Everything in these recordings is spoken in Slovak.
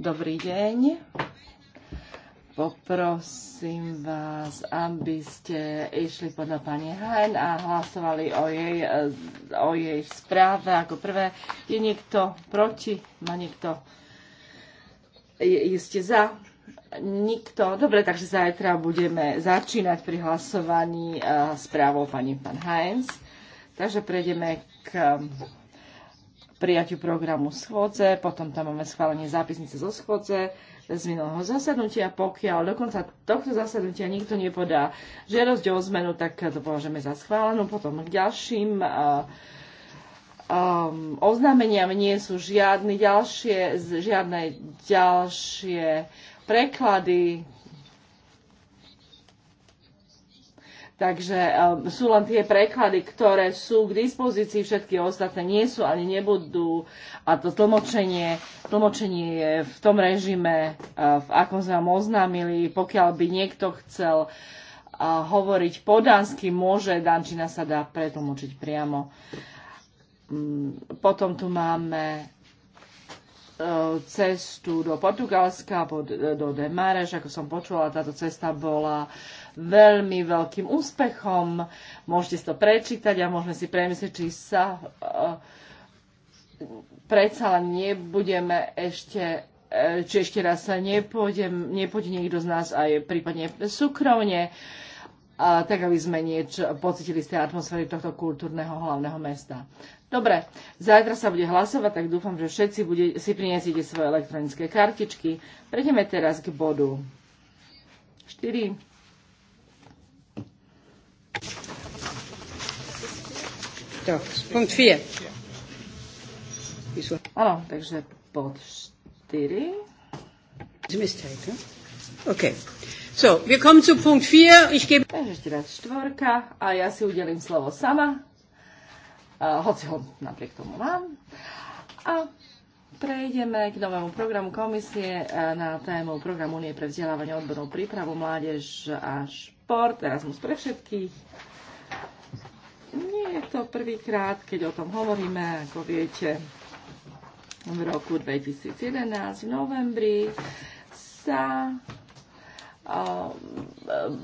Dobrý deň. Poprosím vás, aby ste išli podľa pani Hein a hlasovali o jej, o jej správe ako prvé. Je niekto proti? Má niekto? Je, ste za? Nikto. Dobre, takže zajtra budeme začínať pri hlasovaní eh, správou pani pan Heinz. Takže prejdeme k prijatiu programu schôdze, potom tam máme schválenie zápisnice zo schôdze z minulého zasadnutia. Pokiaľ dokonca tohto zasadnutia nikto nepodá žiadosť o zmenu, tak to považujeme za schválenú. Potom k ďalším um, oznámeniam nie sú žiadne ďalšie, žiadne ďalšie preklady, Takže um, sú len tie preklady, ktoré sú k dispozícii, všetky ostatné nie sú ani nebudú. A to tlmočenie, tlmočenie je v tom režime, uh, v akom sme vám oznámili. Pokiaľ by niekto chcel uh, hovoriť po dánsky, môže, dančina sa dá pretlmočiť priamo. Mm, potom tu máme uh, cestu do Portugalska, do Demareš, ako som počula, táto cesta bola uh, veľmi veľkým úspechom. Môžete si to prečítať a môžeme si premyslieť, či sa e, predsa len nebudeme ešte e, či ešte raz sa nepôjdem, nepôjde niekto z nás aj prípadne súkromne, a tak aby sme niečo pocitili z tej atmosféry tohto kultúrneho hlavného mesta. Dobre, zajtra sa bude hlasovať, tak dúfam, že všetci bude, si prinesiete svoje elektronické kartičky. Prejdeme teraz k bodu 4. Punkt 4. Áno, takže 4. OK. So, wir kommen zu Punkt 4. Ich gebe... Takže ešte raz štvorka a ja si udelím slovo sama. Uh, hoci ho napriek tomu mám. A prejdeme k novému programu komisie e, na tému programu Unie pre vzdelávanie odbornou prípravu mládež a šport, Erasmus pre všetkých. Nie je to prvýkrát, keď o tom hovoríme, ako viete, v roku 2011 v novembri sa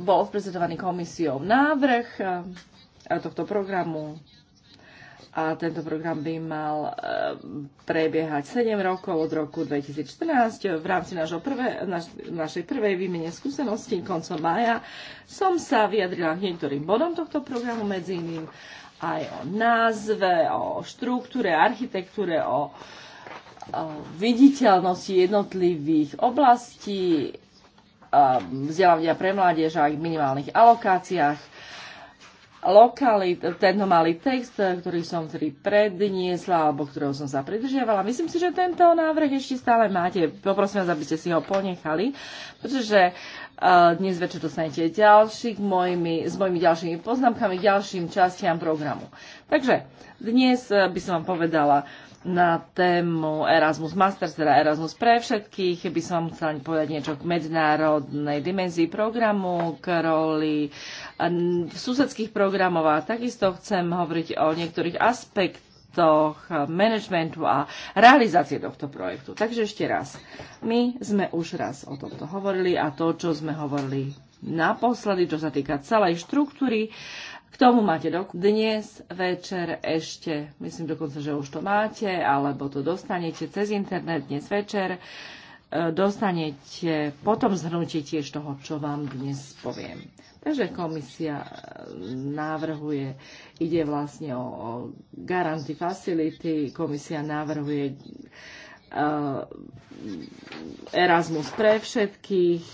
bol prezentovaný komisiou návrh tohto programu a tento program by mal e, prebiehať 7 rokov od roku 2014. V rámci našo prvé, naš, našej prvej výmene skúseností koncom mája som sa vyjadrila k niektorým bodom tohto programu, medzi iným aj o názve, o štruktúre, architektúre, o, o viditeľnosti jednotlivých oblastí, vzdelávania pre mládež a minimálnych alokáciách lokalit, tento malý text, ktorý som vtedy predniesla, alebo ktorého som sa pridržiavala. Myslím si, že tento návrh ešte stále máte. Poprosím vás, aby ste si ho ponechali, pretože e, dnes večer dostanete ďalší k mojimi, s mojimi ďalšími poznámkami ďalším častiam programu. Takže dnes e, by som vám povedala, na tému Erasmus Masters, teda Erasmus pre všetkých. By som chcela povedať niečo k medzinárodnej dimenzii programu, k roli eh, susedských programov a takisto chcem hovoriť o niektorých aspektoch managementu a realizácie tohto projektu. Takže ešte raz, my sme už raz o tomto hovorili a to, čo sme hovorili naposledy, čo sa týka celej štruktúry k tomu máte dok- dnes večer ešte, myslím dokonca, že už to máte, alebo to dostanete cez internet dnes večer, e, dostanete potom zhrnutie tiež toho, čo vám dnes poviem. Takže komisia e, návrhuje, ide vlastne o, o facility, komisia návrhuje uh, e, Erasmus pre všetkých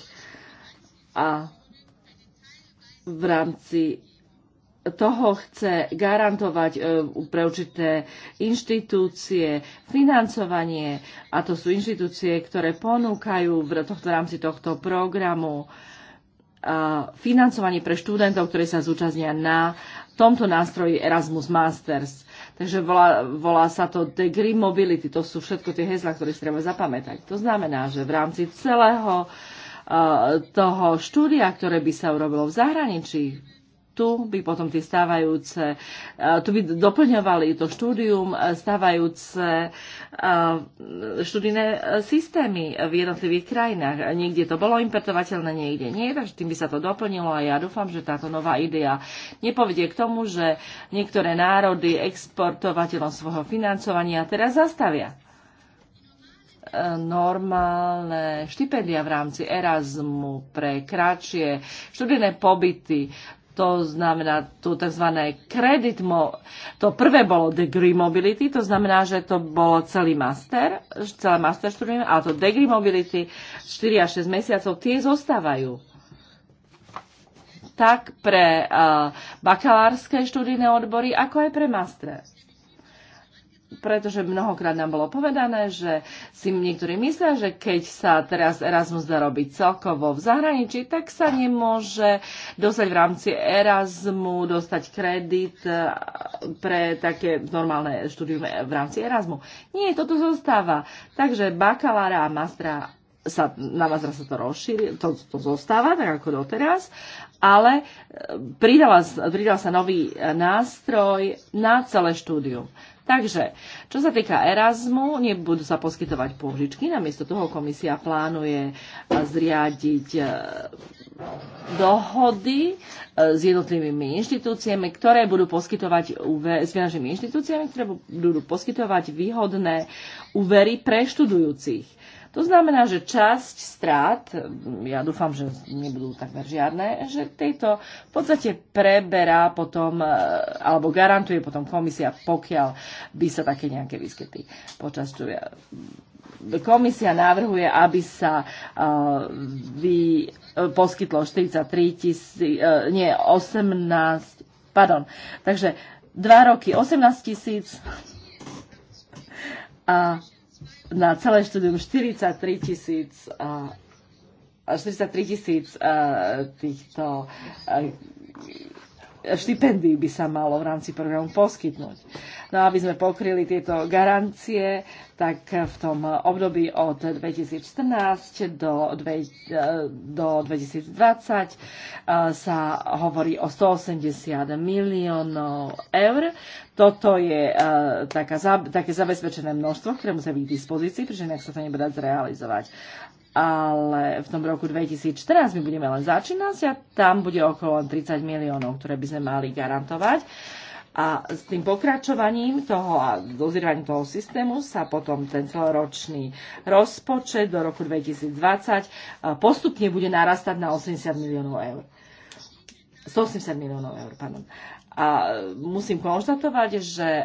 a v rámci toho chce garantovať e, pre určité inštitúcie, financovanie, a to sú inštitúcie, ktoré ponúkajú v, tohto, v rámci tohto programu e, financovanie pre študentov, ktorí sa zúčastnia na tomto nástroji Erasmus Masters. Takže volá, volá sa to Degree Mobility. To sú všetko tie hezla, ktoré si treba zapamätať. To znamená, že v rámci celého uh, toho štúdia, ktoré by sa urobilo v zahraničí, tu by potom tie stávajúce, eh, tu by doplňovali to štúdium eh, stávajúce eh, študijné systémy v jednotlivých krajinách. Niekde to bolo impertovateľné, niekde nie, takže tým by sa to doplnilo a ja dúfam, že táto nová idea nepovedie k tomu, že niektoré národy exportovateľom svojho financovania teraz zastavia normálne štipendia v rámci Erasmu pre kratšie študijné pobyty to znamená tu tzv. kredit, to prvé bolo degree mobility, to znamená, že to bolo celý master, celé master štúdium, ale to degree mobility 4 až 6 mesiacov, tie zostávajú tak pre uh, bakalárske študijné odbory, ako aj pre master pretože mnohokrát nám bolo povedané, že si niektorí myslia, že keď sa teraz Erasmus dá robiť celkovo v zahraničí, tak sa nemôže dostať v rámci Erasmu, dostať kredit e, pre také normálne štúdium v rámci Erasmu. Nie, toto zostáva. Takže bakalára a mastra sa, na vás sa to rozšíri, to, to zostáva tak ako doteraz, ale e, pridala, pridal sa nový e, nástroj na celé štúdium. Takže, čo sa týka Erasmu, nebudú sa poskytovať pôžičky, namiesto toho komisia plánuje e, zriadiť e, dohody e, s jednotlivými inštitúciami, ktoré budú poskytovať s finančnými inštitúciami, ktoré budú poskytovať výhodné úvery pre študujúcich. To znamená, že časť strát, ja dúfam, že nebudú takmer žiadne, že tejto v podstate preberá potom, e, alebo garantuje potom komisia, pokiaľ by sa také nejaké výskyty počastujú. Komisia navrhuje, aby sa uh, vy, uh, poskytlo 43 tisíc, uh, nie, 18, pardon, takže 2 roky 18 tisíc a na celé štúdium 43 tisíc a 43 tisíc týchto štipendií by sa malo v rámci programu poskytnúť. No a aby sme pokryli tieto garancie, tak v tom období od 2014 do, do 2020 eh, sa hovorí o 180 miliónov eur. Toto je eh, taká, také zabezpečené množstvo, ktoré musia byť v dispozícii, pretože inak sa to nebude dať zrealizovať ale v tom roku 2014 my budeme len začínať a tam bude okolo 30 miliónov, ktoré by sme mali garantovať. A s tým pokračovaním toho a dozrievaním toho systému sa potom ten celoročný rozpočet do roku 2020 postupne bude narastať na 80 miliónov eur. 180 miliónov eur, pardon. A musím konštatovať, že e,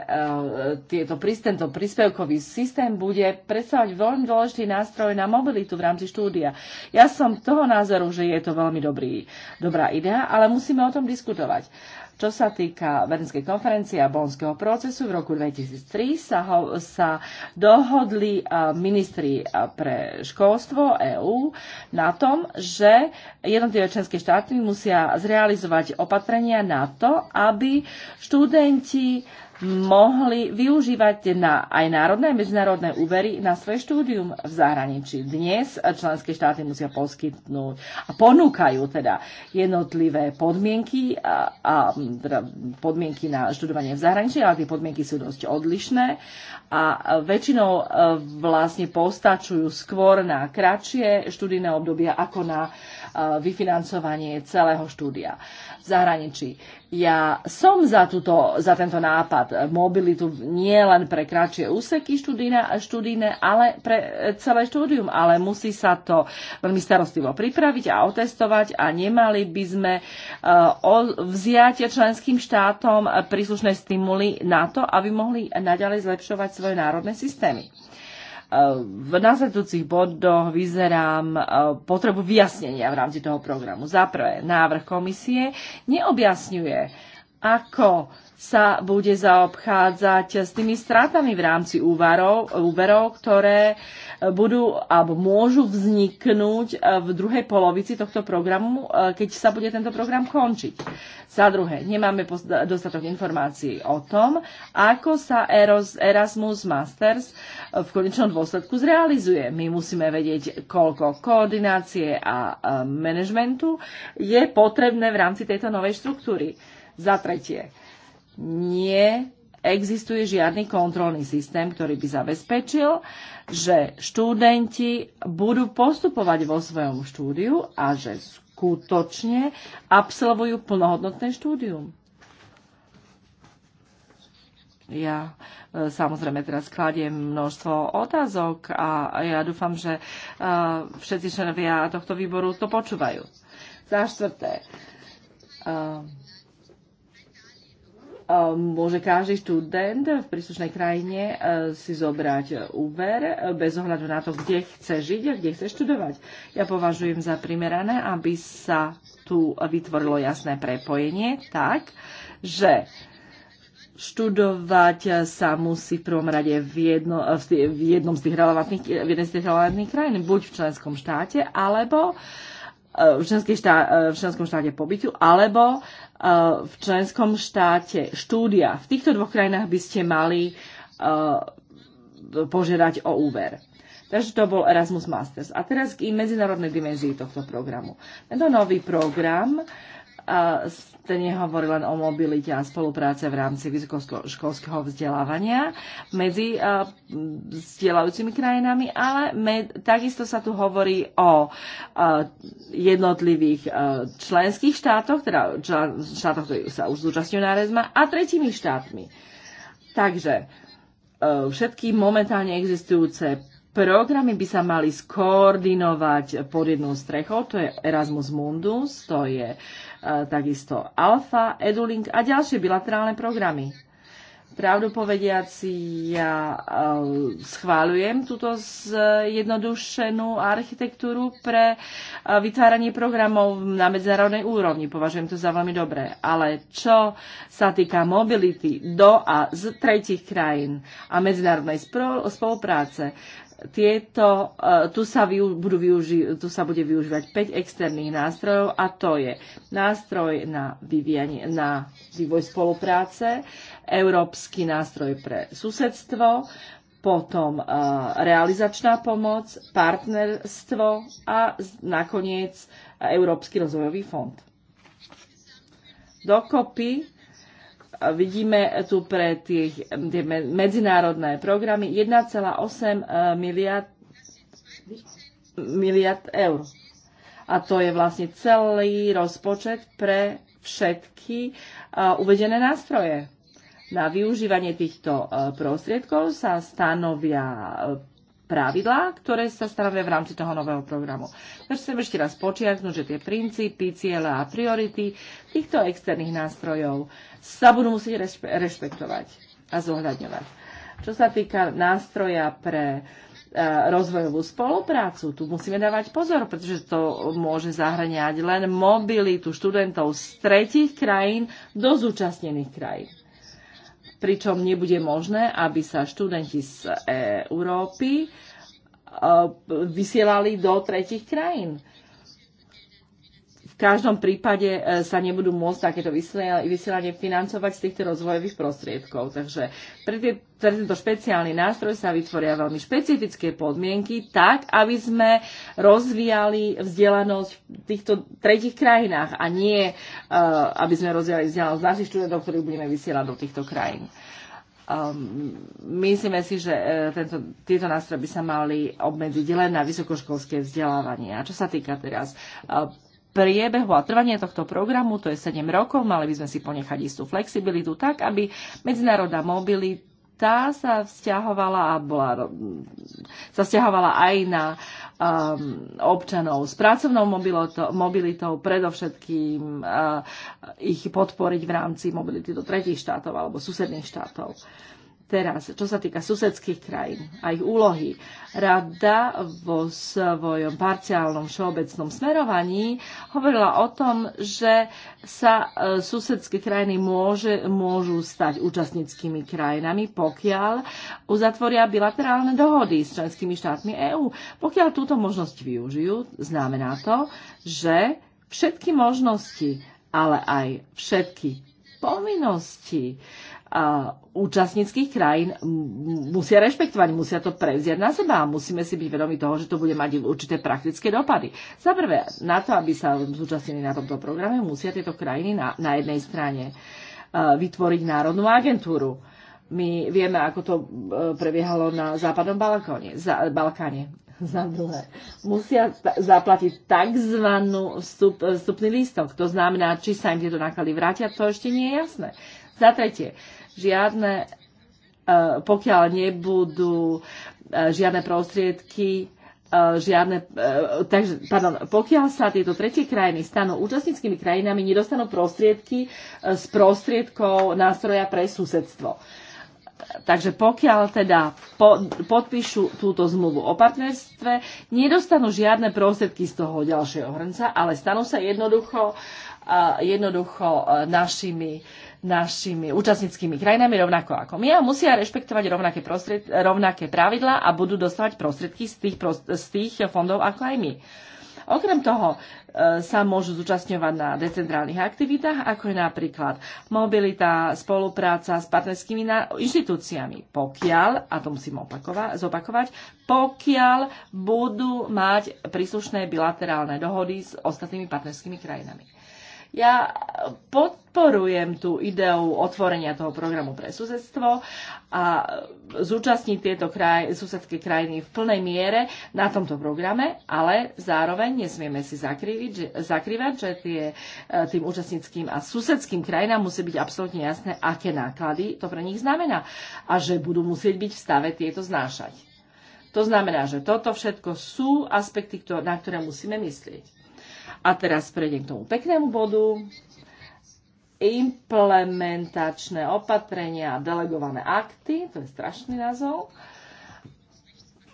tieto, tento príspevkový systém bude predstavovať veľmi dôležitý nástroj na mobilitu v rámci štúdia. Ja som toho názoru, že je to veľmi dobrý, dobrá idea, ale musíme o tom diskutovať. Čo sa týka Vedenskej konferencie a Bonského procesu, v roku 2003 sa, ho, sa dohodli eh, ministri eh, pre školstvo EÚ na tom, že jednotlivé členské štáty musia zrealizovať opatrenia na to, aby študenti mohli využívať na aj národné a medzinárodné úvery na svoje štúdium v zahraničí. Dnes členské štáty musia poskytnúť a ponúkajú teda jednotlivé podmienky, a, a, teda podmienky na študovanie v zahraničí, ale tie podmienky sú dosť odlišné a väčšinou e, vlastne postačujú skôr na kratšie študijné obdobia ako na Eh, vyfinancovanie celého štúdia v zahraničí. Ja som za, túto, za tento nápad mobilitu nie len pre kratšie úseky študijné, štúdine, ale pre eh, celé štúdium, ale musí sa to veľmi starostlivo pripraviť a otestovať a nemali by sme eh, vziať členským štátom príslušné stimuly na to, aby mohli naďalej zlepšovať svoje národné systémy v následujúcich bodoch vyzerám e, potrebu vyjasnenia v rámci toho programu. Za prvé, návrh komisie neobjasňuje, ako sa bude zaobchádzať s tými strátami v rámci úvarov, úverov, ktoré budú alebo môžu vzniknúť e, v druhej polovici tohto programu, e, keď sa bude tento program končiť. Za druhé, nemáme dostatok informácií o tom, ako sa Erasmus Masters e, v konečnom dôsledku zrealizuje. My musíme vedieť, koľko koordinácie a manažmentu je potrebné v rámci tejto novej štruktúry. Za tretie, nie existuje žiadny kontrolný systém, ktorý by zabezpečil, že študenti budú postupovať vo svojom štúdiu a že skutočne absolvujú plnohodnotné štúdium. Ja e, samozrejme teraz kladiem množstvo otázok a ja dúfam, že e, všetci členovia tohto výboru to počúvajú. Za štvrté, e, Ehm, môže každý študent v príslušnej krajine eh, si zobrať úver eh, bez ohľadu na to, kde chce žiť a kde chce študovať. Ja považujem za primerané, aby sa tu vytvorilo jasné prepojenie tak, že študovať sa musí v prvom rade v, jedno, eh, v jednom z tých relevantných, v jednej z tých relevantných krajín, buď v členskom štáte, alebo uh, v, štá, v členskom štáte pobytu alebo e, v členskom štáte štúdia. V týchto dvoch krajinách by ste mali e, požiadať o úver. Takže to bol Erasmus Masters. A teraz k medzinárodnej dimenzii tohto programu. Tento nový program uh, ste nehovorili len o mobilite a spolupráce v rámci vysokoškolského vzdelávania medzi vzdelajúcimi krajinami, ale med, takisto sa tu hovorí o jednotlivých členských štátoch, teda štátoch, ktorí sa už zúčastňujú na rezma, a tretími štátmi. Takže e, všetky momentálne existujúce Programy by sa mali skoordinovať pod jednou strechou, to je Erasmus Mundus, to je e, takisto Alfa, Edulink a ďalšie bilaterálne programy. Pravdu povediac, ja e, schváľujem túto zjednodušenú architektúru pre e, vytváranie programov na medzinárodnej úrovni. Považujem to za veľmi dobré. Ale čo sa týka mobility do a z tretich krajín a medzinárodnej spolupráce, tieto, e, tu, sa vyu, budú využi, tu sa bude využívať 5 externých nástrojov a to je nástroj na, vyvianie, na vývoj spolupráce, európsky nástroj pre susedstvo, potom e, realizačná pomoc, partnerstvo a nakoniec e, Európsky rozvojový fond. Dokopy vidíme tu pre tie, tie medzinárodné programy 1,8 e, miliard, miliard eur. A to je vlastne celý rozpočet pre všetky e, uvedené nástroje. Na využívanie týchto e, prostriedkov sa stanovia pravidlá, ktoré sa stanovia v rámci toho nového programu. Takže chcem ešte raz počiarknúť, že tie princípy, ciele a priority týchto externých nástrojov sa budú musieť rešpektovať a zohľadňovať. Čo sa týka nástroja pre e, rozvojovú spoluprácu. Tu musíme dávať pozor, pretože to môže zahraniať len mobilitu študentov z tretich krajín do zúčastnených krajín pričom nebude možné, aby sa študenti z e, Európy e, vysielali do tretich krajín každom prípade e, sa nebudú môcť takéto vysielanie financovať z týchto rozvojových prostriedkov. Takže pre, tento špeciálny nástroj sa vytvoria veľmi špecifické podmienky tak, aby sme rozvíjali vzdelanosť v týchto tretich krajinách a nie, e, aby sme rozvíjali vzdelanosť našich študentov, ktorých budeme vysielať do týchto krajín. Um, myslíme si, že e, tento, tieto nástroje by sa mali obmedziť len na vysokoškolské vzdelávanie. A čo sa týka teraz uh, priebehu a trvania tohto programu, to je 7 rokov, mali by sme si ponechať istú flexibilitu tak, aby medzinárodná mobilita tá sa vzťahovala a bola, sa vzťahovala aj na um, občanov s pracovnou mobilito, mobilitou, predovšetkým uh, ich podporiť v rámci mobility do tretich štátov alebo susedných štátov. Uh, Teraz, čo sa týka susedských krajín a ich úlohy, rada vo svojom parciálnom všeobecnom smerovaní hovorila o tom, že sa e, susedské krajiny môže, môžu stať účastníckými krajinami, pokiaľ uzatvoria bilaterálne dohody s členskými štátmi EÚ. Pokiaľ túto možnosť využijú, znamená to, že všetky možnosti, ale aj všetky povinnosti, a účastníckých krajín musia rešpektovať, musia to prevziať na seba a musíme si byť vedomi toho, že to bude mať určité praktické dopady. Za prvé, na to, aby sa zúčastnili na tomto programe, musia tieto krajiny na, na jednej strane vytvoriť národnú agentúru. My vieme, ako to e, prebiehalo na západnom Balkóne, za, Balkáne. Za druhé, musia zaplatiť tzv. Vstup, vstupný lístok. To znamená, či sa im tieto náklady vrátia, to ešte nie je jasné. Za tretie, žiadne, e, pokiaľ nebudú e, žiadne prostriedky e, žiadne, takže, pardon, pokiaľ sa tieto tretie krajiny stanú účastníckými krajinami, nedostanú prostriedky z prostriedkov nástroja pre susedstvo. Takže pokiaľ teda po, podpíšu túto zmluvu o partnerstve, nedostanú žiadne prostriedky z toho ďalšieho hrnca, ale stanú sa jednoducho, jednoducho našimi našimi účastníckými krajinami rovnako ako my a musia rešpektovať rovnaké, prostried, rovnaké pravidlá a budú dostávať prostriedky z tých, z tých fondov ako aj my. Okrem toho e, sa môžu zúčastňovať na decentrálnych aktivitách, ako je napríklad mobilita, spolupráca s partnerskými inštitúciami, pokiaľ, a to musím opakova- zopakovať, pokiaľ budú mať príslušné bilaterálne dohody s ostatnými partnerskými krajinami. Ja podporujem tú ideu otvorenia toho programu pre susedstvo a zúčastniť tieto kraj, susedské krajiny v plnej miere na tomto programe, ale zároveň nesmieme si zakrývať, že, zakrývať, že tie, e, tým účastníckým a susedským krajinám musí byť absolútne jasné, aké náklady to pre nich znamená a že budú musieť byť v stave tieto znášať. To znamená, že toto všetko sú aspekty, na ktoré musíme myslieť. A teraz prejdem k tomu peknému bodu. Implementačné opatrenia a delegované akty, to je strašný názov.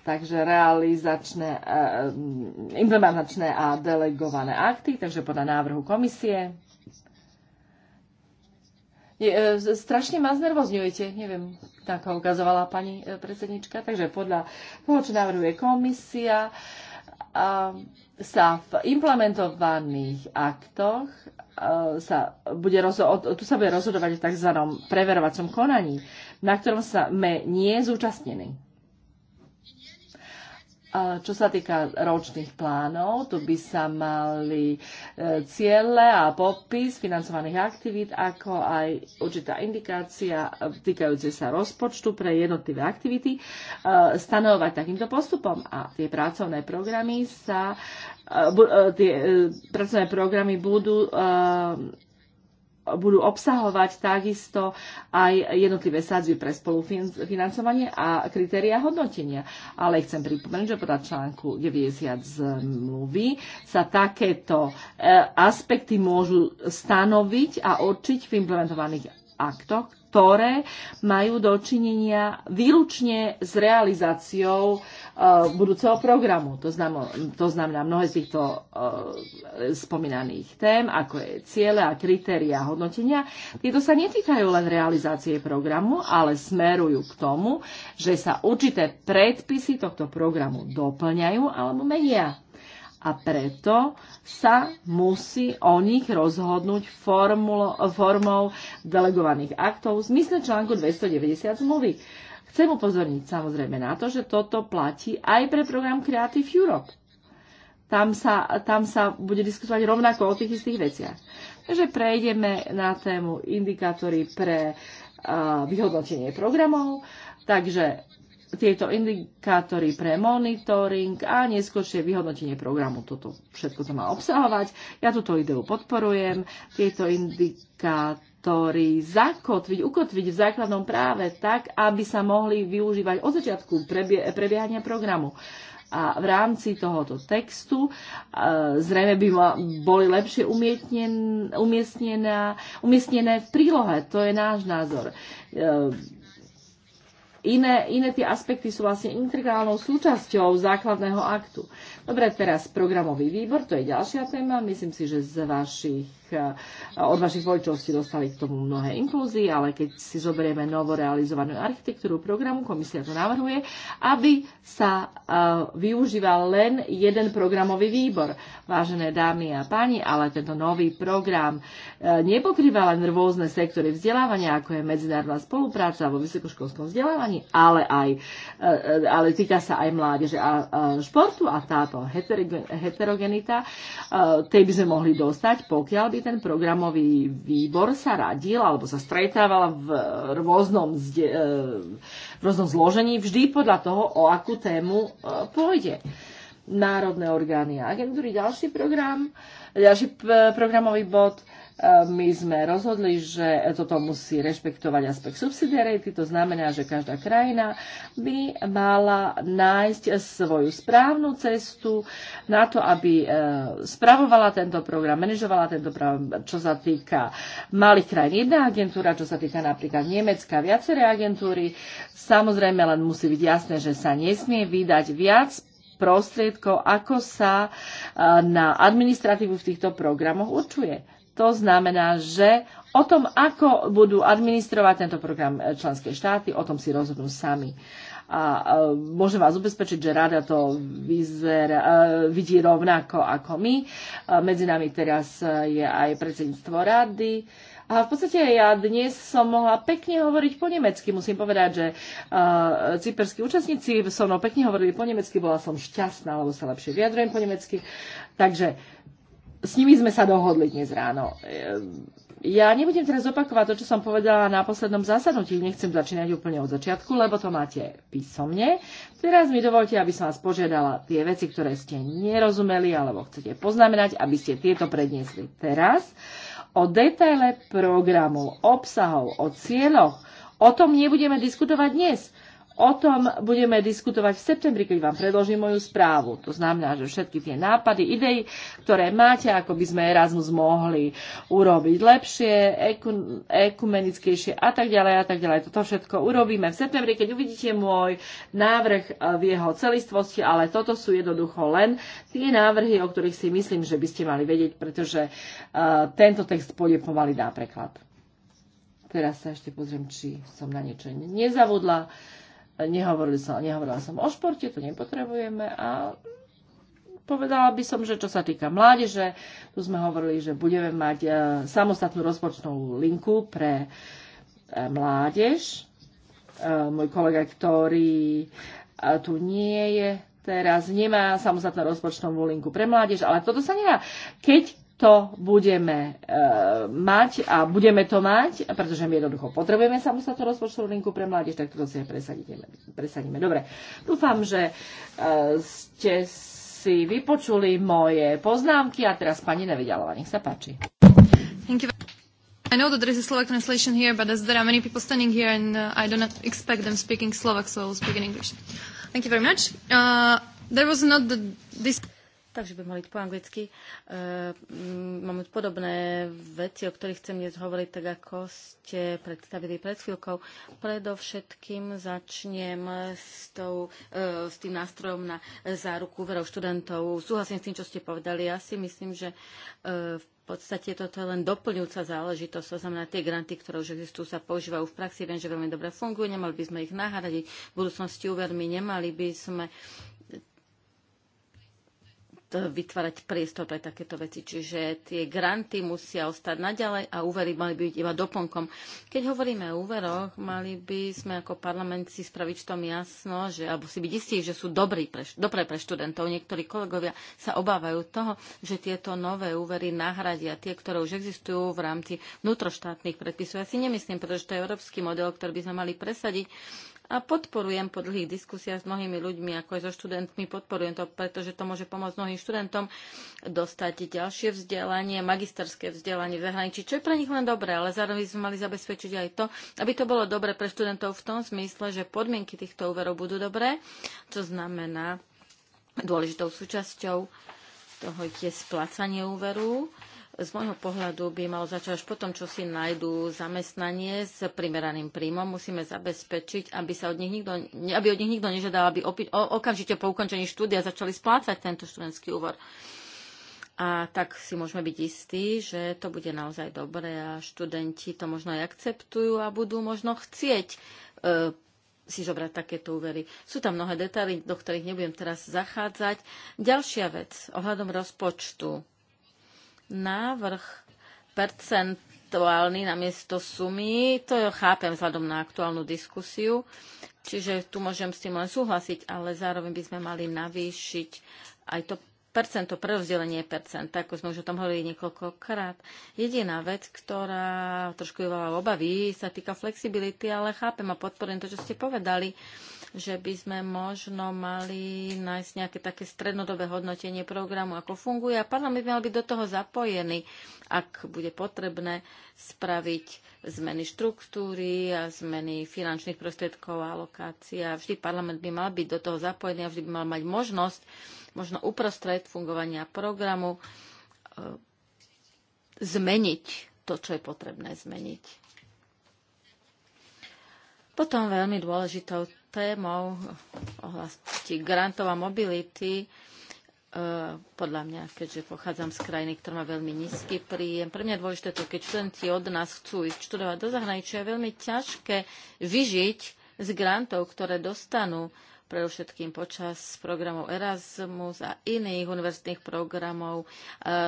Takže realizačné, eh, mm, implementačné a delegované akty, takže podľa návrhu komisie. Je, eh, strašne ma znervozňujete, neviem, ho ukazovala pani eh, predsednička, takže podľa toho, čo navrhuje komisia, a sa v implementovaných aktoch e, sa bude rozho- tu sa bude rozhodovať v tzv. preverovacom konaní, na ktorom sa nie zúčastnení. Čo sa týka ročných plánov, tu by sa mali e, ciele a popis financovaných aktivít, ako aj určitá indikácia e, týkajúce sa rozpočtu pre jednotlivé aktivity, e, stanovať takýmto postupom. A tie pracovné programy sa tie pracovné programy budú budú obsahovať takisto aj jednotlivé sadzby pre spolufinancovanie a kritéria hodnotenia. Ale chcem pripomenúť, že podľa článku 90 zmluvy sa takéto e, aspekty môžu stanoviť a určiť v implementovaných aktoch, ktoré majú dočinenia výlučne s realizáciou Eh, budúceho programu. To znamená, to znamená mnohé z týchto eh, spomínaných tém, ako je ciele a kritéria hodnotenia, tieto sa netýkajú len realizácie programu, ale smerujú k tomu, že sa určité predpisy tohto programu doplňajú alebo menia a preto sa musí o nich rozhodnúť formulo, formou delegovaných aktov v zmysle článku 290 zmluvy. Chcem upozorniť samozrejme na to, že toto platí aj pre program Creative Europe. Tam sa, tam sa bude diskutovať rovnako o tých istých veciach. Takže prejdeme na tému indikátory pre uh, vyhodnotenie programov. Takže tieto indikátory pre monitoring a neskôršie vyhodnotenie programu. Toto všetko to má obsahovať. Ja túto ideu podporujem. Tieto indikátory ktorý zakotviť, ukotviť v základnom práve tak, aby sa mohli využívať od začiatku prebie, prebiehania programu. A v rámci tohoto textu e, zrejme by ma, boli lepšie umiestnen, umiestnené v prílohe. To je náš názor. E, Iné, iné tie aspekty sú vlastne integrálnou súčasťou základného aktu. Dobre, teraz programový výbor, to je ďalšia téma. Myslím si, že z vašich, eh, od vašich voličov ste dostali k tomu mnohé impulzy, ale keď si zoberieme novo realizovanú architektúru programu, komisia to navrhuje, aby sa eh, využíval len jeden programový výbor. Vážené dámy a páni, ale tento nový program eh, nepokrýva len rôzne sektory vzdelávania, ako je medzinárodná spolupráca vo vysokoškolskom vzdelávaní, ale aj ale týka sa aj mládeže a športu a táto táto heterogenita, e, tej by sme mohli dostať, pokiaľ by ten programový výbor sa radil alebo sa stretával v rôznom, e, v rôznom zložení, vždy podľa toho, o akú tému e, pôjde národné orgány a agentúry. Ďalší program, ďalší programový bod my sme rozhodli, že toto musí rešpektovať aspekt subsidiarity, to znamená, že každá krajina by mala nájsť svoju správnu cestu na to, aby e, spravovala tento program, manažovala tento program, čo sa týka malých krajín jedna agentúra, čo sa týka napríklad Nemecka, viaceré agentúry. Samozrejme, len musí byť jasné, že sa nesmie vydať viac prostriedkov, ako sa e, na administratívu v týchto programoch určuje. To znamená, že o tom, ako budú administrovať tento program e, členské štáty, o tom si rozhodnú sami. A e, môžem vás ubezpečiť, že rada to vyzer, e, vidí rovnako ako my. Medzi nami teraz je aj predsedníctvo rady. A v podstate ja dnes som mohla pekne hovoriť po nemecky. Musím povedať, že uh, cyperskí účastníci so mnou pekne hovorili po nemecky, bola som šťastná, lebo sa lepšie vyjadrujem po nemecky. Takže s nimi sme sa dohodli dnes ráno. E, ja nebudem teraz opakovať to, čo som povedala na poslednom zasadnutí. Nechcem začínať úplne od začiatku, lebo to máte písomne. Teraz mi dovolte, aby som vás požiadala tie veci, ktoré ste nerozumeli alebo chcete poznamenať, aby ste tieto predniesli teraz. O detaile programu, obsahov, o cieľoch, o tom nebudeme diskutovať dnes O tom budeme diskutovať v septembri, keď vám predložím moju správu. To znamená, že všetky tie nápady, idei, ktoré máte, ako by sme Erasmus mohli urobiť lepšie, ekumenickejšie a tak ďalej a tak ďalej. Toto všetko urobíme v septembri, keď uvidíte môj návrh e, v jeho celistvosti, ale toto sú jednoducho len tie návrhy, o ktorých si myslím, že by ste mali vedieť, pretože uh, tento text pôjde pomaly na preklad. Teraz sa ešte pozriem, či som na niečo nezavodla. Uh, Nehovorili som, nehovorila som o športe, to nepotrebujeme a povedala by som, že čo sa týka mládeže, tu sme hovorili, že budeme mať e, samostatnú rozpočnú linku pre e, mládež. E, môj kolega, ktorý tu nie je teraz, nemá samostatnú rozpočnú linku pre mládež, ale toto sa nedá. Keď to budeme e, mať a budeme to mať, pretože my jednoducho potrebujeme samostatnú rozpočtovú linku pre mládež, tak toto si presadíme. presadíme. Dobre, dúfam, že e, ste si vypočuli moje poznámky a teraz pani Nevidialova, nech sa páči. Thank you. I know that there is a Slovak translation here, but as there are many people standing here and uh, I do not expect them speaking Slovak, so I will speak in English. Thank you very much. Uh, there was not the, this takže by hovoriť po anglicky. E, mám podobné veci, o ktorých chcem dnes hovoriť, tak ako ste predstavili pred chvíľkou. Predovšetkým začnem s, tou, e, s tým nástrojom na záruku verov študentov. Súhlasím s tým, čo ste povedali. Ja si myslím, že e, v v podstate toto je len doplňujúca záležitosť, to znamená tie granty, ktoré už existujú, sa používajú v praxi, viem, že veľmi dobre fungujú, nemali by sme ich nahradiť, v budúcnosti úvermi nemali by sme vytvárať priestor pre takéto veci. Čiže tie granty musia ostať naďalej a úvery mali byť iba doplnkom. Keď hovoríme o úveroch, mali by sme ako parlament si spraviť v tom jasno, že, alebo si byť istí, že sú dobrí pre, dobré pre študentov. Niektorí kolegovia sa obávajú toho, že tieto nové úvery nahradia tie, ktoré už existujú v rámci vnútroštátnych predpisov. Ja si nemyslím, pretože to je európsky model, ktorý by sme mali presadiť a podporujem po dlhých diskusiách s mnohými ľuďmi, ako aj so študentmi, podporujem to, pretože to môže pomôcť mnohým študentom dostať ďalšie vzdelanie, magisterské vzdelanie v zahraničí, čo je pre nich len dobré, ale zároveň sme mali zabezpečiť aj to, aby to bolo dobre pre študentov v tom zmysle, že podmienky týchto úverov budú dobré, čo znamená dôležitou súčasťou toho je splácanie úveru z môjho pohľadu by malo začať až potom, čo si nájdú zamestnanie s primeraným príjmom. Musíme zabezpečiť, aby, sa od nich nikto, aby od nich nikto nežiadal, aby opi- o, okamžite po ukončení štúdia začali splácať tento študentský úvor. A tak si môžeme byť istí, že to bude naozaj dobré a študenti to možno aj akceptujú a budú možno chcieť e, si zobrať takéto úvery. Sú tam mnohé detaily, do ktorých nebudem teraz zachádzať. Ďalšia vec ohľadom rozpočtu návrh percentuálny namiesto sumy, to jo chápem vzhľadom na aktuálnu diskusiu, čiže tu môžem s tým len súhlasiť, ale zároveň by sme mali navýšiť aj to percento, prerozdelenie percent, ako sme už o tom hovorili niekoľkokrát. Jediná vec, ktorá trošku vyvolala obavy, sa týka flexibility, ale chápem a podporujem to, čo ste povedali. Uh, že by sme možno mali nájsť nejaké také strednodobé hodnotenie programu, ako funguje a parlament mal byť do toho zapojený, ak bude potrebné spraviť zmeny štruktúry a zmeny finančných prostriedkov a alokácia. Vždy parlament by mal byť do toho zapojený a vždy by mal mať možnosť, možno uprostred fungovania programu, e, zmeniť to, čo je potrebné zmeniť. Potom veľmi dôležitou témou ohlasti grantov a mobility, e, podľa mňa, keďže pochádzam z krajiny, ktorá má veľmi nízky príjem. Pre mňa je dôležité to, keď študenti od nás chcú ísť študovať do zahraničia, je veľmi ťažké vyžiť z grantov, ktoré dostanú predovšetkým počas programov Erasmus a iných univerzitných programov e,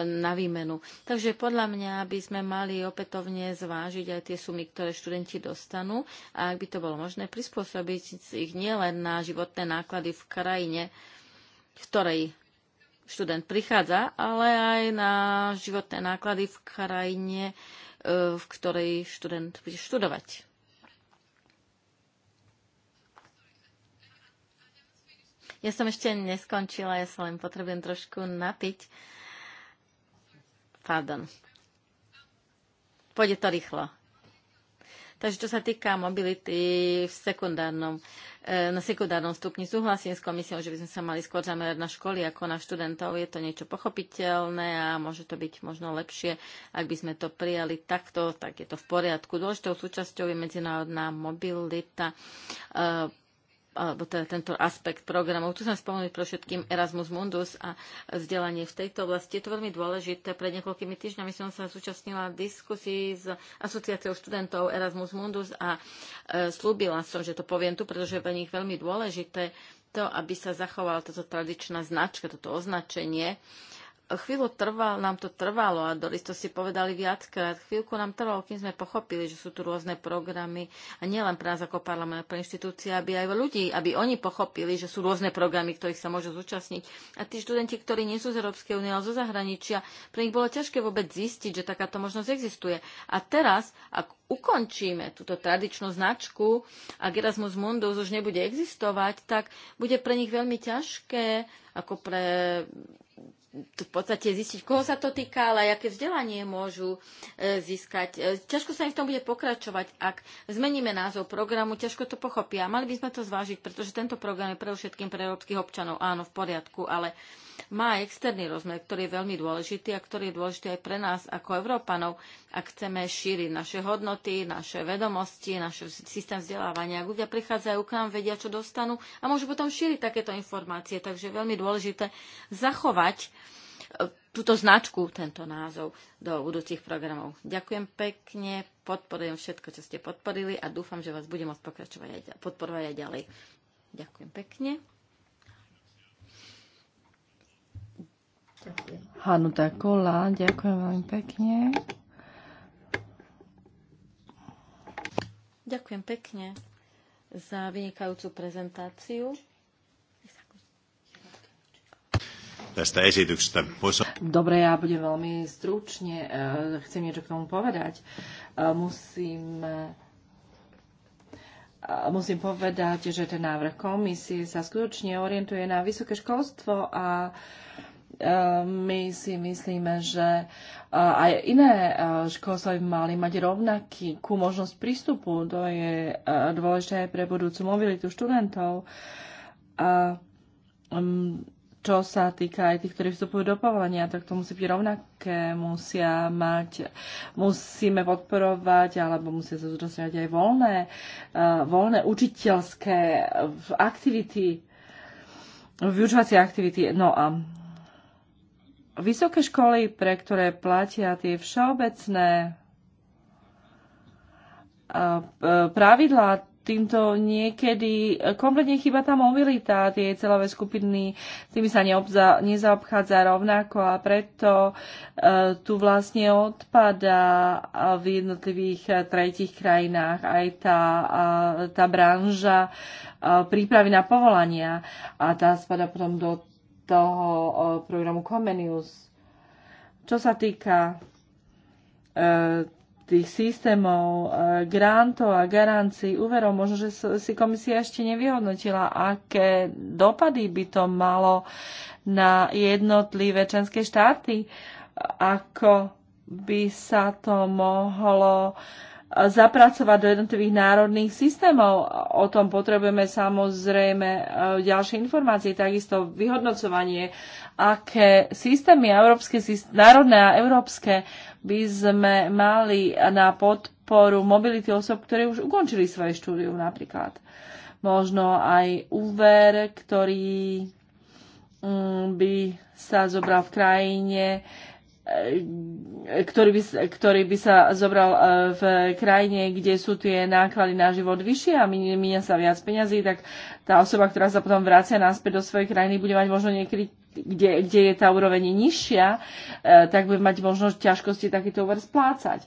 na výmenu. Takže podľa mňa by sme mali opätovne zvážiť aj tie sumy, ktoré študenti dostanú a ak by to bolo možné, prispôsobiť ich nielen na životné náklady v krajine, v ktorej študent prichádza, ale aj na životné náklady v krajine, e, v ktorej študent bude študovať. Ja som ešte neskončila, ja sa len potrebujem trošku napiť. Pardon. Pôjde to rýchlo. Takže čo sa týka mobility v sekundárnom, e, na sekundárnom stupni, súhlasím s komisiou, že by sme sa mali skôr zamerať na školy ako na študentov. Je to niečo pochopiteľné a môže to byť možno lepšie. Ak by sme to prijali takto, tak je to v poriadku. Dôležitou súčasťou je medzinárodná mobilita e, alebo teda tento aspekt programov. Tu som spomenul pre všetkým Erasmus Mundus a vzdelanie v tejto oblasti. Je to veľmi dôležité. Pred niekoľkými týždňami som sa zúčastnila diskusii s asociáciou študentov Erasmus Mundus a e, slúbila som, že to poviem tu, pretože je pre nich veľmi dôležité to, aby sa zachovala táto tradičná značka, toto označenie chvíľu trval, nám to trvalo a Doris to si povedali viackrát, chvíľku nám trvalo, kým sme pochopili, že sú tu rôzne programy a nielen pre nás ako parlament, pre inštitúcie, aby aj ľudí, aby oni pochopili, že sú rôzne programy, ktorých sa môžu zúčastniť. A tí študenti, ktorí nie sú z Európskej únie, ale zo zahraničia, pre nich bolo ťažké vôbec zistiť, že takáto možnosť existuje. A teraz, ak ukončíme túto tradičnú značku, ak Erasmus Mundus už nebude existovať, tak bude pre nich veľmi ťažké, ako pre v podstate zistiť, koho sa to týka, ale aké vzdelanie môžu e, získať. E, ťažko sa im v tom bude pokračovať, ak zmeníme názov programu, ťažko to pochopia. Mali by sme to zvážiť, pretože tento program je pre všetkým pre európskych občanov, áno, v poriadku, ale má externý rozmer, ktorý je veľmi dôležitý a ktorý je dôležitý aj pre nás ako Európanov, ak chceme šíriť naše hodnoty, naše vedomosti, náš systém vzdelávania. Ak ľudia prichádzajú k nám, vedia, čo dostanú a môžu potom šíriť takéto informácie. Takže je veľmi dôležité zachovať e, túto značku, tento názov do budúcich programov. Ďakujem pekne, podporujem všetko, čo ste podporili a dúfam, že vás budem môcť pokračovať aj, podporovať aj ďalej. Ďakujem pekne. Hanuta Kola. Ďakujem veľmi pekne. Ďakujem pekne za vynikajúcu prezentáciu. Tästä esityksestä. Dobre, ja budem veľmi stručne. Eh, chcem niečo k tomu povedať. Eh, musím eh, musím povedať, že ten návrh komisie sa skutočne orientuje na vysoké školstvo a E, my si myslíme, že e, aj iné e, školstva by mali mať rovnakú možnosť prístupu. To je dôležité aj pre budúcu mobilitu študentov. A čo sa týka aj tých, ktorí vstupujú do povolenia, tak to musí byť rovnaké, musia mať, musíme podporovať, alebo musia sa zúčastňovať aj voľné, voľné učiteľské aktivity, vyučovacie aktivity. No a vysoké školy, pre ktoré platia tie všeobecné e, pravidlá, týmto niekedy e, kompletne chyba tá mobilita, tie celové skupiny, tými sa neobza, nezaobchádza rovnako a preto e, tu vlastne odpada v jednotlivých e, tretich krajinách aj tá, a, tá branža prípravy na povolania a tá spada potom do toho programu Comenius. Čo sa týka e, tých systémov e, grantov a garancií, úverov, možno, že si komisia ešte nevyhodnotila, aké dopady by to malo na jednotlivé členské štáty, ako by sa to mohlo uh, zapracovať do jednotlivých národných systémov. O tom potrebujeme samozrejme e, ďalšie informácie, takisto vyhodnocovanie, aké systémy európske, národné a európske by sme mali na podporu mobility osob, ktoré už ukončili svoje štúdium napríklad. Možno aj úver, ktorý mm, by sa zobral v krajine, E, ktorý by, ktorý by sa zobral e, v krajine, kde sú tie náklady na život vyššie a minia sa viac peňazí, tak tá osoba, ktorá sa potom vracia naspäť do svojej krajiny, bude mať možno niekedy, kde, kde je tá úroveň nižšia, e, tak bude mať možnosť ťažkosti takýto úver splácať.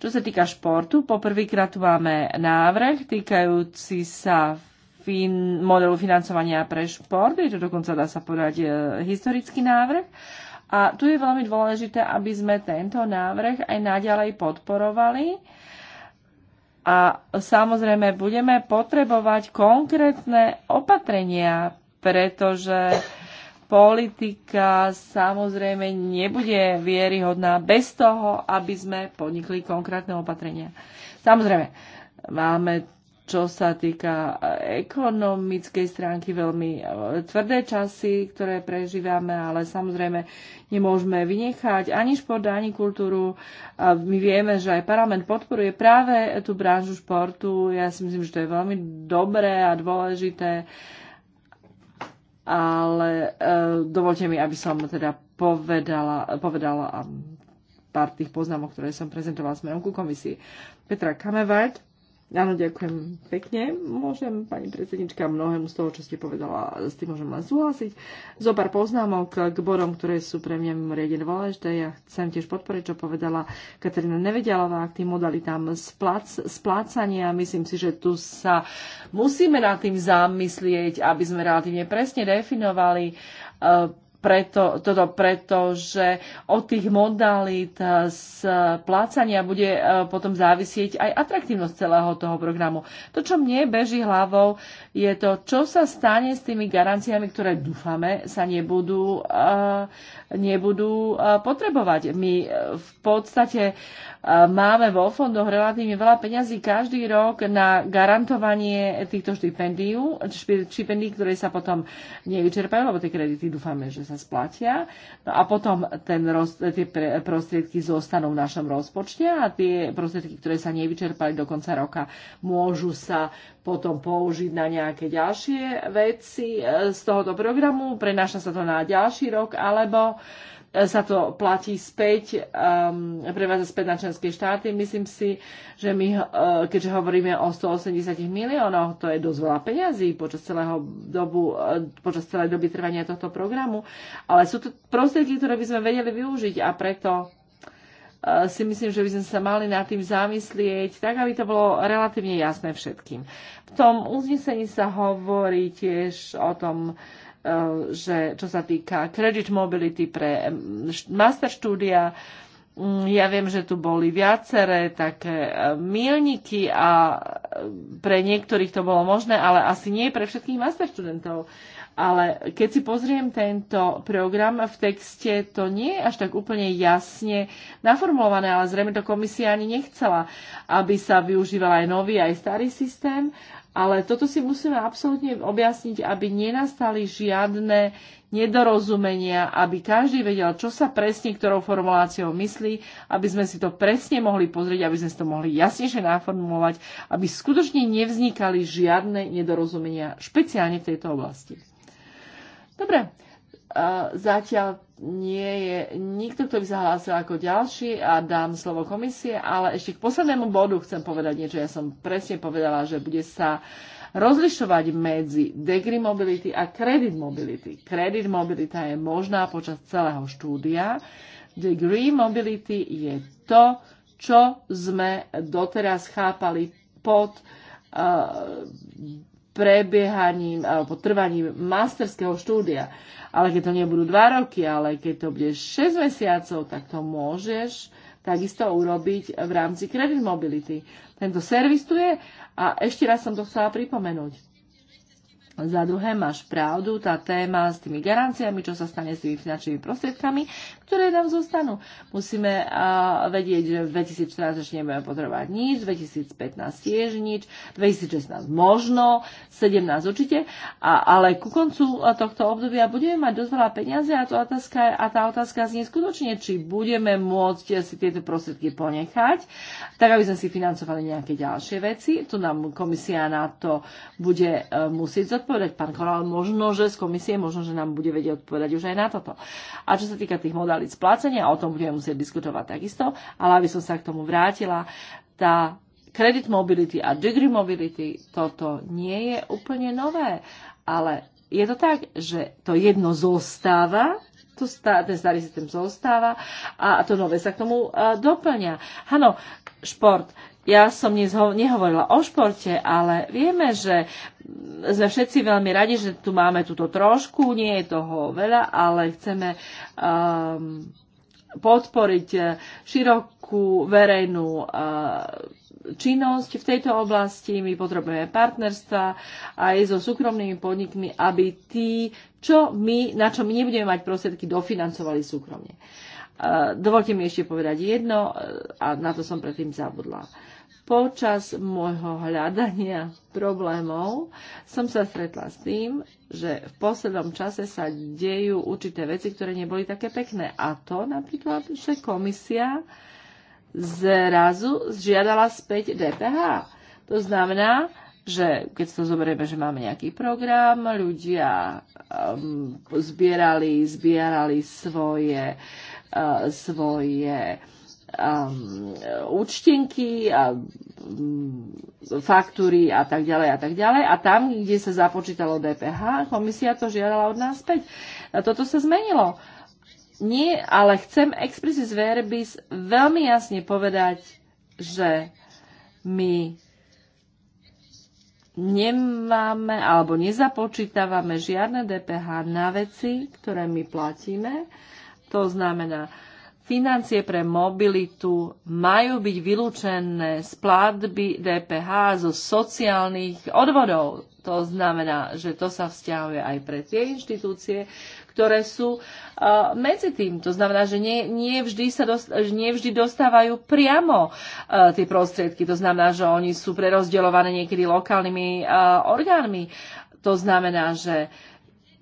Čo sa týka športu, poprvýkrát tu máme návrh týkajúci sa fin, modelu financovania pre šport. Je to dokonca, dá sa povedať, historický návrh. A tu je veľmi dôležité, aby sme tento návrh aj naďalej podporovali. A samozrejme budeme potrebovať konkrétne opatrenia, pretože politika samozrejme nebude vieryhodná bez toho, aby sme podnikli konkrétne opatrenia. Samozrejme, máme čo sa týka ekonomickej stránky, veľmi tvrdé časy, ktoré prežívame, ale samozrejme nemôžeme vynechať ani šport, ani kultúru. A my vieme, že aj parlament podporuje práve tú branžu športu. Ja si myslím, že to je veľmi dobré a dôležité. Ale e, dovolte mi, aby som teda povedala, povedala pár tých poznámok, ktoré som prezentovala smerom ku komisii. Petra Kamevajt Áno, ďakujem pekne. Môžem, pani predsednička, mnohému z toho, čo ste povedala, s tým môžem len súhlasiť. Zopár poznámok k borom, ktoré sú pre mňa mimoriadne dôležité. Ja chcem tiež podporiť, čo povedala Katarína Nevedialová k tým modalitám splác, splácania. Myslím si, že tu sa musíme nad tým zamyslieť, aby sme relatívne presne definovali uh, preto, toto preto, že od tých modalít splácania bude e, potom závisieť aj atraktívnosť celého toho programu. To, čo mne beží hlavou, je to, čo sa stane s tými garanciami, ktoré dúfame sa nebudú, e, nebudú e, potrebovať. My v podstate máme vo fondoch relatívne veľa peňazí každý rok na garantovanie týchto štipendií, štipendií, ktoré sa potom nevyčerpajú, lebo tie kredity dúfame, že sa splatia. No a potom ten roz, tie prostriedky zostanú v našom rozpočte a tie prostriedky, ktoré sa nevyčerpali do konca roka, môžu sa potom použiť na nejaké ďalšie veci e, z tohoto programu. Prenáša sa to na ďalší rok alebo uh, sa to platí späť, um, prevádza späť na členské štáty. Myslím si, že my, uh, keďže hovoríme o 180 miliónoch, to je dosť veľa peňazí počas, celého dobu, uh, počas celej doby trvania tohto programu, ale sú to prostriedky, ktoré by sme vedeli využiť a preto uh, si myslím, že by sme sa mali nad tým zamyslieť, tak aby to bolo relatívne jasné všetkým. V tom uznesení sa hovorí tiež o tom, uh, Eh, že čo sa týka credit mobility pre master štúdia, mm, ja viem, že tu boli viaceré také eh, milníky a eh, pre niektorých to bolo možné, ale asi nie pre všetkých master študentov. Ale keď si pozriem tento program v texte, to nie je až tak úplne jasne naformulované, ale zrejme to komisia ani nechcela, aby sa využíval aj nový, aj starý systém ale toto si musíme absolútne objasniť, aby nenastali žiadne nedorozumenia, aby každý vedel, čo sa presne ktorou formuláciou myslí, aby sme si to presne mohli pozrieť, aby sme si to mohli jasnejšie naformulovať, aby skutočne nevznikali žiadne nedorozumenia, špeciálne v tejto oblasti. Dobre, Zatiaľ nie je nikto, kto by zahlásil ako ďalší a dám slovo komisie, ale ešte k poslednému bodu chcem povedať niečo. Ja som presne povedala, že bude sa rozlišovať medzi degree mobility a credit mobility. Credit mobilita je možná počas celého štúdia. Degree mobility je to, čo sme doteraz chápali pod uh, prebiehaním alebo trvaním masterského štúdia. Ale keď to nebudú 2 roky, ale keď to bude 6 mesiacov, tak to môžeš takisto urobiť v rámci Credit Mobility. Tento servis tu je a ešte raz som to chcela pripomenúť. Za druhé, máš pravdu, tá téma s tými garanciami, čo sa stane s tými finančnými prostriedkami, ktoré nám zostanú. Musíme uh, vedieť, že v 2014 ešte nebudeme potrebovať nič, 2015 tiež nič, 2016 možno, 2017 určite, a, ale ku koncu tohto obdobia budeme mať dosť veľa peniaze a, to otázka, a tá otázka znie skutočne, či budeme môcť si tieto prostriedky ponechať, tak aby sme si financovali nejaké ďalšie veci. Tu nám komisia na to bude uh, musieť zodpovedať odpovedať pán Korál, možno, že z komisie, možno, že nám bude vedieť odpovedať už aj na toto. A čo sa týka tých modalít splácenia, o tom budeme musieť diskutovať takisto, ale aby som sa k tomu vrátila, tá Credit Mobility a Degree Mobility, toto nie je úplne nové, ale je to tak, že to jedno zostáva, to stá, ten starý systém zostáva a to nové sa k tomu uh, doplňa. Áno, šport ja som nehovorila o športe, ale vieme, že sme všetci veľmi radi, že tu máme túto trošku, nie je toho veľa, ale chceme um, podporiť eh, širokú verejnú uh, činnosť v tejto oblasti, my potrebujeme partnerstva aj so súkromnými podnikmi, aby tí, čo my, na čo my nebudeme mať prostriedky, dofinancovali súkromne. Eh, dovolte mi ešte povedať jedno, a na to som predtým zabudla. Počas môjho hľadania problémov som sa stretla s tým, že v poslednom čase sa dejú určité veci, ktoré neboli také pekné. A to napríklad, že komisia zrazu žiadala späť DPH. To znamená, že keď to zoberieme, že máme nejaký program, ľudia um, zbierali, zbierali svoje, uh, svoje uh, a, um, účtenky a mm, faktúry a tak ďalej a tak ďalej. A tam, kde sa započítalo DPH, komisia to žiadala od nás späť. A toto sa zmenilo. Nie, ale chcem expressis verbis veľmi jasne povedať, že my nemáme alebo nezapočítavame žiadne DPH na veci, ktoré my platíme. To znamená, financie pre mobilitu majú byť vylúčené z platby DPH zo sociálnych odvodov. To znamená, že to sa vzťahuje aj pre tie inštitúcie, ktoré sú uh, medzi tým. To znamená, že nie, nie, vždy, sa dost, nie vždy dostávajú priamo uh, tie prostriedky. To znamená, že oni sú prerozdeľované niekedy lokálnymi uh, orgánmi. To znamená, že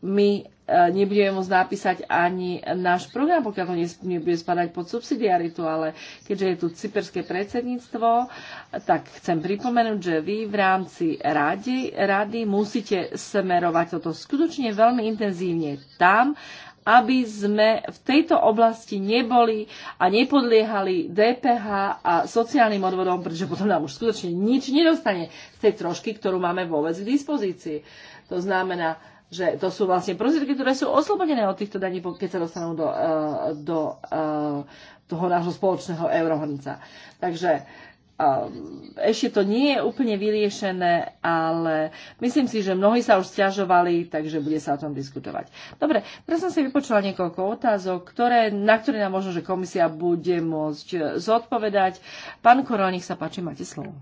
my E, nebudeme môcť napísať ani náš program, pokiaľ to nebude spadať pod subsidiaritu, ale keďže je tu cyperské predsedníctvo, tak chcem pripomenúť, že vy v rámci rady, rady musíte smerovať toto skutočne veľmi intenzívne tam, aby sme v tejto oblasti neboli a nepodliehali DPH a sociálnym odvodom, pretože potom nám už skutočne nič nedostane z tej trošky, ktorú máme vôbec k dispozícii. To znamená, že to sú vlastne prostriedky, ktoré sú oslobodené od týchto daní, keď sa dostanú do, eh, do eh, toho nášho spoločného eurohornica. Takže eh, ešte to nie je úplne vyriešené, ale myslím si, že mnohí sa už stiažovali, takže bude sa o tom diskutovať. Dobre, teraz som si vypočula niekoľko otázok, ktoré, na ktoré nám možno, že komisia bude môcť zodpovedať. Pán Korol, nech sa páči, máte slovo.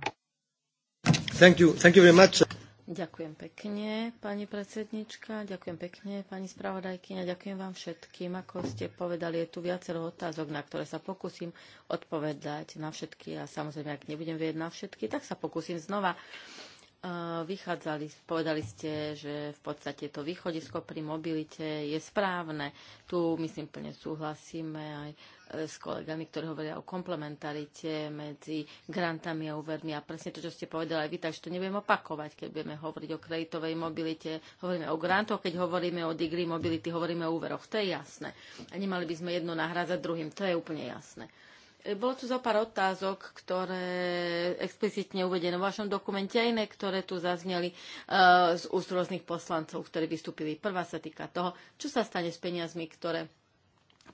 Thank you, thank you very much. Ďakujem pekne, pani predsednička, ďakujem pekne, pani spravodajkyňa, ďakujem vám všetkým. Ako ste povedali, je tu viacero otázok, na ktoré sa pokúsim odpovedať na všetky a samozrejme, ak nebudem vieť na všetky, tak sa pokúsim znova. Vychádzali, povedali ste, že v podstate to východisko pri mobilite je správne. Tu, myslím, plne súhlasíme aj E, s kolegami, ktorí hovoria o komplementarite medzi grantami a úvermi a presne to, čo ste povedali aj vy, takže to neviem opakovať, keď budeme hovoriť o kreditovej mobilite, hovoríme o grantoch, keď hovoríme o degree mobility, hovoríme o úveroch, to je jasné. A nemali by sme jedno nahrázať druhým, to je úplne jasné. E, bolo tu zo pár otázok, ktoré explicitne uvedené v vašom dokumente a iné, ktoré tu zazneli e, z úst rôznych poslancov, ktorí vystúpili. Prvá sa týka toho, čo sa stane s peniazmi, ktoré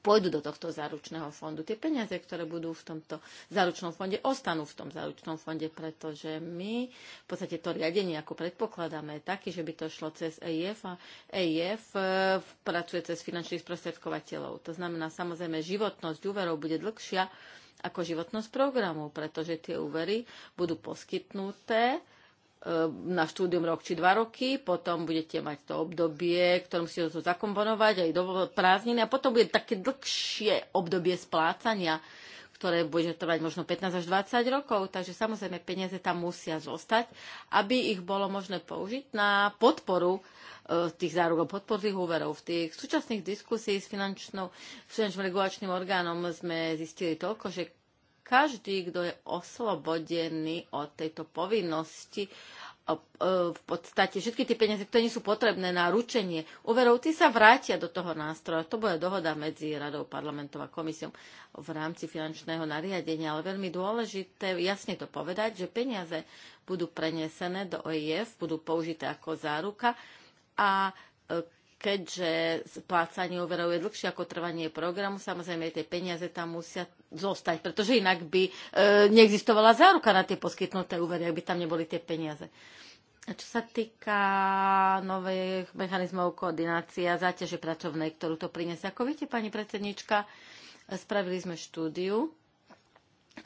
pôjdu do tohto záručného fondu. Tie peniaze, ktoré budú v tomto záručnom fonde, ostanú v tom záručnom fonde, pretože my v podstate to riadenie, ako predpokladáme, je taký, že by to šlo cez EIF a EIF e, pracuje cez finančných sprostredkovateľov. To znamená, samozrejme, životnosť úverov bude dlhšia ako životnosť programu, pretože tie úvery budú poskytnuté E, na štúdium rok či dva roky, potom budete mať to obdobie, ktorom si to zakomponovať aj do prázdniny a potom bude také dlhšie obdobie splácania, ktoré bude trvať možno 15 až 20 rokov, takže samozrejme peniaze tam musia zostať, aby ich bolo možné použiť na podporu e, tých záruk a úverov. V tých súčasných diskusí s finančnou, s finančným regulačným orgánom sme zistili toľko, že každý, kto je oslobodený od tejto povinnosti, e, v podstate všetky tie peniaze, ktoré nie sú potrebné na ručenie úverov, tie sa vrátia do toho nástroja. To bude dohoda medzi Radou parlamentov a komisiou v rámci finančného nariadenia, ale veľmi dôležité jasne to povedať, že peniaze budú prenesené do OIF, e budú použité ako záruka a e, keďže splácanie úverov je dlhšie ako trvanie programu, samozrejme tie peniaze tam musia zostať, pretože inak by e, neexistovala záruka na tie poskytnuté úvery, ak by tam neboli tie peniaze. A čo sa týka nových mechanizmov koordinácie a záťaže pracovnej, ktorú to priniesie, ako viete, pani predsednička, spravili sme štúdiu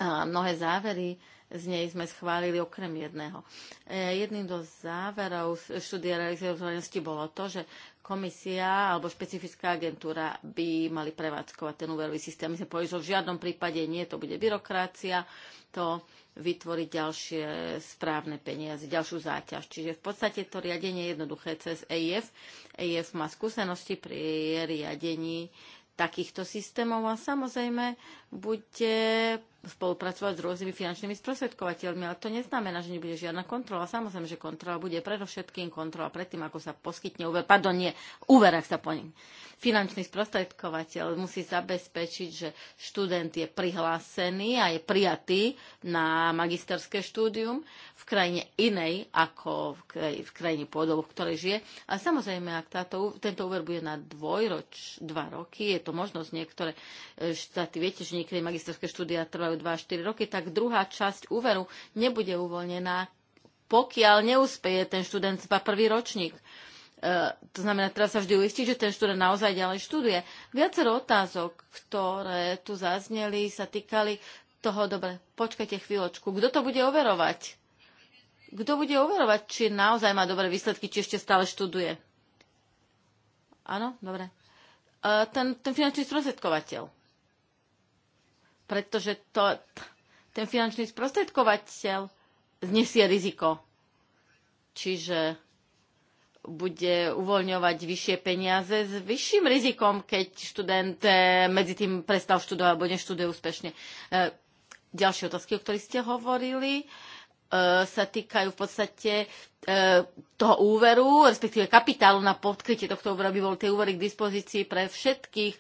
a mnohé závery z nej sme schválili okrem jedného. E, jedným do záverov štúdie realizovanosti bolo to, že komisia alebo špecifická agentúra by mali prevádzkovať ten úverový systém. My sme povedali, že v žiadnom prípade nie, to bude byrokracia, to vytvoriť ďalšie správne peniaze, ďalšiu záťaž. Čiže v podstate to riadenie je jednoduché cez EIF. EIF má skúsenosti pri riadení takýchto systémov a samozrejme bude spolupracovať s rôznymi finančnými sprostredkovateľmi, ale to neznamená, že nebude žiadna kontrola. Samozrejme, že kontrola bude predovšetkým kontrola predtým ako sa poskytne úver, pardon, nie, úver, ak sa po ním Finančný sprostredkovateľ musí zabezpečiť, že študent je prihlásený a je prijatý na magisterské štúdium v krajine inej ako v, kraj, v krajine pôdobu, v ktorej žije. A samozrejme, ak táto, tento úver bude na dvojroč, dva roky, je to možnosť niektoré e, štáty, viete, že niekedy magisterské štúdia trvajú 2-4 roky, tak druhá časť úveru nebude uvoľnená pokiaľ neúspeje ten študent iba prvý ročník. E, to znamená, teraz sa vždy uistí, že ten študent naozaj ďalej študuje. Viacero otázok, ktoré tu zazneli, sa týkali toho, dobre, počkajte chvíľočku, kto to bude overovať? Kto bude overovať, či naozaj má dobré výsledky, či ešte stále študuje? Áno, dobre. E, ten, ten finančný sprostredkovateľ. Pretože to, ten finančný sprostredkovateľ znesie riziko. Čiže bude uvoľňovať vyššie peniaze s vyšším rizikom, keď študent eh, medzi tým prestal študovať alebo neštuduje úspešne. Eh, ďalšie otázky, o ktorých ste hovorili, eh, sa týkajú v podstate toho úveru, respektíve kapitálu na podkrytie tohto úveru, aby boli tie úvery k dispozícii pre všetkých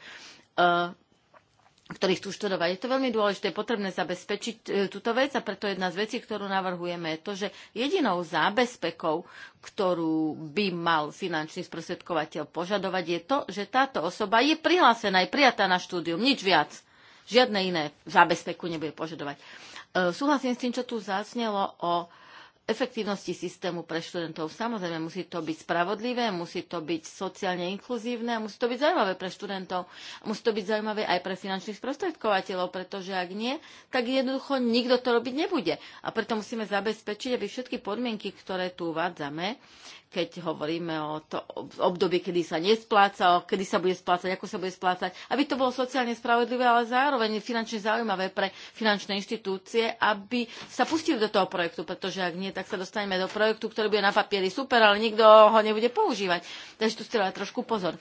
ktorých chcú študovať. Je to veľmi dôležité, potrebné zabezpečiť e, túto vec a preto jedna z vecí, ktorú navrhujeme, je to, že jedinou zábezpekou, ktorú by mal finančný sprostredkovateľ požadovať, je to, že táto osoba je prihlásená, je prijatá na štúdium, nič viac. Žiadne iné zábezpeku nebude požadovať. E, súhlasím s tým, čo tu zasnelo o efektívnosti systému pre študentov. Samozrejme, musí to byť spravodlivé, musí to byť sociálne inkluzívne a musí to byť zaujímavé pre študentov. musí to byť zaujímavé aj pre finančných sprostredkovateľov, pretože ak nie, tak jednoducho nikto to robiť nebude. A preto musíme zabezpečiť, aby všetky podmienky, ktoré tu uvádzame, keď hovoríme o, to, období, kedy sa nespláca, o kedy sa bude splácať, ako sa bude splácať, aby to bolo sociálne spravodlivé, ale zároveň finančne zaujímavé pre finančné inštitúcie, aby sa pustili do toho projektu, pretože ak nie, tak sa dostaneme do projektu, ktorý bude na papieri super, ale nikto ho nebude používať. Takže tu treba trošku pozor.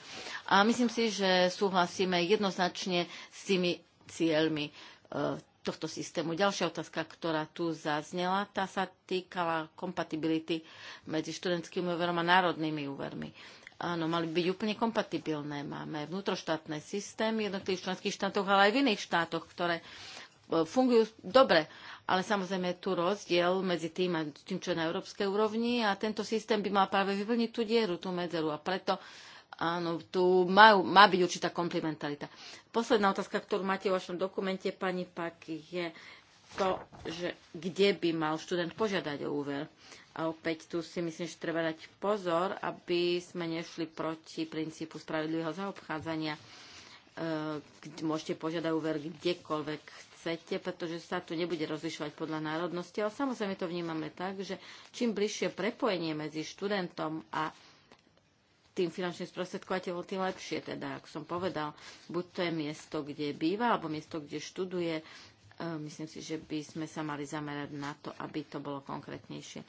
A myslím si, že súhlasíme jednoznačne s tými cieľmi e, tohto systému. Ďalšia otázka, ktorá tu zaznela, tá sa týkala kompatibility medzi študentskými úverom a národnými úvermi. Áno, mali byť úplne kompatibilné. Máme vnútroštátne systémy v jednotlivých členských štátoch, ale aj v iných štátoch, ktoré e, fungujú dobre. Ale samozrejme je tu rozdiel medzi tým a tým, čo je na európskej úrovni a tento systém by mal práve vyplniť tú dieru, tú medzeru. A preto Áno, tu má, má byť určitá komplementarita. Posledná otázka, ktorú máte v vašom dokumente, pani Pak, je to, že kde by mal študent požiadať o úver. A opäť tu si myslím, že treba dať pozor, aby sme nešli proti princípu spravedlivého zaobchádzania. E, môžete požiadať úver kdekoľvek chcete, pretože sa tu nebude rozlišovať podľa národnosti, ale samozrejme to vnímame tak, že čím bližšie prepojenie medzi študentom a tým finančným sprostredkovateľom, tým lepšie. Teda, ako som povedal, buď to je miesto, kde býva, alebo miesto, kde študuje. E, myslím si, že by sme sa mali zamerať na to, aby to bolo konkrétnejšie. E,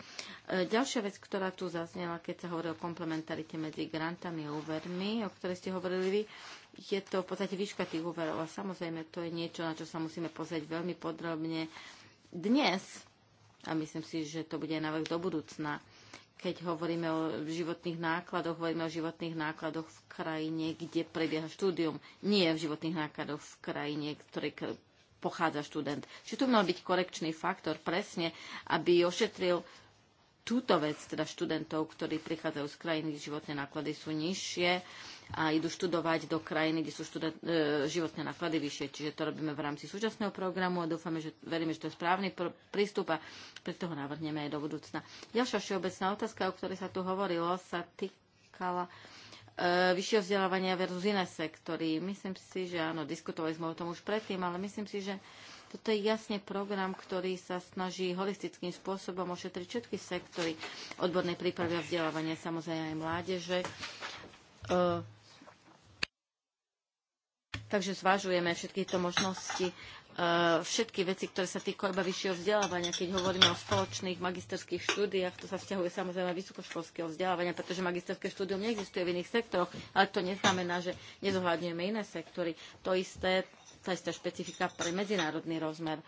ďalšia vec, ktorá tu zaznela, keď sa hovorí o komplementarite medzi grantami a úvermi, o ktorej ste hovorili vy, je to v podstate výška tých úverov a samozrejme to je niečo, na čo sa musíme pozrieť veľmi podrobne dnes a myslím si, že to bude aj návrh do budúcna keď hovoríme o životných nákladoch, hovoríme o životných nákladoch v krajine, kde prebieha štúdium, nie v životných nákladoch v krajine, ktorej pochádza študent. Či tu mal byť korekčný faktor presne, aby ošetril túto vec, teda študentov, ktorí prichádzajú z krajiny, kde životné náklady sú nižšie a idú študovať do krajiny, kde sú študent, e, životné náklady vyššie. Čiže to robíme v rámci súčasného programu a dúfame, že veríme, že to je správny pr- prístup a preto ho navrhneme aj do budúcna. Ďalšia všeobecná otázka, o ktorej sa tu hovorilo, sa týkala e, vyššieho vzdelávania versus iné sektory. Myslím si, že áno, diskutovali sme o tom už predtým, ale myslím si, že toto je jasne program, ktorý sa snaží holistickým spôsobom ošetriť všetky sektory odbornej prípravy a vzdelávania, samozrejme aj mládeže. E, takže zvažujeme všetky tieto možnosti e, všetky veci, ktoré sa týkajú iba vyššieho vzdelávania. Keď hovoríme o spoločných magisterských štúdiách, to sa vzťahuje samozrejme vysokoškolského vzdelávania, pretože magisterské štúdium neexistuje v iných sektoroch, ale to neznamená, že nezohľadňujeme iné sektory. To isté to isté špecifika pre medzinárodný rozmer.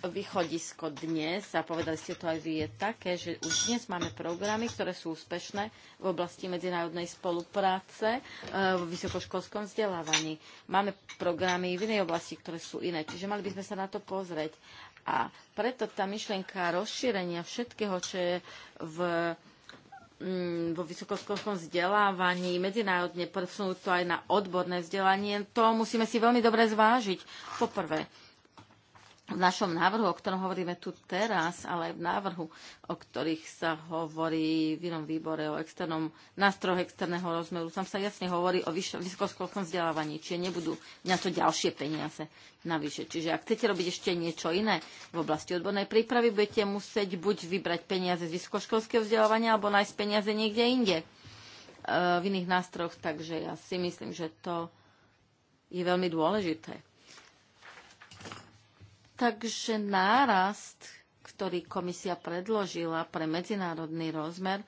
Východisko dnes, a povedali ste to aj vy, je také, že už dnes máme programy, ktoré sú úspešné v oblasti medzinárodnej spolupráce e, v vysokoškolskom vzdelávaní. Máme programy v inej oblasti, ktoré sú iné, čiže mali by sme sa na to pozrieť. A preto tá myšlienka rozšírenia všetkého, čo je v Mm, vo vysokoškolskom vzdelávaní, medzinárodne presunúť to aj na odborné vzdelanie, to musíme si veľmi dobre zvážiť. Poprvé, v našom návrhu, o ktorom hovoríme tu teraz, ale aj v návrhu, o ktorých sa hovorí v inom výbore o externom nástroju externého rozmeru, tam sa jasne hovorí o vysokoškolskom vzdelávaní, čiže nebudú na to ďalšie peniaze navyše. Čiže ak chcete robiť ešte niečo iné v oblasti odbornej prípravy, budete musieť buď vybrať peniaze z vysokoškolského vzdelávania, alebo nájsť peniaze niekde inde e, v iných nástrojoch, takže ja si myslím, že to je veľmi dôležité Takže nárast, ktorý komisia predložila pre medzinárodný rozmer,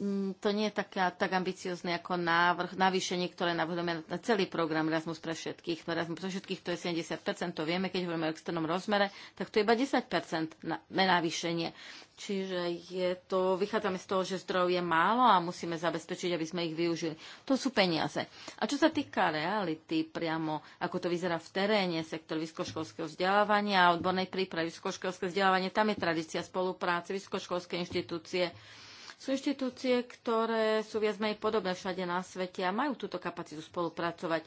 Mm, to nie je taká, tak ambiciozne ako návrh, navýšenie, ktoré navrhujeme na celý program Erasmus pre všetkých. No Erasmus pre všetkých to je 70%, to vieme, keď hovoríme o externom rozmere, tak to je iba 10% na, na navýšenie. Čiže je to, vychádzame z toho, že zdrojov je málo a musíme zabezpečiť, aby sme ich využili. To sú peniaze. A čo sa týka reality, priamo ako to vyzerá v teréne, sektor vysokoškolského vzdelávania a odbornej prípravy vysokoškolského vzdelávania, tam je tradícia spolupráce, vysokoškolské inštitúcie, sú inštitúcie, ktoré sú viac menej podobné všade na svete a majú túto kapacitu spolupracovať.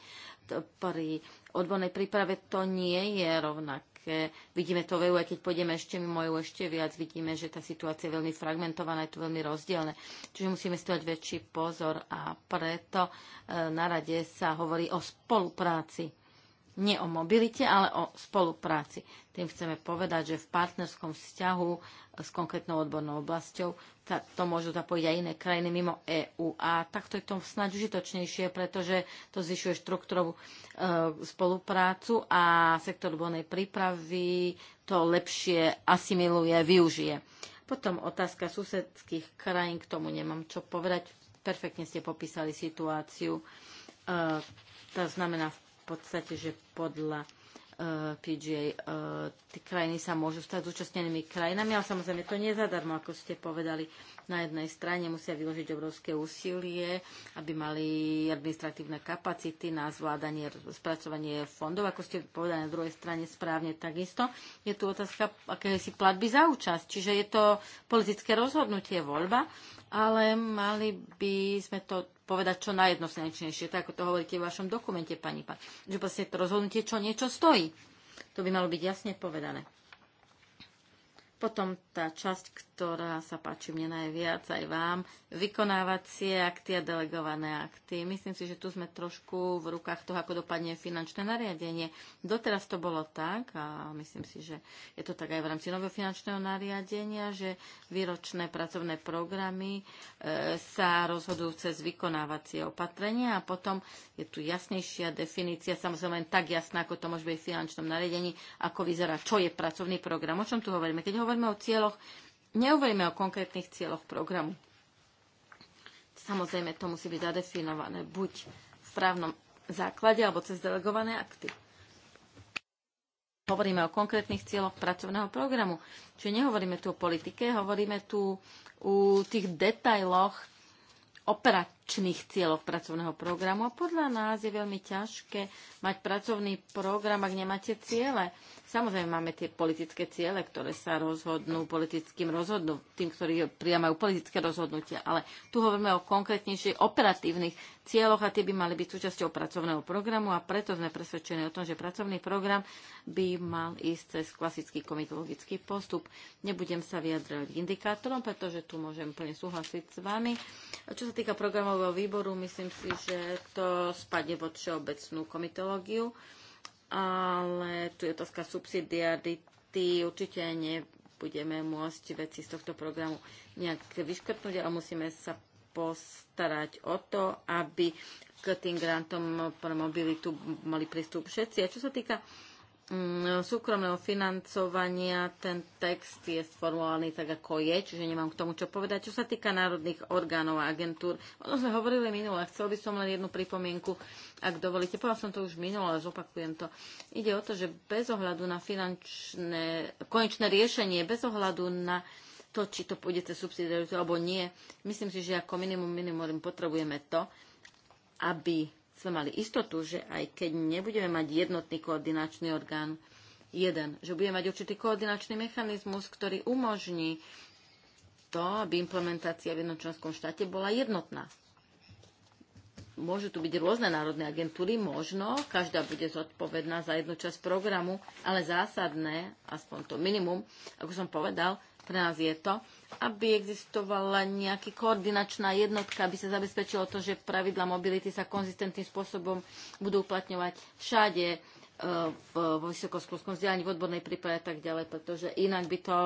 Pri odbornej príprave to nie je rovnaké. Vidíme to v EU, aj keď pôjdeme ešte mimo EU ešte viac, vidíme, že tá situácia je veľmi fragmentovaná, je to veľmi rozdielne. Čiže musíme stovať väčší pozor a preto e, na rade sa hovorí o spolupráci nie o mobilite, ale o spolupráci. Tým chceme povedať, že v partnerskom vzťahu s konkrétnou odbornou oblasťou tá, to môžu zapojiť aj iné krajiny mimo EÚ. A takto je to snáď užitočnejšie, pretože to zvyšuje štruktúrovú e, spoluprácu a sektor odbornej prípravy to lepšie asimiluje, využije. Potom otázka susedských krajín, k tomu nemám čo povedať. Perfektne ste popísali situáciu. E, to znamená v podstate, že podľa eh, PGA eh, tie krajiny sa môžu stať zúčastnenými krajinami, ale samozrejme to nie je zadarmo, ako ste povedali. Na jednej strane musia vyložiť obrovské úsilie, aby mali administratívne kapacity na zvládanie, spracovanie fondov, ako ste povedali na druhej strane správne takisto. Je tu otázka si platby za účasť, čiže je to politické rozhodnutie, voľba, ale mali by sme to povedať čo najjednoznačnejšie, tak ako to hovoríte v vašom dokumente, pani pán. Že proste to rozhodnutie, čo niečo stojí. To by malo byť jasne povedané. Potom tá časť, ktorá sa páči mne najviac aj vám, vykonávacie akty a delegované akty. Myslím si, že tu sme trošku v rukách toho, ako dopadne finančné nariadenie. Doteraz to bolo tak a myslím si, že je to tak aj v rámci nového finančného nariadenia, že výročné pracovné programy e, sa rozhodujú cez vykonávacie opatrenia a potom je tu jasnejšia definícia, samozrejme tak jasná, ako to môže byť v finančnom nariadení, ako vyzerá, čo je pracovný program, o čom tu hovoríme. Keď hovoríme o cieľoch, nehovoríme o konkrétnych cieľoch programu. Samozrejme, to musí byť zadefinované buď v právnom základe alebo cez delegované akty. Hovoríme o konkrétnych cieľoch pracovného programu. Čiže nehovoríme tu o politike, hovoríme tu o tých detailoch operat- akčných cieľoch pracovného programu. A podľa nás je veľmi ťažké mať pracovný program, ak nemáte ciele. Samozrejme máme tie politické ciele, ktoré sa rozhodnú politickým rozhodnú, tým, ktorí prijamajú politické rozhodnutia. Ale tu hovoríme o konkrétnejších operatívnych cieľoch a tie by mali byť súčasťou pracovného programu a preto sme presvedčení o tom, že pracovný program by mal ísť cez klasický komitologický postup. Nebudem sa vyjadrovať indikátorom, pretože tu môžem plne súhlasiť s vami. A čo sa týka programov členov výboru, myslím si, že to spadne pod všeobecnú komitológiu, ale tu je otázka subsidiarity, určite nebudeme môcť veci z tohto programu nejak vyškrtnúť, ale musíme sa postarať o to, aby k tým grantom pre mobilitu mali prístup všetci. A čo sa týka uh, Mm, súkromného financovania ten text je sformulovaný tak, ako je, čiže nemám k tomu čo povedať. Čo sa týka národných orgánov a agentúr, o tom sme hovorili minule, chcel by som len jednu pripomienku, ak dovolíte. Povedal som to už minule, ale zopakujem to. Ide o to, že bez ohľadu na finančné, konečné riešenie, bez ohľadu na to, či to pôjde cez subsidiaritu alebo nie, myslím si, že ako minimum minimum potrebujeme to, aby sme mali istotu, že aj keď nebudeme mať jednotný koordinačný orgán, jeden, že budeme mať určitý koordinačný mechanizmus, ktorý umožní to, aby implementácia v jednom členskom štáte bola jednotná. Môžu tu byť rôzne národné agentúry, možno, každá bude zodpovedná za jednu časť programu, ale zásadné, aspoň to minimum, ako som povedal, pre nás je to, aby existovala nejaká koordinačná jednotka, aby sa zabezpečilo to, že pravidla mobility sa konzistentným spôsobom budú uplatňovať všade e, vo vysokoškolskom vzdelaní, v odbornej príprave a tak ďalej, pretože inak by to,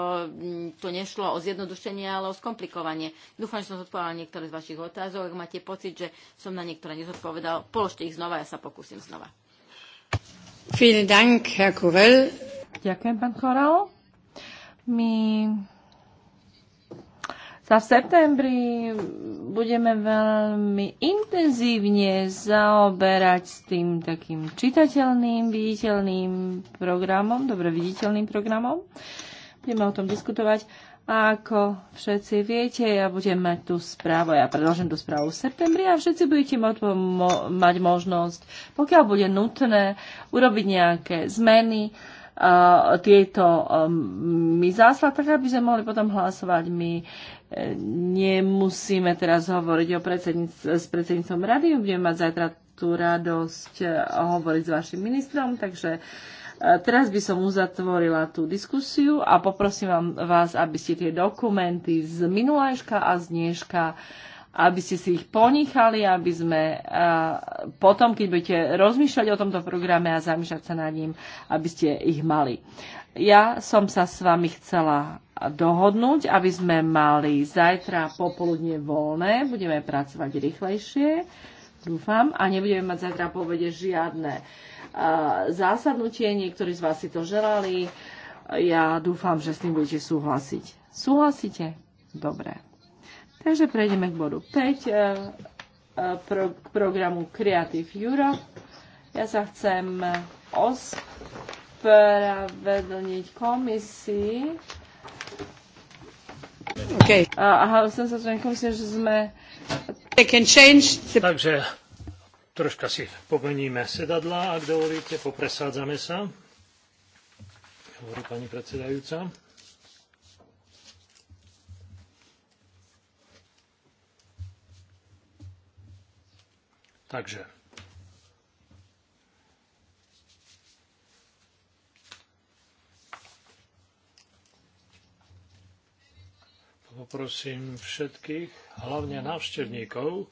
to nešlo o zjednodušenie, ale o skomplikovanie. Dúfam, že som zodpovedala niektoré z vašich otázok. Ak máte pocit, že som na niektoré nezodpovedal, položte ich znova, ja sa pokúsim znova. Vielen Dank, Herr Kurel. Ďakujem, pán Korel. My sa v septembri budeme veľmi intenzívne zaoberať s tým takým čitateľným, viditeľným programom, dobre viditeľným programom. Budeme o tom diskutovať. A ako všetci viete, ja budem mať tú správu, ja predložím tú správu v septembri a všetci budete mať možnosť, pokiaľ bude nutné, urobiť nejaké zmeny, E, tieto e, my zásla, tak aby sme mohli potom hlasovať. My e, nemusíme teraz hovoriť o predsednic, s predsednicom rady, budeme mať zajtra tú radosť hovoriť s vašim ministrom, takže Teraz by som uzatvorila tú diskusiu a poprosím vám, vás, aby ste tie dokumenty z minulajška a z dneška aby ste si ich ponichali, aby sme potom, keď budete rozmýšľať o tomto programe a zamýšľať sa nad ním, aby ste ich mali. Ja som sa s vami chcela dohodnúť, aby sme mali zajtra popoludne voľné, budeme pracovať rýchlejšie, dúfam, a nebudeme mať zajtra povede žiadne zásadnutie, niektorí z vás si to želali. Ja dúfam, že s tým budete súhlasiť. Súhlasíte? Dobre. Takže prejdeme k bodu 5, e, e, pro, k programu Creative Europe. Ja sa chcem ospravedlniť komisii. Okay. Aha, som sa zrejme komisie, že sme... The... Takže troška si pomeníme sedadla, ak dovolíte, popresádzame sa hovorí pani predsedajúca. Takže poprosím všetkých, hlavne návštevníkov,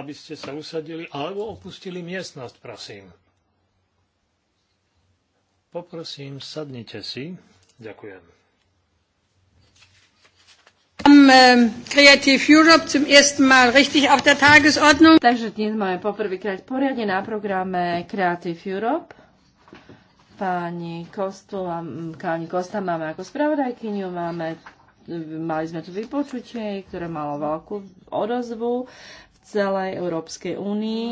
aby ste sa usadili alebo opustili miestnosť, prosím. Poprosím, sadnite si. Ďakujem. Ähm, Creative Europe zum ersten Mal richtig auf der Tagesordnung. Takže dnes máme poprvýkrát poriadne na programe Creative Europe. Pani Kostu, Káni Kosta máme ako spravodajkyniu, máme, mali sme tu vypočutie, ktoré malo veľkú odozvu v celej Európskej únii.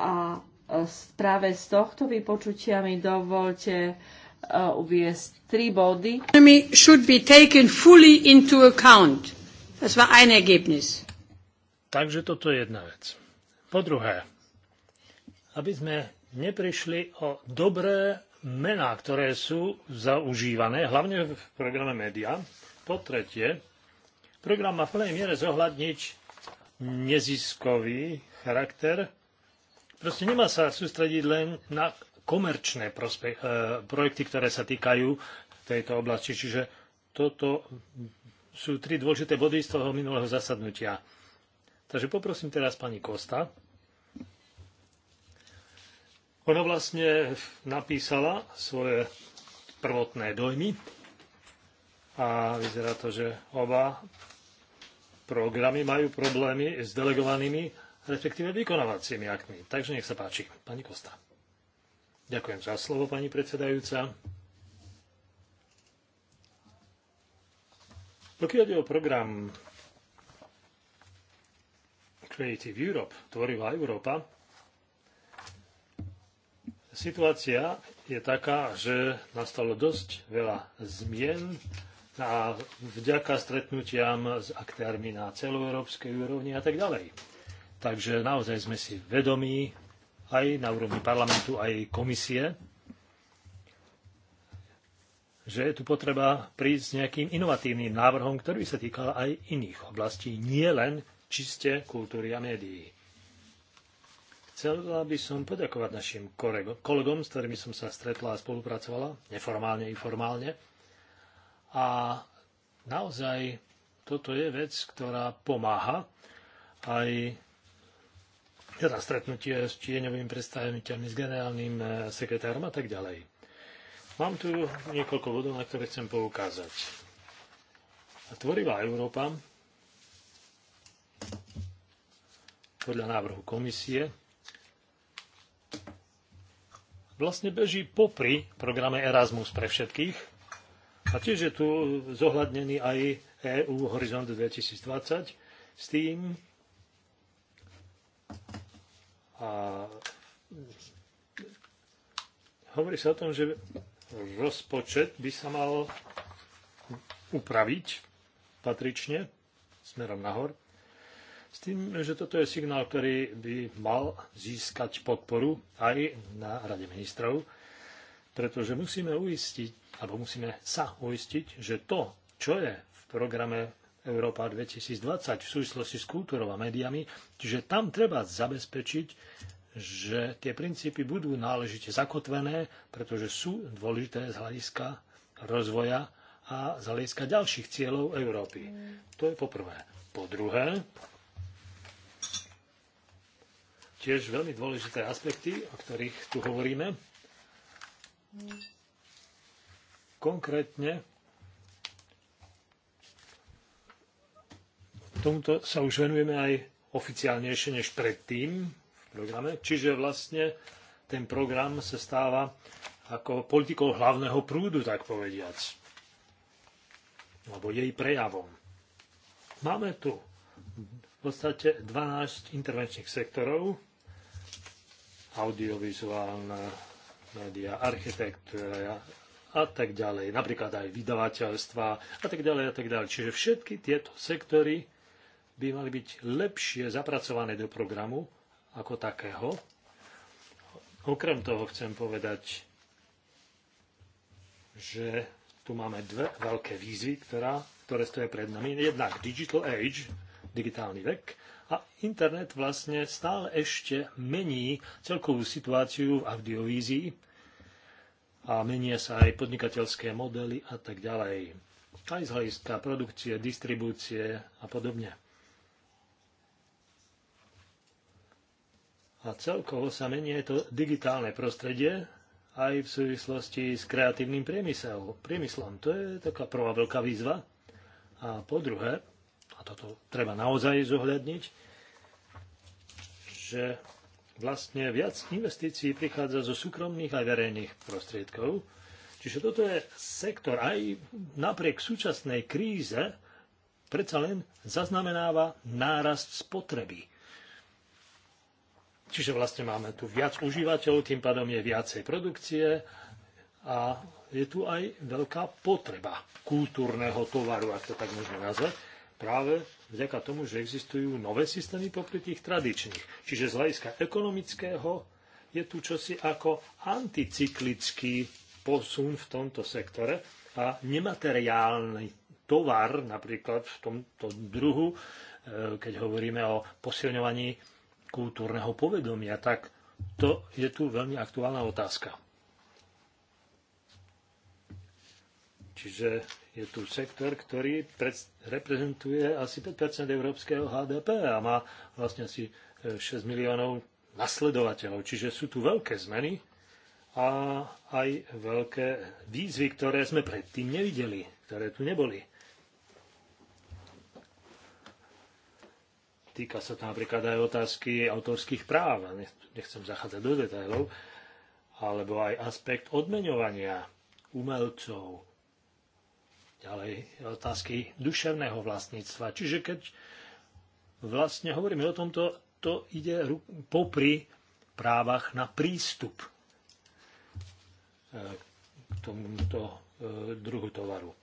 A e, práve z tohto vypočutia mi dovolte uh, Uh, uviesť tri body. should be taken fully into account. Das war ein Ergebnis. Takže toto je jedna vec. Po druhé, aby sme neprišli o dobré mená, ktoré sú zaužívané, hlavne v programe média. Po tretie, program má v plnej miere zohľadniť neziskový charakter. Proste nemá sa sústrediť len na komerčné e, projekty, ktoré sa týkajú tejto oblasti. Čiže toto sú tri dôležité body z toho minulého zasadnutia. Takže poprosím teraz pani Kosta. Ona vlastne napísala svoje prvotné dojmy a vyzerá to, že oba programy majú problémy s delegovanými, respektíve vykonávacími aktmi. Takže nech sa páči, pani Kosta. Ďakujem za slovo, pani predsedajúca. Pokiaľ ide o program Creative Europe, Tvorivá Európa, situácia je taká, že nastalo dosť veľa zmien a vďaka stretnutiam s aktérmi na celoeurópskej úrovni a tak ďalej. Takže naozaj sme si vedomí aj na úrovni parlamentu, aj komisie, že je tu potreba prísť s nejakým inovatívnym návrhom, ktorý by sa týkal aj iných oblastí, nie len čiste kultúry a médií. Chcela by som poďakovať našim kolegom, s ktorými som sa stretla a spolupracovala, neformálne i formálne. A naozaj toto je vec, ktorá pomáha aj teda stretnutie s tieňovými predstaviteľmi, s generálnym e, sekretárom a tak ďalej. Mám tu niekoľko bodov, na ktoré chcem poukázať. Tvorivá Európa podľa návrhu komisie vlastne beží popri programe Erasmus pre všetkých a tiež je tu zohľadnený aj EU Horizont 2020 s tým, a hovorí sa o tom, že rozpočet by sa mal upraviť patrične smerom nahor. S tým, že toto je signál, ktorý by mal získať podporu aj na Rade ministrov, pretože musíme uistiť, alebo musíme sa uistiť, že to, čo je v programe Európa 2020 v súvislosti s kultúrou a médiami, čiže tam treba zabezpečiť, že tie princípy budú náležite zakotvené, pretože sú dôležité z hľadiska rozvoja a z hľadiska ďalších cieľov Európy. To je poprvé. Po druhé, tiež veľmi dôležité aspekty, o ktorých tu hovoríme. Konkrétne tomuto sa už venujeme aj oficiálnejšie než predtým v programe, čiže vlastne ten program sa stáva ako politikou hlavného prúdu, tak povediac. Alebo jej prejavom. Máme tu v podstate 12 intervenčných sektorov, audiovizuálna média, architektúra a tak ďalej, napríklad aj vydavateľstva a tak ďalej a tak ďalej. Čiže všetky tieto sektory by mali byť lepšie zapracované do programu ako takého. Okrem toho chcem povedať, že tu máme dve veľké výzvy, ktorá, ktoré stojí pred nami. Jednak Digital Age, digitálny vek, a internet vlastne stále ešte mení celkovú situáciu v audiovízii a menia sa aj podnikateľské modely a tak ďalej. Aj z hľadiska produkcie, distribúcie a podobne. A celkovo sa menie to digitálne prostredie aj v súvislosti s kreatívnym priemyslom. priemyslom. To je taká prvá veľká výzva. A po druhé, a toto treba naozaj zohľadniť, že vlastne viac investícií prichádza zo súkromných aj verejných prostriedkov. Čiže toto je sektor aj napriek súčasnej kríze predsa len zaznamenáva nárast spotreby Čiže vlastne máme tu viac užívateľov, tým pádom je viacej produkcie a je tu aj veľká potreba kultúrneho tovaru, ak to tak môžeme nazvať, práve vďaka tomu, že existujú nové systémy popri tých tradičných. Čiže z hľadiska ekonomického je tu čosi ako anticyklický posun v tomto sektore a nemateriálny tovar, napríklad v tomto druhu, eh, keď hovoríme o posilňovaní kultúrneho povedomia, tak to je tu veľmi aktuálna otázka. Čiže je tu sektor, ktorý reprezentuje asi 5 európskeho HDP a má vlastne asi 6 e, miliónov nasledovateľov. Čiže sú tu veľké zmeny a aj veľké výzvy, ktoré sme predtým nevideli, ktoré tu neboli. Týka sa to napríklad aj otázky autorských práv, nechcem zachádzať do detailov, alebo aj aspekt odmeňovania umelcov, ďalej otázky duševného vlastníctva. Čiže keď vlastne hovoríme o tomto, to ide popri právach na prístup eh, k tomuto eh, druhu tovaru.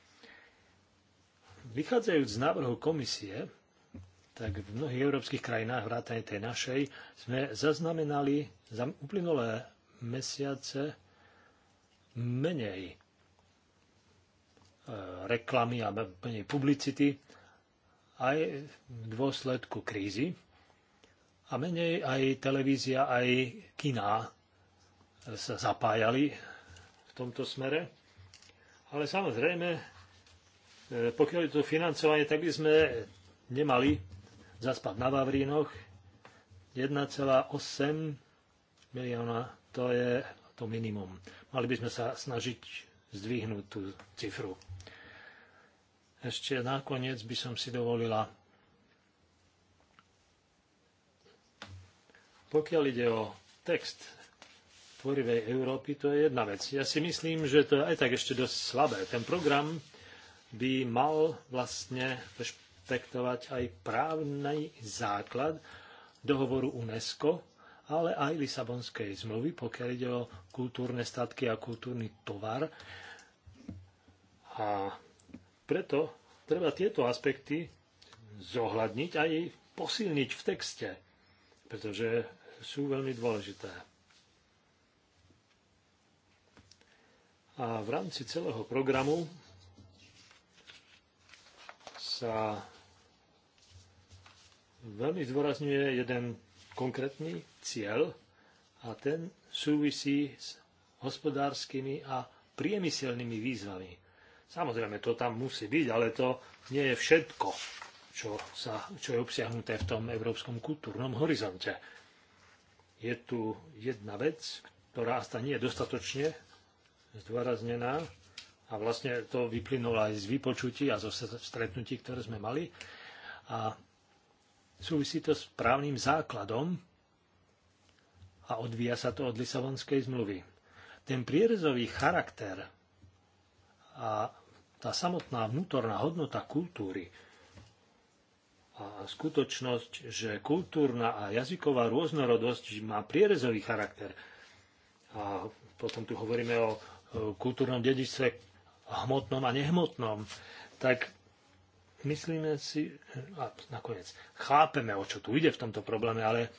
Vychádzajúc z návrhu komisie, tak v mnohých európskych krajinách, vrátane tej našej, sme zaznamenali za uplynulé mesiace menej e, reklamy a menej publicity aj v dôsledku krízy a menej aj televízia, aj kina sa zapájali v tomto smere. Ale samozrejme, e, pokiaľ je to financovanie, tak by sme nemali zaspal na Vavrínoch. 1,8 milióna to je to minimum. Mali by sme sa snažiť zdvihnúť tú cifru. Ešte nakoniec by som si dovolila pokiaľ ide o text tvorivej Európy, to je jedna vec. Ja si myslím, že to je aj tak ešte dosť slabé. Ten program by mal vlastne rešpektovať aj právny základ dohovoru UNESCO, ale aj Lisabonskej zmluvy, pokiaľ ide o kultúrne statky a kultúrny tovar. A preto treba tieto aspekty zohľadniť a aj posilniť v texte, pretože sú veľmi dôležité. A v rámci celého programu sa veľmi zdôrazňuje jeden konkrétny cieľ a ten súvisí s hospodárskymi a priemyselnými výzvami. Samozrejme, to tam musí byť, ale to nie je všetko, čo, sa, čo je obsiahnuté v tom európskom kultúrnom horizonte. Je tu jedna vec, ktorá sa nie je dostatočne zdôraznená a vlastne to vyplynulo aj z vypočutí a zo stretnutí, ktoré sme mali. A Súvisí to s právnym základom a odvíja sa to od Lisabonskej zmluvy. Ten prierezový charakter a tá samotná vnútorná hodnota kultúry a skutočnosť, že kultúrna a jazyková rôznorodosť má prierezový charakter. A potom tu hovoríme o kultúrnom dedičstve hmotnom a nehmotnom, tak Myslíme si, a nakoniec chápeme, o čo tu ide v tomto probléme, ale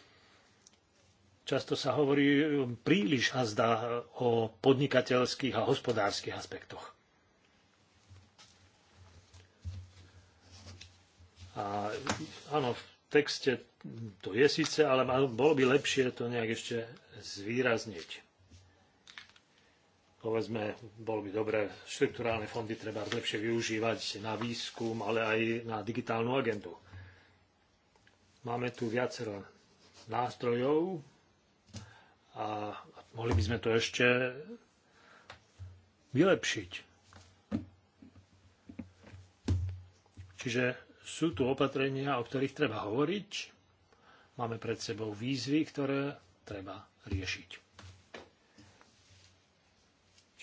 často sa hovorí príliš a zdá o podnikateľských a hospodárskych aspektoch. A áno, v texte to je síce, ale bolo by lepšie to nejak ešte zvýrazniť povedzme, bolo by dobré štrukturálne fondy treba lepšie využívať na výskum, ale aj na digitálnu agendu. Máme tu viacero nástrojov a mohli by sme to ešte vylepšiť. Čiže sú tu opatrenia, o ktorých treba hovoriť. Máme pred sebou výzvy, ktoré treba riešiť.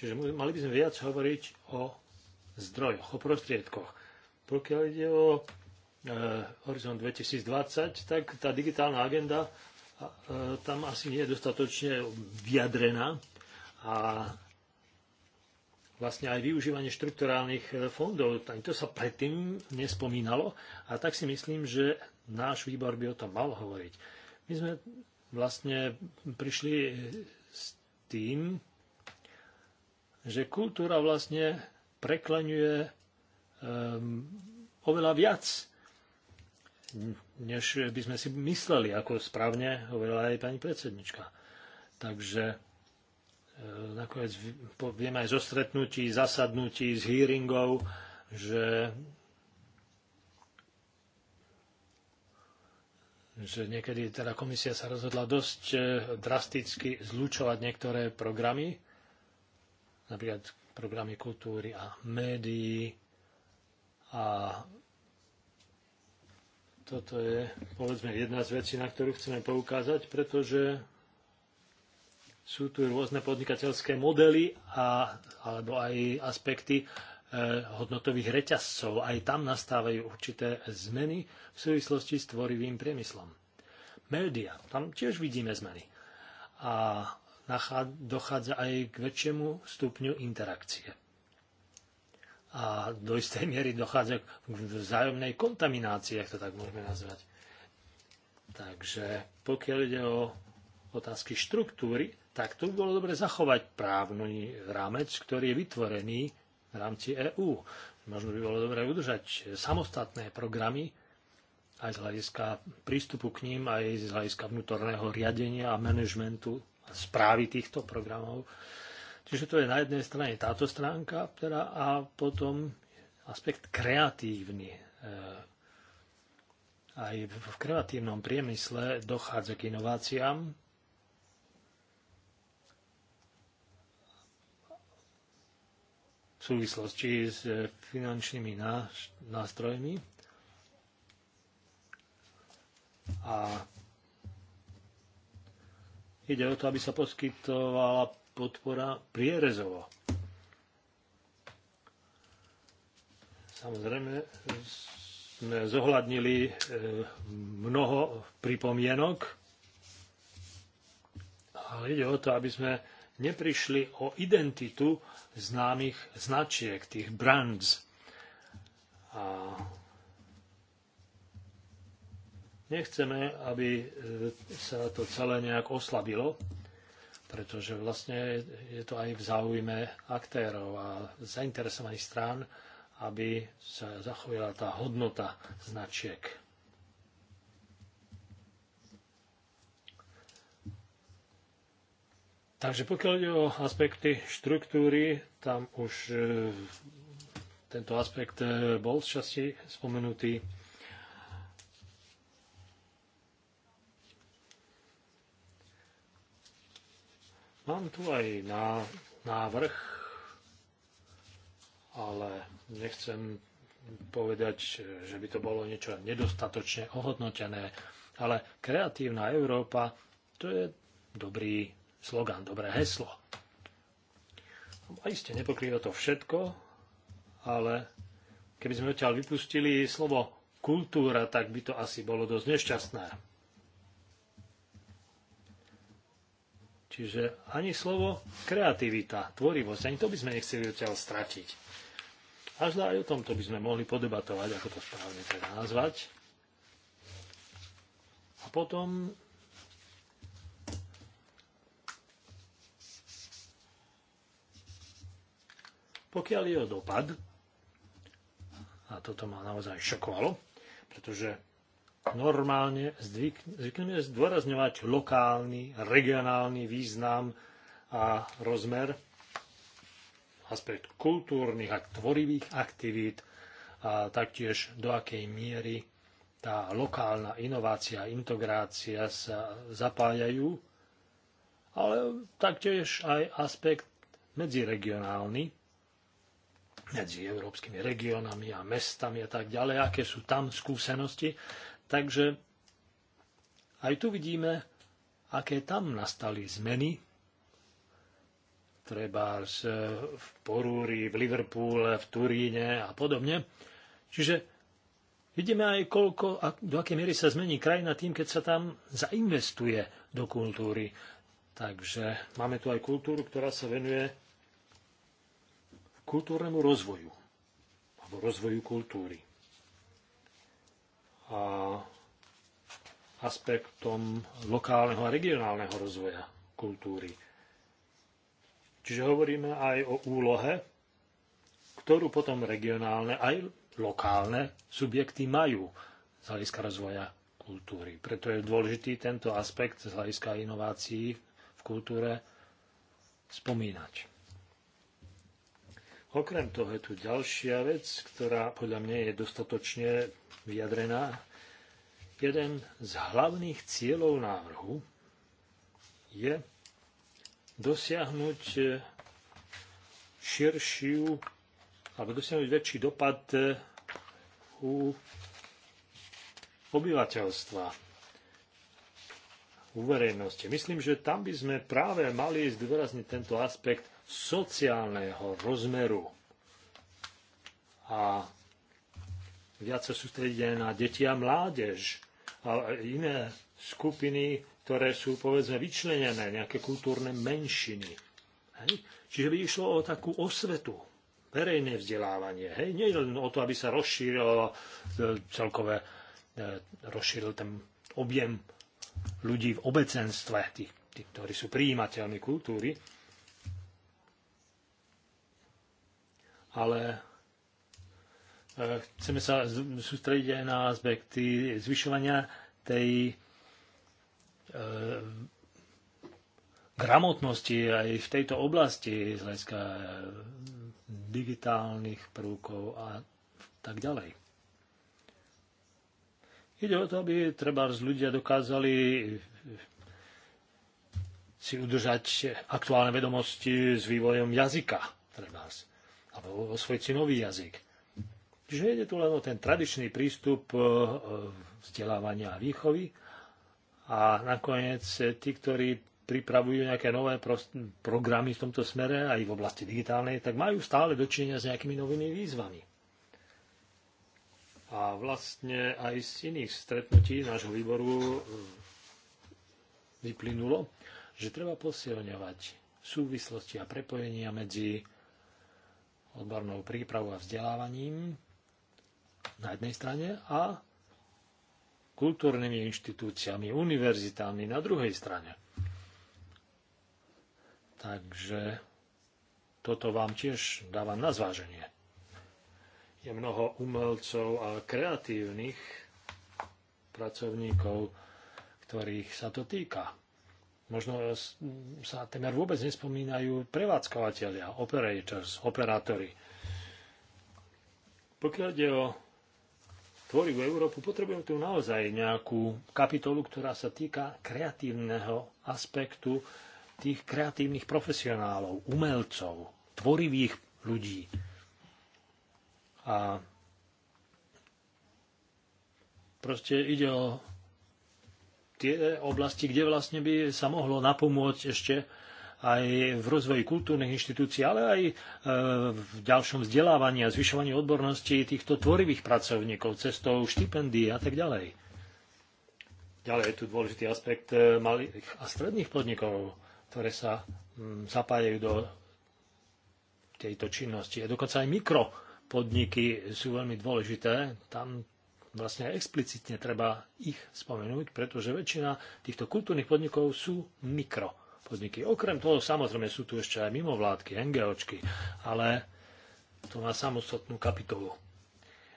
Čiže mali by sme viac hovoriť o zdrojoch, o prostriedkoch. Pokiaľ ide o e, Horizon 2020, tak tá digitálna agenda e, tam asi nie je dostatočne vyjadrená a vlastne aj využívanie štrukturálnych e, fondov, to sa predtým nespomínalo a tak si myslím, že náš výbor by o tom mal hovoriť. My sme vlastne prišli e, s tým, že kultúra vlastne preklenuje um, ehm, oveľa viac, než by sme si mysleli, ako správne hovorila aj pani predsednička. Takže ehm, nakoniec vieme aj zo stretnutí, zasadnutí, z hearingov, že, že niekedy teda komisia sa rozhodla dosť eh, drasticky zlučovať niektoré programy napríklad programy kultúry a médií. A toto je, povedzme, jedna z vecí, na ktorú chceme poukázať, pretože sú tu rôzne podnikateľské modely a, alebo aj aspekty e, hodnotových reťazcov. Aj tam nastávajú určité zmeny v súvislosti s tvorivým priemyslom. Média, tam tiež vidíme zmeny. A dochádza aj k väčšiemu stupňu interakcie. A do istej miery dochádza k vzájomnej kontaminácii, ak to tak môžeme nazvať. Takže pokiaľ ide o otázky štruktúry, tak tu bolo dobre zachovať právny rámec, ktorý je vytvorený v rámci EÚ. Možno by bolo dobre udržať samostatné programy aj z hľadiska prístupu k ním, aj z hľadiska vnútorného riadenia a manažmentu správy týchto programov. Čiže to je na jednej strane táto stránka teda, a potom aspekt kreatívny. E, aj v kreatívnom priemysle dochádza k inováciám. v súvislosti s e, finančnými nástrojmi. A Ide o to, aby sa poskytovala podpora prierezovo. Samozrejme, sme zohľadnili e, mnoho pripomienok, ale ide o to, aby sme neprišli o identitu známych značiek, tých brands. A Nechceme, aby e, sa to celé nejak oslabilo, pretože vlastne je to aj v záujme aktérov a zainteresovaných strán, aby sa zachovala tá hodnota značiek. Takže pokiaľ ide o aspekty štruktúry, tam už e, tento aspekt e, bol z časti spomenutý. Mám tu aj na návrh, ale nechcem povedať, že by to bolo niečo nedostatočne ohodnotené, ale kreatívna Európa to je dobrý slogan, dobré heslo. A iste nepokrýva to všetko, ale keby sme odtiaľ vypustili slovo kultúra, tak by to asi bolo dosť nešťastné. Čiže ani slovo kreativita, tvorivosť, ani to by sme nechceli odtiaľ stratiť. Až aj o tomto by sme mohli podebatovať, ako to správne teda nazvať. A potom pokiaľ je o dopad, a toto ma naozaj šokovalo, pretože normálne zvykneme zdôrazňovať lokálny, regionálny význam a rozmer, aspekt kultúrnych a tvorivých aktivít a taktiež do akej miery tá lokálna inovácia a integrácia sa zapájajú, ale taktiež aj aspekt medziregionálny, medzi európskymi regiónami a mestami a tak ďalej, aké sú tam skúsenosti Takže aj tu vidíme, aké tam nastali zmeny. Treba e, v Porúri, v Liverpoole, v Turíne a podobne. Čiže vidíme aj, koľko, do akej miery sa zmení krajina tým, keď sa tam zainvestuje do kultúry. Takže máme tu aj kultúru, ktorá sa venuje kultúrnemu rozvoju alebo rozvoju kultúry a aspektom lokálneho a regionálneho rozvoja kultúry. Čiže hovoríme aj o úlohe, ktorú potom regionálne aj lokálne subjekty majú z hľadiska rozvoja kultúry. Preto je dôležitý tento aspekt z hľadiska inovácií v kultúre spomínať. Okrem toho je tu ďalšia vec, ktorá podľa mňa je dostatočne vyjadrená. Jeden z hlavných cieľov návrhu je dosiahnuť širšiu alebo dosiahnuť väčší dopad u obyvateľstva, u verejnosti. Myslím, že tam by sme práve mali zdôrazniť tento aspekt sociálneho rozmeru. A viac sa sústrediť aj na deti a mládež a iné skupiny, ktoré sú povedzme vyčlenené, nejaké kultúrne menšiny. Hej? Čiže by išlo o takú osvetu, verejné vzdelávanie. Hej? Nie len o to, aby sa rozšírilo e, celkové, e, rozšíril ten objem ľudí v obecenstve, tí, tí ktorí sú prijímateľmi kultúry, ale E, chceme sa sústrediť aj na aspekty zvyšovania tej e, gramotnosti aj v tejto oblasti z hľadiska e, digitálnych prvkov a tak ďalej. Ide o to, aby treba ľudia dokázali si udržať aktuálne vedomosti s vývojom jazyka, treba, alebo osvojiť si nový jazyk. Čiže ide tu len o ten tradičný prístup eh, eh, vzdelávania a výchovy a nakoniec eh, tí, ktorí pripravujú nejaké nové programy v tomto smere aj v oblasti digitálnej, tak majú stále dočinenia s nejakými novými výzvami. A vlastne aj z iných stretnutí nášho výboru vyplynulo, že treba posilňovať súvislosti a prepojenia medzi odbornou prípravou a vzdelávaním na jednej strane a kultúrnymi inštitúciami, univerzitami na druhej strane. Takže toto vám tiež dávam na zváženie. Je mnoho umelcov a kreatívnych pracovníkov, ktorých sa to týka. Možno sa temer vôbec nespomínajú prevádzkovateľia, operators, operátori. Pokiaľ ide o tvorivú Európu, potrebujeme tu naozaj nejakú kapitolu, ktorá sa týka kreatívneho aspektu tých kreatívnych profesionálov, umelcov, tvorivých ľudí. A proste ide o tie oblasti, kde vlastne by sa mohlo napomôcť ešte aj v rozvoji kultúrnych inštitúcií, ale aj e, v ďalšom vzdelávaní a zvyšovaní odbornosti týchto tvorivých pracovníkov cestou štipendií a tak ďalej. Ďalej je tu dôležitý aspekt e, malých a stredných podnikov, ktoré sa zapájajú do tejto činnosti. A dokonca aj mikropodniky sú veľmi dôležité. Tam vlastne explicitne treba ich spomenúť, pretože väčšina týchto kultúrnych podnikov sú mikro podniky. Okrem toho, samozrejme, sú tu ešte aj mimovládky, NGOčky, ale to má samostatnú kapitolu.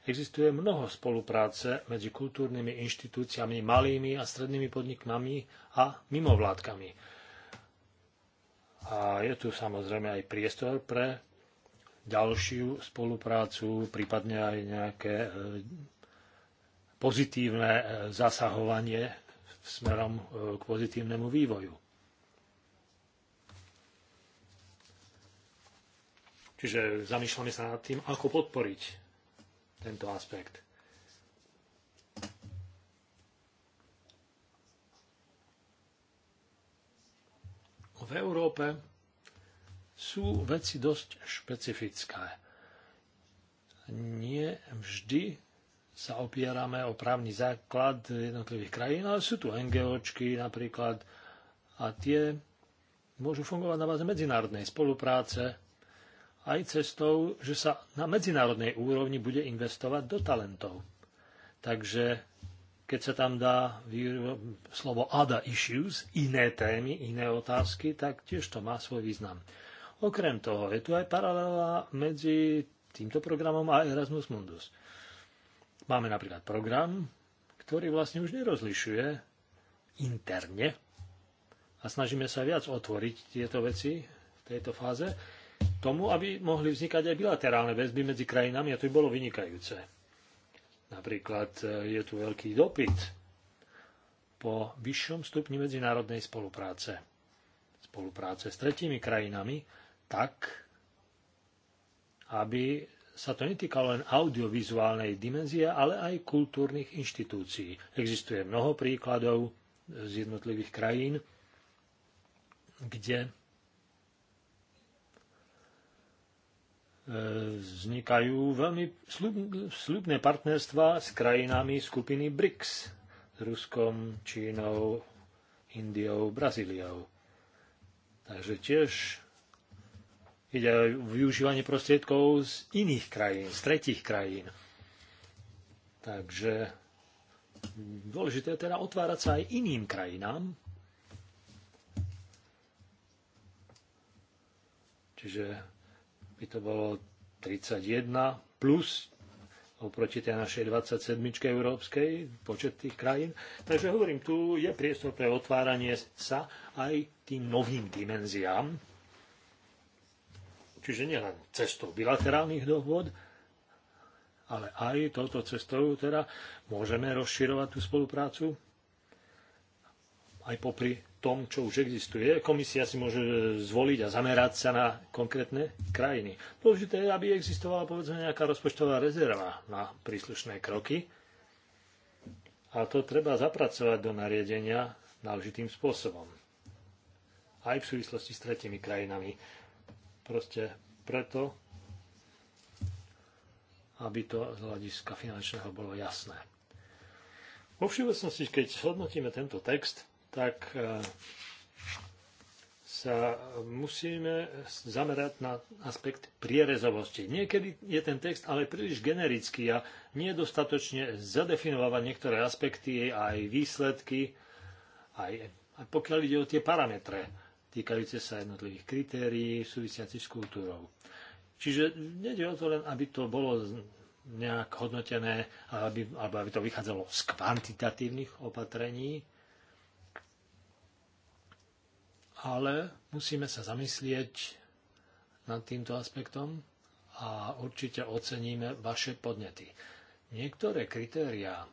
Existuje mnoho spolupráce medzi kultúrnymi inštitúciami, malými a strednými podnikmi a mimovládkami. A je tu samozrejme aj priestor pre ďalšiu spoluprácu, prípadne aj nejaké e, pozitívne e, zasahovanie smerom e, k pozitívnemu vývoju. Čiže zamýšľame sa nad tým, ako podporiť tento aspekt. V Európe sú veci dosť špecifické. Nie vždy sa opierame o právny základ jednotlivých krajín, ale sú tu NGOčky napríklad a tie môžu fungovať na báze medzinárodnej spolupráce aj cestou, že sa na medzinárodnej úrovni bude investovať do talentov. Takže keď sa tam dá slovo other issues, iné témy, iné otázky, tak tiež to má svoj význam. Okrem toho je tu aj paralela medzi týmto programom a Erasmus Mundus. Máme napríklad program, ktorý vlastne už nerozlišuje interne a snažíme sa viac otvoriť tieto veci v tejto fáze tomu, aby mohli vznikať aj bilaterálne väzby medzi krajinami a to by bolo vynikajúce. Napríklad e, je tu veľký dopyt po vyššom stupni medzinárodnej spolupráce. Spolupráce s tretími krajinami tak, aby sa to netýkalo len audiovizuálnej dimenzie, ale aj kultúrnych inštitúcií. Existuje mnoho príkladov z jednotlivých krajín, kde vznikajú veľmi slubné partnerstva s krajinami skupiny BRICS, s Ruskom, Čínou, Indiou, Brazíliou. Takže tiež ide aj využívanie prostriedkov z iných krajín, z tretich krajín. Takže dôležité je teda otvárať sa aj iným krajinám. Čiže by to bolo 31 plus oproti tej našej 27. európskej, počet tých krajín. Takže hovorím, tu je priestor pre otváranie sa aj tým novým dimenziám. Čiže nielen cestou bilaterálnych dohôd, ale aj touto cestou teda môžeme rozširovať tú spoluprácu aj popri tom, čo už existuje. Komisia si môže zvoliť a zamerať sa na konkrétne krajiny. Dôležité je, aby existovala povedzme nejaká rozpočtová rezerva na príslušné kroky. A to treba zapracovať do nariadenia náležitým spôsobom. Aj v súvislosti s tretimi krajinami. Proste preto, aby to z hľadiska finančného bolo jasné. Vo všeobecnosti, keď hodnotíme tento text, tak e, sa musíme zamerať na aspekt prierezovosti. Niekedy je ten text ale príliš generický a nedostatočne zadefinováva niektoré aspekty aj výsledky, aj, aj pokiaľ ide o tie parametre týkajúce sa jednotlivých kritérií súvisiacich s kultúrou. Čiže nejde o to len, aby to bolo nejak hodnotené, aby, alebo aby to vychádzalo z kvantitatívnych opatrení, ale musíme sa zamyslieť nad týmto aspektom a určite oceníme vaše podnety. Niektoré kritériá,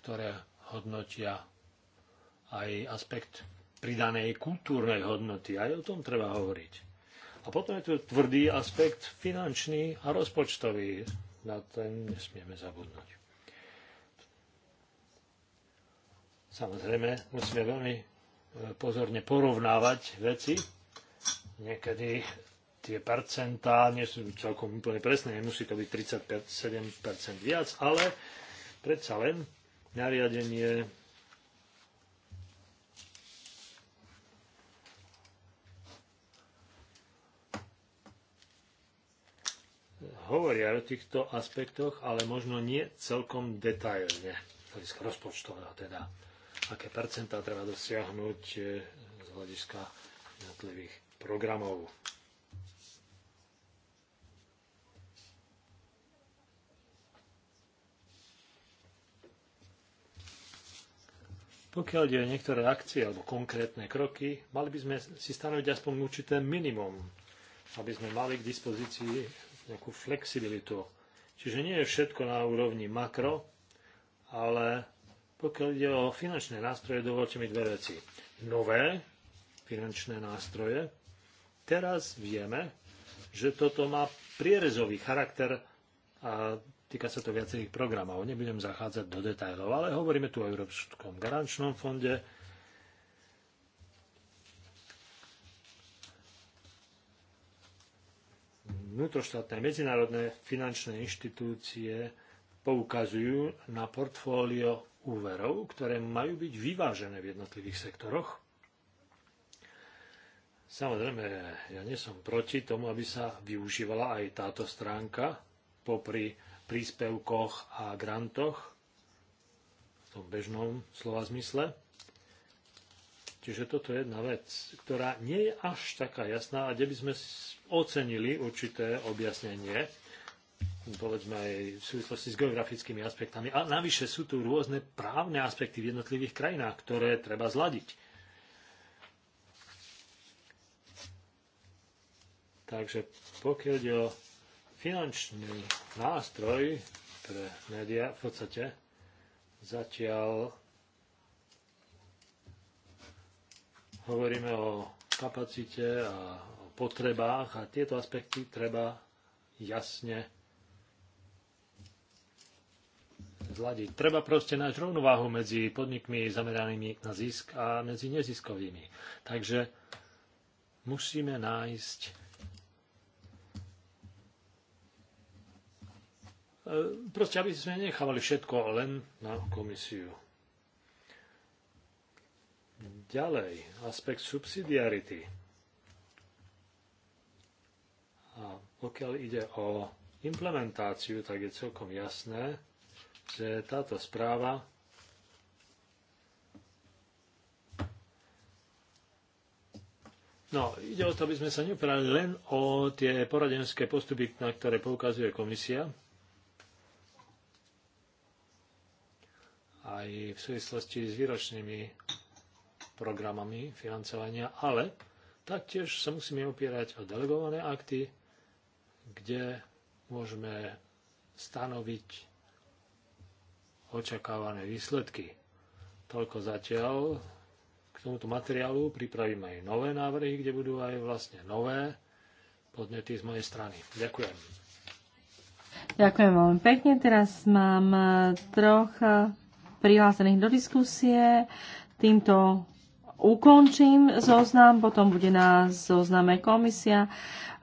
ktoré hodnotia aj aspekt pridanej kultúrnej hodnoty, aj o tom treba hovoriť. A potom je tu tvrdý aspekt finančný a rozpočtový. Na ten nesmieme zabudnúť. Samozrejme, musíme veľmi pozorne porovnávať veci. Niekedy tie percentá nie sú celkom úplne presné, nemusí to byť 37% viac, ale predsa len nariadenie hovoria o týchto aspektoch, ale možno nie celkom detailne, z hľadiska rozpočtového teda aké percentá treba dosiahnuť e, z hľadiska jednotlivých programov. Pokiaľ ide o niektoré akcie alebo konkrétne kroky, mali by sme si stanoviť aspoň určité minimum, aby sme mali k dispozícii nejakú flexibilitu. Čiže nie je všetko na úrovni makro, ale pokiaľ ide o finančné nástroje, dovolte mi dve veci. Nové finančné nástroje. Teraz vieme, že toto má prierezový charakter a týka sa to viacerých programov. Nebudem zachádzať do detajlov, ale hovoríme tu o Európskom garančnom fonde, vnútroštátne medzinárodné finančné inštitúcie poukazujú na portfólio úverov, ktoré majú byť vyvážené v jednotlivých sektoroch. Samozrejme, ja nie som proti tomu, aby sa využívala aj táto stránka popri príspevkoch a grantoch v tom bežnom slova zmysle. Čiže toto je jedna vec, ktorá nie je až taká jasná a kde by sme ocenili určité objasnenie povedzme aj v súvislosti s geografickými aspektami. A navyše sú tu rôzne právne aspekty v jednotlivých krajinách, ktoré treba zladiť. Takže pokiaľ ide o finančný nástroj pre médiá, v podstate zatiaľ hovoríme o kapacite a o potrebách a tieto aspekty treba jasne zladiť. Treba proste nájsť rovnováhu medzi podnikmi zameranými na zisk a medzi neziskovými. Takže musíme nájsť e, proste, aby sme nechávali všetko len na komisiu. Ďalej, aspekt subsidiarity. A pokiaľ ide o implementáciu, tak je celkom jasné, že táto správa No, ide o to, aby sme sa neoprali len o tie poradenské postupy, na ktoré poukazuje komisia. Aj v súvislosti s výročnými programami financovania, ale taktiež sa musíme opierať o delegované akty, kde môžeme stanoviť očakávané výsledky. Toľko zatiaľ k tomuto materiálu. pripravím aj nové návrhy, kde budú aj vlastne nové podnety z mojej strany. Ďakujem. Ďakujem veľmi pekne. Teraz mám e, troch e, prihlásených do diskusie. Týmto ukončím zoznam, potom bude na zozname komisia.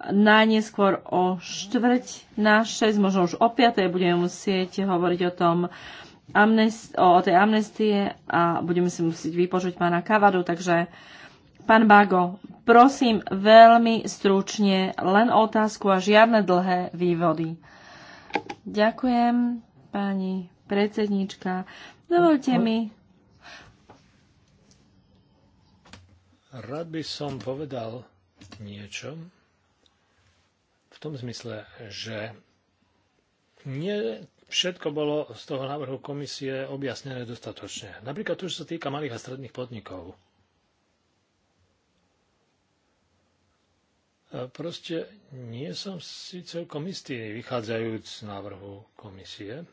Najneskôr o štvrť na 6, možno už o 5. budeme musieť hovoriť o tom, amnest- o tej amnestie a budeme si musieť vypočuť pána Kavadu, takže pán Bago, prosím veľmi stručne, len otázku a žiadne dlhé vývody. Ďakujem, pani predsednička. Dovolte mi. Rád by som povedal niečo v tom zmysle, že nie všetko bolo z toho návrhu komisie objasnené dostatočne. Napríklad to, čo sa týka malých a stredných podnikov. Proste nie som si celkom istý, vychádzajúc z návrhu komisie,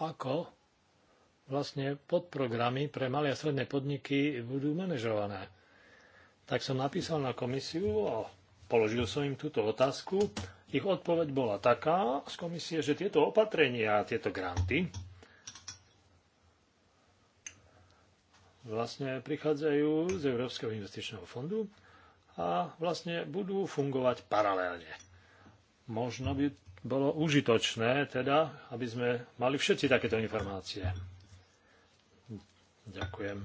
ako vlastne podprogramy pre malé a stredné podniky budú manažované. Tak som napísal na komisiu a položil som im túto otázku ich odpoveď bola taká z komisie, že tieto opatrenia, tieto granty vlastne prichádzajú z Európskeho investičného fondu a vlastne budú fungovať paralelne. Možno by bolo užitočné, teda, aby sme mali všetci takéto informácie. Ďakujem.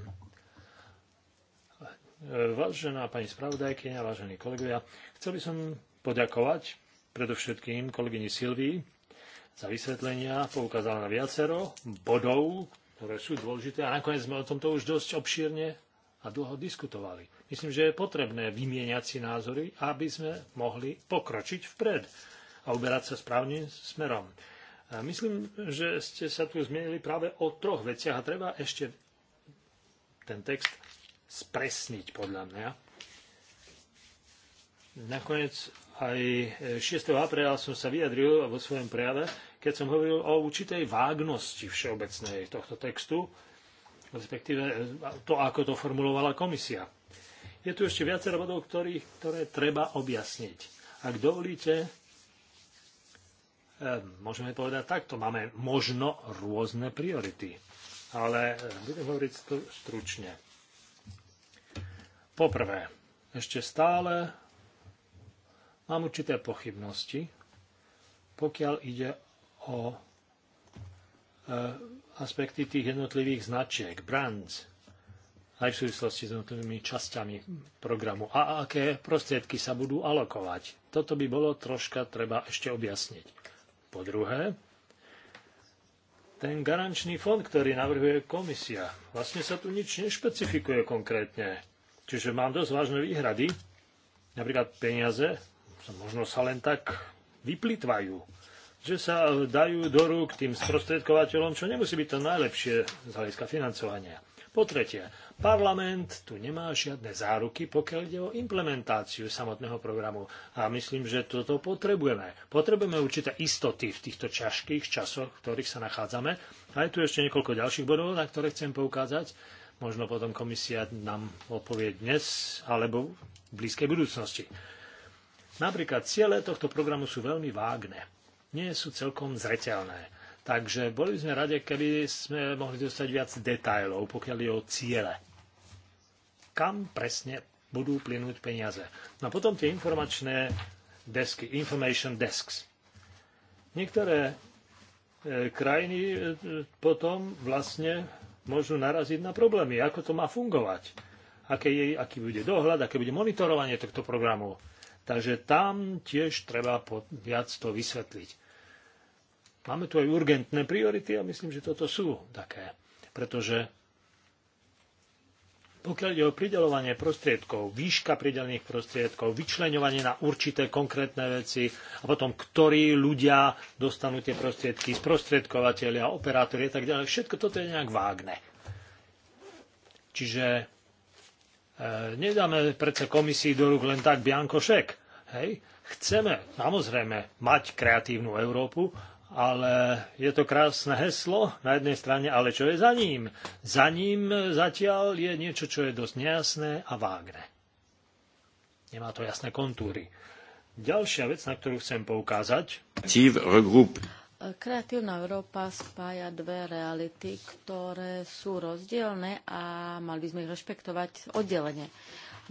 Vážená pani spravodajkyňa, vážení kolegovia, chcel by som poďakovať predovšetkým kolegyni Silvii za vysvetlenia, poukázala na viacero bodov, ktoré sú dôležité a nakoniec sme o tomto už dosť obšírne a dlho diskutovali. Myslím, že je potrebné vymieňať si názory, aby sme mohli pokročiť vpred a uberať sa správnym smerom. myslím, že ste sa tu zmienili práve o troch veciach a treba ešte ten text spresniť, podľa mňa. Nakoniec aj 6. E, apríla som sa vyjadril vo svojom prejave, keď som hovoril o určitej vágnosti všeobecnej tohto textu, respektíve e, to, ako to formulovala komisia. Je tu ešte viacero bodov, ktorých, ktoré treba objasniť. Ak dovolíte, e, môžeme povedať takto. Máme možno rôzne priority, ale budem hovoriť stručne. Poprvé, ešte stále Mám určité pochybnosti, pokiaľ ide o e, aspekty tých jednotlivých značiek, brands, aj v súvislosti s jednotlivými časťami programu a aké prostriedky sa budú alokovať. Toto by bolo troška treba ešte objasniť. Po druhé, ten garančný fond, ktorý navrhuje komisia, vlastne sa tu nič nešpecifikuje konkrétne. Čiže mám dosť vážne výhrady, napríklad peniaze možno sa len tak vyplitvajú, že sa dajú do rúk tým sprostredkovateľom, čo nemusí byť to najlepšie z hľadiska financovania. Po tretie, parlament tu nemá žiadne záruky, pokiaľ ide o implementáciu samotného programu. A myslím, že toto potrebujeme. Potrebujeme určité istoty v týchto ťažkých časoch, v ktorých sa nachádzame. A je tu ešte niekoľko ďalších bodov, na ktoré chcem poukázať. Možno potom komisia nám odpovie dnes alebo v blízkej budúcnosti. Napríklad ciele tohto programu sú veľmi vágne, nie sú celkom zreteľné. Takže boli sme radi, keby sme mohli dostať viac detajlov, pokiaľ je o ciele. Kam presne budú plynúť peniaze. No a potom tie informačné desky, information desks. Niektoré e, krajiny e, potom vlastne môžu naraziť na problémy, ako to má fungovať, Aké je, aký bude dohľad, aké bude monitorovanie tohto programu Takže tam tiež treba viac to vysvetliť. Máme tu aj urgentné priority a myslím, že toto sú také. Pretože pokiaľ ide o pridelovanie prostriedkov, výška pridelených prostriedkov, vyčlenovanie na určité konkrétne veci a potom ktorí ľudia dostanú tie prostriedky, sprostredkovateľia, operátori a tak ďalej, všetko toto je nejak vágne. Čiže E, nedáme predsa komisii do rúk len tak biankošek. Hej? Chceme samozrejme mať kreatívnu Európu, ale je to krásne heslo na jednej strane, ale čo je za ním? Za ním zatiaľ je niečo, čo je dosť nejasné a vágne. Nemá to jasné kontúry. Ďalšia vec, na ktorú chcem poukázať. Kreatívna Európa spája dve reality, ktoré sú rozdielne a mali by sme ich rešpektovať oddelenie.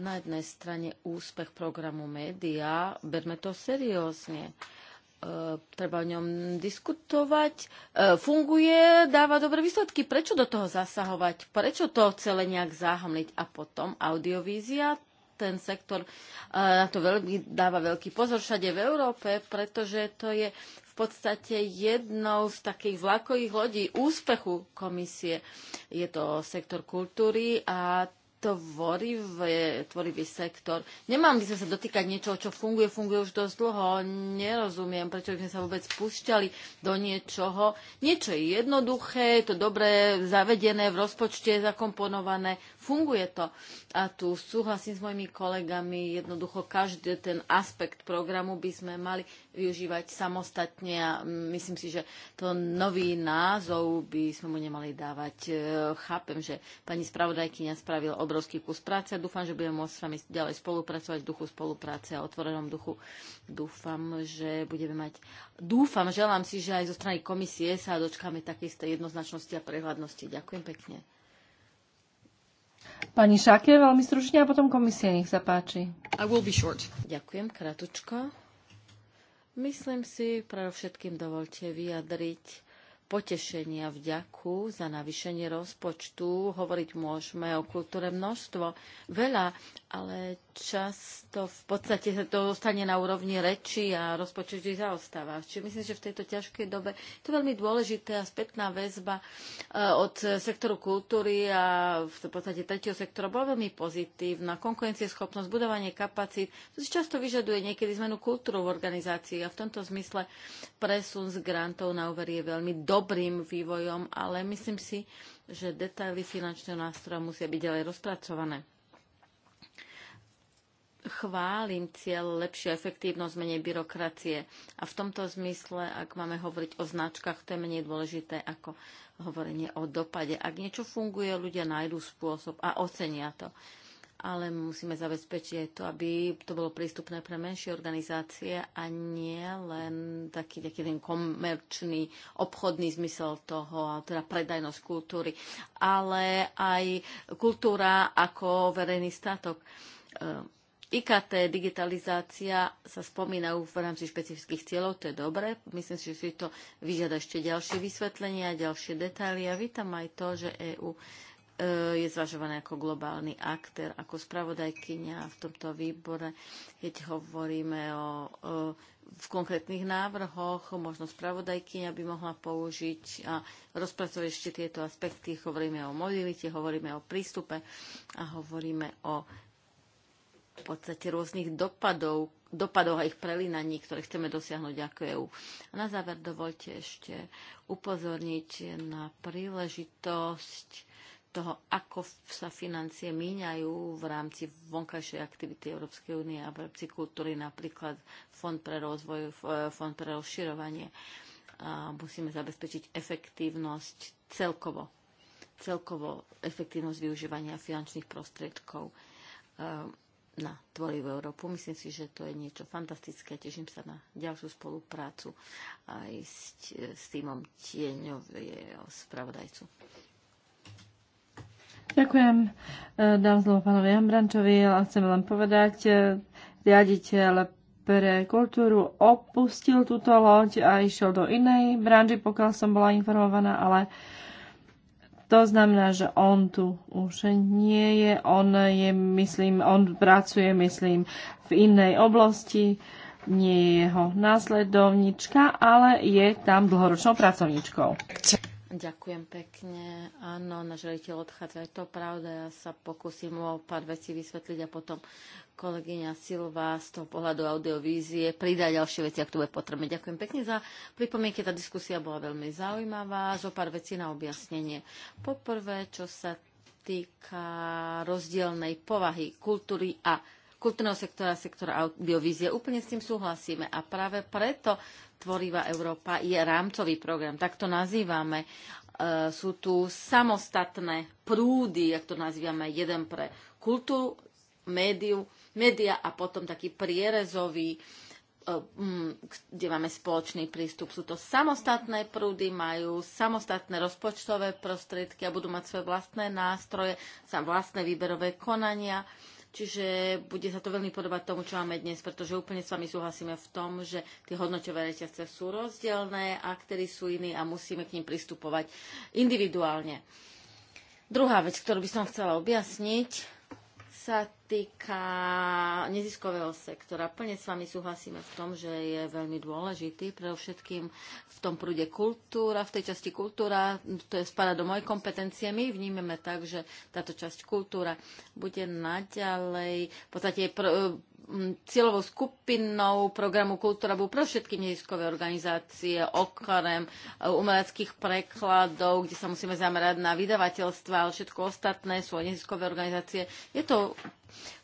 Na jednej strane úspech programu média, berme to seriózne. E, treba o ňom diskutovať, e, funguje, dáva dobré výsledky. Prečo do toho zasahovať? Prečo to celé nejak zahmliť? A potom audiovízia, ten sektor e, na to veľmi, dáva veľký pozor všade v Európe, pretože to je v podstate jednou z takých vlakových lodí úspechu komisie. Je to sektor kultúry a tvorivý, tvorivý sektor. Nemám by sme sa dotýkať niečoho, čo funguje, funguje už dosť dlho. Nerozumiem, prečo by sme sa vôbec púšťali do niečoho. Niečo je jednoduché, je to dobre zavedené, v rozpočte zakomponované. Funguje to. A tu súhlasím s mojimi kolegami, jednoducho každý ten aspekt programu by sme mali využívať samostatne a myslím si, že to nový názov by sme mu nemali dávať. E, chápem, že pani spravodajkyňa spravila obrovský kus práce a dúfam, že budeme môcť s vami ďalej spolupracovať v duchu spolupráce a otvorenom duchu. Dúfam, že budeme mať... Dúfam, želám si, že aj zo strany komisie sa dočkáme takej jednoznačnosti a prehľadnosti. Ďakujem pekne. Pani Šake, veľmi stručne a potom komisie nech sa páči. I will be short. Ďakujem, kratučko. Myslím si, pre všetkým dovolte vyjadriť potešenia vďaku za navýšenie rozpočtu. Hovoriť môžeme o kultúre množstvo, veľa, ale často v podstate sa to ostane na úrovni reči a rozpočet vždy zaostáva. Čiže myslím, že v tejto ťažkej dobe to je veľmi dôležitá spätná väzba e, od sektoru kultúry a v podstate tretieho sektora bola veľmi pozitívna. Konkurencieschopnosť, budovanie kapacít, to si často vyžaduje niekedy zmenu kultúru v organizácii a v tomto zmysle presun z grantov na úver je veľmi dobrým vývojom, ale myslím si, že detaily finančného nástroja musia byť ďalej rozpracované chválim cieľ lepšiu efektívnosť, menej byrokracie. A v tomto zmysle, ak máme hovoriť o značkách, to je menej dôležité ako hovorenie o dopade. Ak niečo funguje, ľudia nájdú spôsob a ocenia to. Ale musíme zabezpečiť aj to, aby to bolo prístupné pre menšie organizácie a nie len taký, taký ten komerčný, obchodný zmysel toho, teda predajnosť kultúry, ale aj kultúra ako verejný statok ehm, IKT, digitalizácia sa spomínajú v rámci špecifických cieľov, to je dobre. Myslím si, že si to vyžiada ešte ďalšie vysvetlenia, ďalšie detaily a vítam aj to, že EÚ e, je zvažované ako globálny aktér, ako spravodajkynia v tomto výbore, keď hovoríme o, o v konkrétnych návrhoch, možno spravodajkyňa by mohla použiť a rozpracovať ešte tieto aspekty. Hovoríme o mobilite, hovoríme o prístupe a hovoríme o v podstate rôznych dopadov, dopadov a ich prelinaní, ktoré chceme dosiahnuť ako EU. E a na záver dovolte ešte upozorniť na príležitosť toho, ako sa financie míňajú v rámci vonkajšej aktivity Európskej únie a v rámci kultúry, napríklad Fond pre rozvoj, e, Fond pre rozširovanie. A musíme zabezpečiť efektívnosť celkovo, celkovo efektívnosť využívania finančných prostriedkov ehm, na tvorivú Európu. Myslím si, že to je niečo fantastické. Teším sa na ďalšiu spoluprácu aj s, s týmom tieňového spravodajcu. Ďakujem. E, dám slovo pánovi Jambrančovi, ale chcem len povedať, e, riaditeľ pre kultúru opustil túto loď a išiel do inej branži, pokiaľ som bola informovaná, ale uh, to znamená, že on tu už nie je, on je, myslím, on pracuje, myslím, v inej oblasti, nie je jeho následovnička, ale je tam dlhoročnou pracovničkou. Ďakujem pekne. Áno, náš riaditeľ odchádza, je to pravda. Ja sa pokúsim o pár vecí vysvetliť a potom kolegyňa Silva z toho pohľadu audiovízie pridá ďalšie veci, ak tu bude potrebné. Ďakujem pekne za pripomienky. Tá diskusia bola veľmi zaujímavá. Zo pár vecí na objasnenie. Poprvé, čo sa týka rozdielnej povahy kultúry a kultúrneho sektora, sektora audiovízie. Úplne s tým súhlasíme a práve preto Tvorivá Európa je rámcový program, tak to nazývame. E, sú tu samostatné prúdy, ak to nazývame, jeden pre kultúru, médiu, média a potom taký prierezový e, mm, kde máme spoločný prístup. Sú to samostatné prúdy, majú samostatné rozpočtové prostriedky a budú mať svoje vlastné nástroje, vlastné výberové konania. Čiže bude sa to veľmi podobať tomu, čo máme dnes, pretože úplne s vami súhlasíme v tom, že tie hodnotové reťazce sú rozdielne, aktéry sú iní a musíme k ním pristupovať individuálne. Druhá vec, ktorú by som chcela objasniť, sa týka neziskového sektora, plne s vami súhlasíme v tom, že je veľmi dôležitý, pre všetkým, v tom prúde kultúra, v tej časti kultúra, to je spada do mojej kompetencie, my vnímeme tak, že táto časť kultúra bude naďalej, v podstate pr- cieľovou skupinou programu Kultúra bol pre všetky neziskové organizácie, okrem e, umeleckých prekladov, kde sa musíme zamerať na vydavateľstva, ale všetko ostatné sú neziskové organizácie. Je to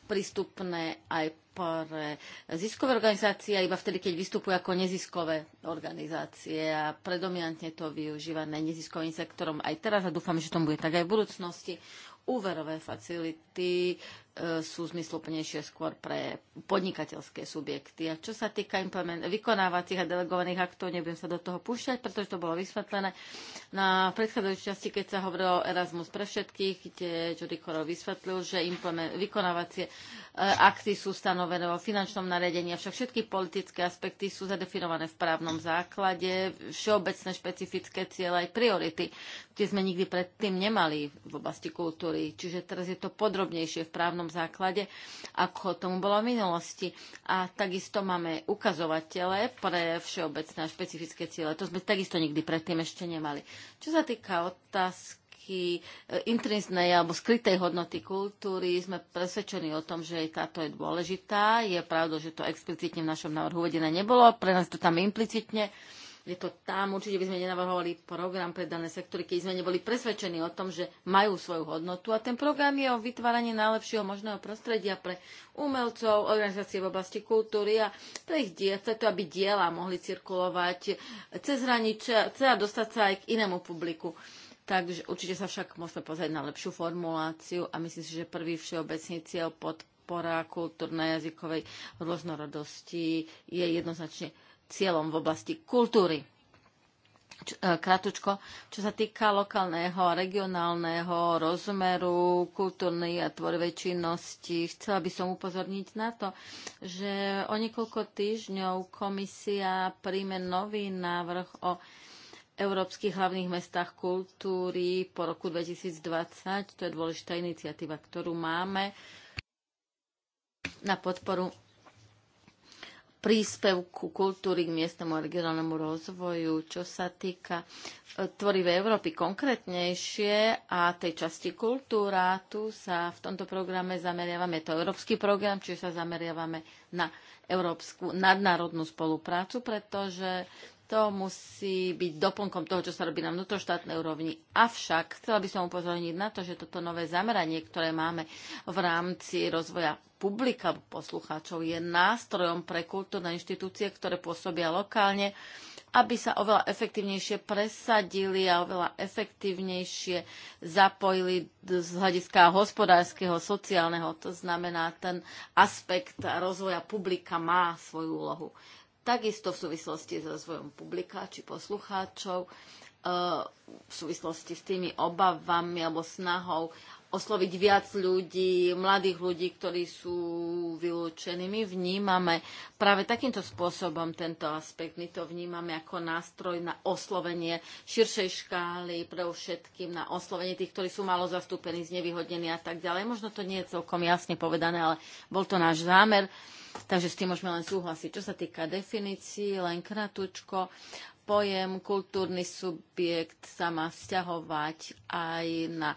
prístupné aj pre ziskové organizácie, iba vtedy, keď vystupujú ako neziskové organizácie a predominantne to využívané neziskovým sektorom aj teraz a dúfam, že tomu bude tak aj v budúcnosti úverové facility, sú zmysluplnejšie skôr pre podnikateľské subjekty. A čo sa týka vykonávacích a delegovaných aktov, nebudem sa do toho púšťať, pretože to bolo vysvetlené na predchádzajúcej časti, keď sa hovorilo Erasmus pre všetkých, kde Judy Korov vysvetlil, že vykonávacie e, akty sú stanovené vo finančnom naredení, avšak všetky politické aspekty sú zadefinované v právnom základe, všeobecné špecifické ciele aj priority, ktoré sme nikdy predtým nemali v oblasti kultúry. Čiže teraz je to podrobnejšie v právnom základe, ako tomu bolo v minulosti. A takisto máme ukazovatele pre všeobecné a špecifické ciele. To sme takisto nikdy predtým ešte nemali. Čo sa týka otázky, intrinsnej intrinznej alebo skrytej hodnoty kultúry. Sme presvedčení o tom, že táto je dôležitá. Je pravda, že to explicitne v našom návrhu uvedené nebolo, pre nás to tam implicitne. Uh, je to tam. Určite by sme nenavrhovali program pre dané sektory, keď sme neboli presvedčení o tom, že majú svoju hodnotu. A ten program je o vytváraní najlepšieho možného prostredia pre umelcov, organizácie v oblasti kultúry a pre ich die, to, aby diela mohli cirkulovať cez hranice, teda dostať sa aj k inému publiku. Takže určite sa však môžeme pozrieť na lepšiu formuláciu a myslím si, že prvý všeobecný cieľ podpora kultúrnej jazykovej rôznorodosti je jednoznačne cieľom v oblasti kultúry. E, kratučko, čo sa týka lokálneho a regionálneho rozmeru kultúrnej a tvorivej činnosti, chcela by som upozorniť na to, že o niekoľko týždňov komisia príjme nový návrh o európskych hlavných mestách kultúry po roku 2020. To je dôležitá iniciatíva, ktorú máme na podporu príspevku kultúry k miestnemu a regionálnemu rozvoju, čo sa týka e, tvorivej Európy konkrétnejšie a tej časti kultúra. Tu sa v tomto programe zameriavame, je to európsky program, čiže sa zameriavame na európsku nadnárodnú spoluprácu, pretože to musí byť doplnkom toho, čo sa robí na vnútroštátnej úrovni. Avšak chcela by som upozorniť na to, že toto nové zameranie, ktoré máme v rámci rozvoja publika poslucháčov, je nástrojom pre kultúrne inštitúcie, ktoré pôsobia lokálne, aby sa oveľa efektívnejšie presadili a oveľa efektívnejšie zapojili z hľadiska hospodárskeho, sociálneho. To znamená, ten aspekt rozvoja publika má svoju úlohu takisto v súvislosti so rozvojom či poslucháčov, eh, v súvislosti s tými obavami alebo snahou osloviť viac ľudí, mladých ľudí, ktorí sú vylúčení. My vnímame práve takýmto spôsobom tento aspekt. My to vnímame ako nástroj na oslovenie širšej škály, pre všetkým na oslovenie tých, ktorí sú malo zastúpení, znevýhodnení a tak ďalej. Možno to nie je celkom jasne povedané, ale bol to náš zámer. Uh, Takže s tým môžeme len súhlasiť. Čo sa týka definícií, len kratučko, pojem kultúrny subjekt sa má vzťahovať aj na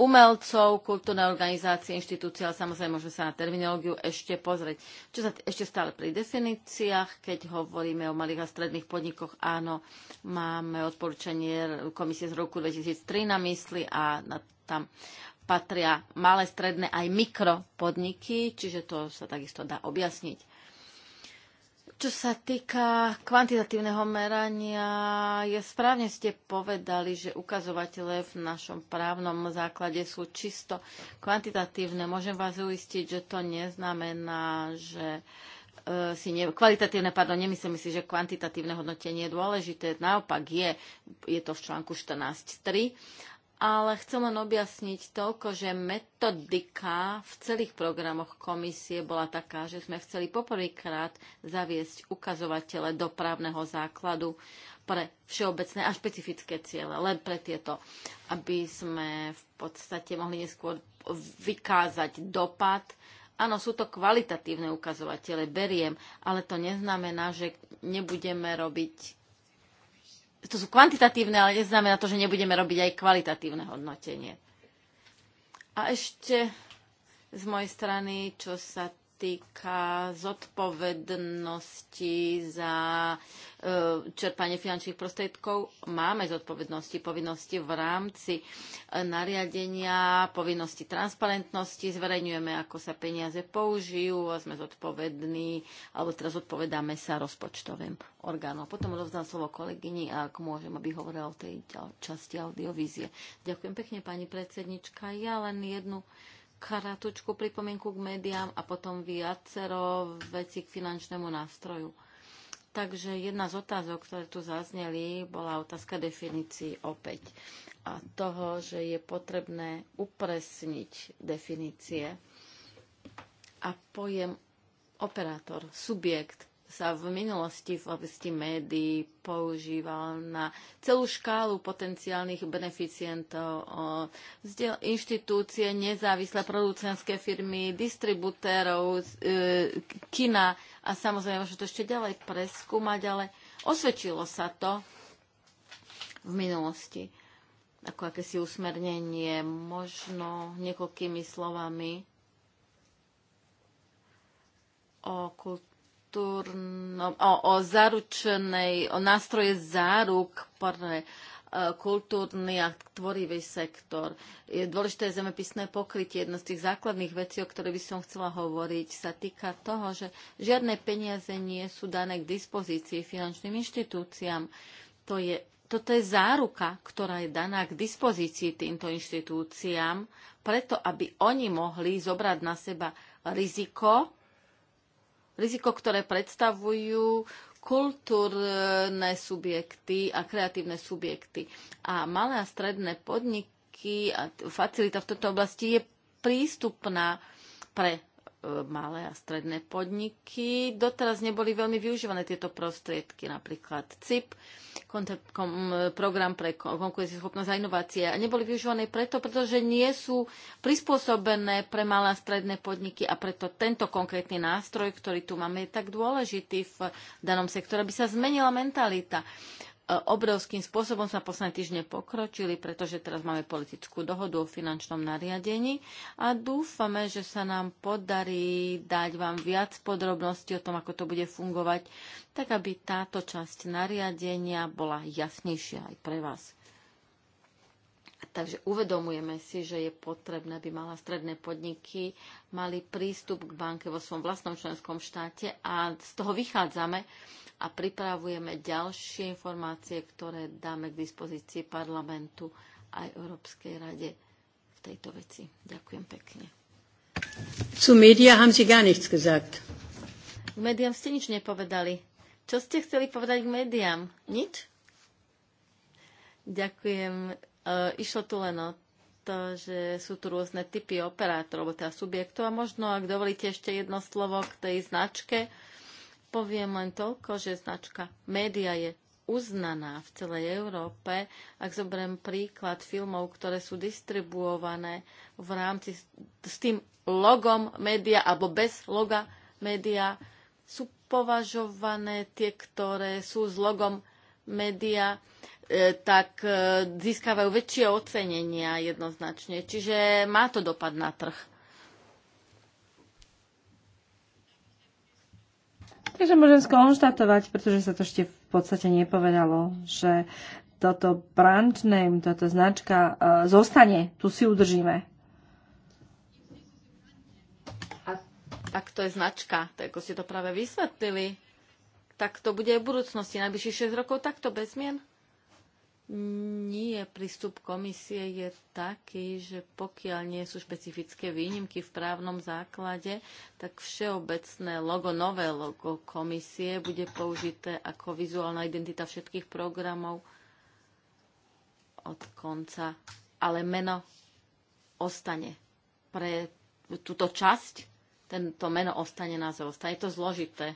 umelcov, kultúrne organizácie, inštitúcie, ale samozrejme môžeme sa na terminológiu ešte pozrieť. Čo sa ešte stále pri definíciách, keď hovoríme o malých a stredných podnikoch, áno, máme odporúčanie komisie z roku 2003 na mysli a na, tam patria malé, stredné aj mikropodniky, čiže to sa takisto dá objasniť. Čo sa týka kvantitatívneho merania, je správne ste povedali, že ukazovatele v našom právnom základe sú čisto kvantitatívne. Môžem vás uistiť, že to neznamená, že e, si ne, kvalitatívne, pardon, nemyslím si, že kvantitatívne hodnotenie je dôležité. Naopak je, je to v článku 14.3 ale chcem len objasniť toľko, že metodika v celých programoch komisie bola taká, že sme chceli poprvýkrát zaviesť ukazovatele do právneho základu pre všeobecné a špecifické ciele, len pre tieto, aby sme v podstate mohli neskôr vykázať dopad Áno, sú to kvalitatívne ukazovatele, beriem, ale to neznamená, že nebudeme robiť to sú kvantitatívne, ale neznamená to, že nebudeme robiť aj kvalitatívne hodnotenie. A ešte z mojej strany, čo sa týka zodpovednosti za e, čerpanie finančných prostriedkov, máme zodpovednosti, povinnosti v rámci e, nariadenia, povinnosti transparentnosti, zverejňujeme, ako sa peniaze použijú a sme zodpovední, alebo teraz zodpovedáme sa rozpočtovým orgánom. Potom rozdám slovo kolegyni, ak môžem, aby hovorila o tej časti audiovízie. Ďakujem pekne, pani predsednička. Ja len jednu kratučku pripomienku k médiám a potom viacero veci k finančnému nástroju. Takže jedna z otázok, ktoré tu zazneli, bola otázka definícií opäť a toho, že je potrebné upresniť definície a pojem operátor, subjekt, sa v minulosti v oblasti médií používal na celú škálu potenciálnych beneficientov. Inštitúcie, nezávislé producentské firmy, distributérov, e, kina a samozrejme môže to ešte ďalej preskúmať, ale osvedčilo sa to v minulosti ako akési usmernenie, možno niekoľkými slovami o kultúre kultúrnom, o, o zaručenej, o nástroje záruk pre e, kultúrny a tvorivý sektor. Je dôležité zemepisné pokrytie. Jedna z tých základných vecí, o ktorej by som chcela hovoriť, sa týka toho, že žiadne peniaze nie sú dané k dispozícii finančným inštitúciám. To je, toto je záruka, ktorá je daná k dispozícii týmto inštitúciám, preto aby oni mohli zobrať na seba riziko riziko, ktoré predstavujú kultúrne subjekty a kreatívne subjekty. A malé a stredné podniky a facilita v tejto oblasti je prístupná pre malé a stredné podniky. Doteraz neboli veľmi využívané tieto prostriedky, napríklad CIP, program pre konkurencieschopnosť a inovácie. A neboli využívané preto, pretože nie sú prispôsobené pre malé a stredné podniky a preto tento konkrétny nástroj, ktorý tu máme, je tak dôležitý v danom sektore, aby sa zmenila mentalita. E, obrovským spôsobom sa posledné týždne pokročili, pretože teraz máme politickú dohodu o finančnom nariadení a dúfame, že sa nám podarí dať vám viac podrobností o tom, ako to bude fungovať, tak aby táto časť nariadenia bola jasnejšia aj pre vás. Takže uvedomujeme si, že je potrebné, aby malé stredné podniky mali prístup k banke vo svojom vlastnom členskom štáte a z toho vychádzame a pripravujeme ďalšie informácie, ktoré dáme k dispozícii parlamentu aj Európskej rade v tejto veci. Ďakujem pekne. Zu médiám haben Sie gar nichts gesagt. K médiám ste nič nepovedali. Čo ste chceli povedať k médiám? Nič? Ďakujem Eh, išlo tu len o to, že sú tu rôzne typy operátorov, teda subjektov. A možno, ak dovolíte ešte jedno slovo k tej značke, poviem len toľko, že značka média je uznaná v celej Európe. Ak zoberiem príklad filmov, ktoré sú distribuované v rámci s tým logom média alebo bez loga média, sú považované tie, ktoré sú s logom média E, tak e, získavajú väčšie ocenenia jednoznačne. Čiže má to dopad na trh. Takže môžem skonštatovať, pretože sa to ešte v podstate nepovedalo, že toto brand name, táto značka e, zostane, tu si udržíme. A tak to je značka, tak ako ste to práve vysvetlili, tak to bude aj v budúcnosti najbližších 6 rokov takto bez zmien. Nie, prístup komisie je taký, že pokiaľ nie sú špecifické výnimky v právnom základe, tak všeobecné logo, nové logo komisie bude použité ako vizuálna identita všetkých programov od konca. Ale meno ostane pre túto časť, tento meno ostane na zostane. Je to zložité.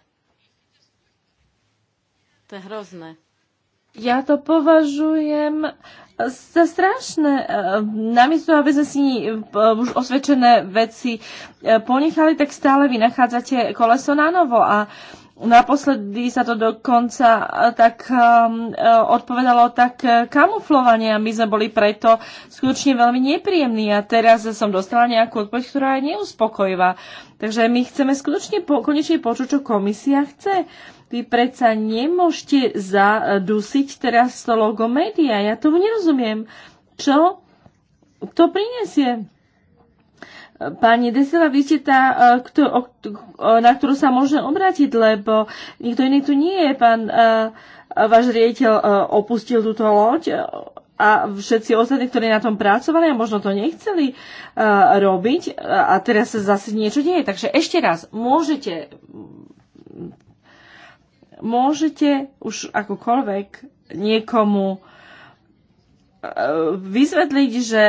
To je hrozné ja to považujem za strašné. Eh, namiesto, aby sme si eh, už osvedčené veci eh, ponechali, tak stále vy nachádzate koleso na novo a Naposledy sa to dokonca tak um, odpovedalo tak kamuflovanie a my sme boli preto skutočne veľmi nepríjemní a teraz som dostala nejakú odpoveď, ktorá je neuspokojivá. Takže my chceme skutočne po, konečne počuť, čo komisia chce. Vy predsa nemôžete zadusiť teraz to logo média. Ja tomu nerozumiem. Čo to prinesie? Pani Desela, vy ste tá, e, na ktorú sa môžeme obrátiť, lebo nikto iný tu nie je. Pán e, váš riaditeľ e, opustil túto loď a všetci ostatní, ktorí na tom pracovali a možno to nechceli robiť a teraz sa zase niečo deje. Takže ešte raz, môžete môžete už akokoľvek niekomu e, vyzvedliť, že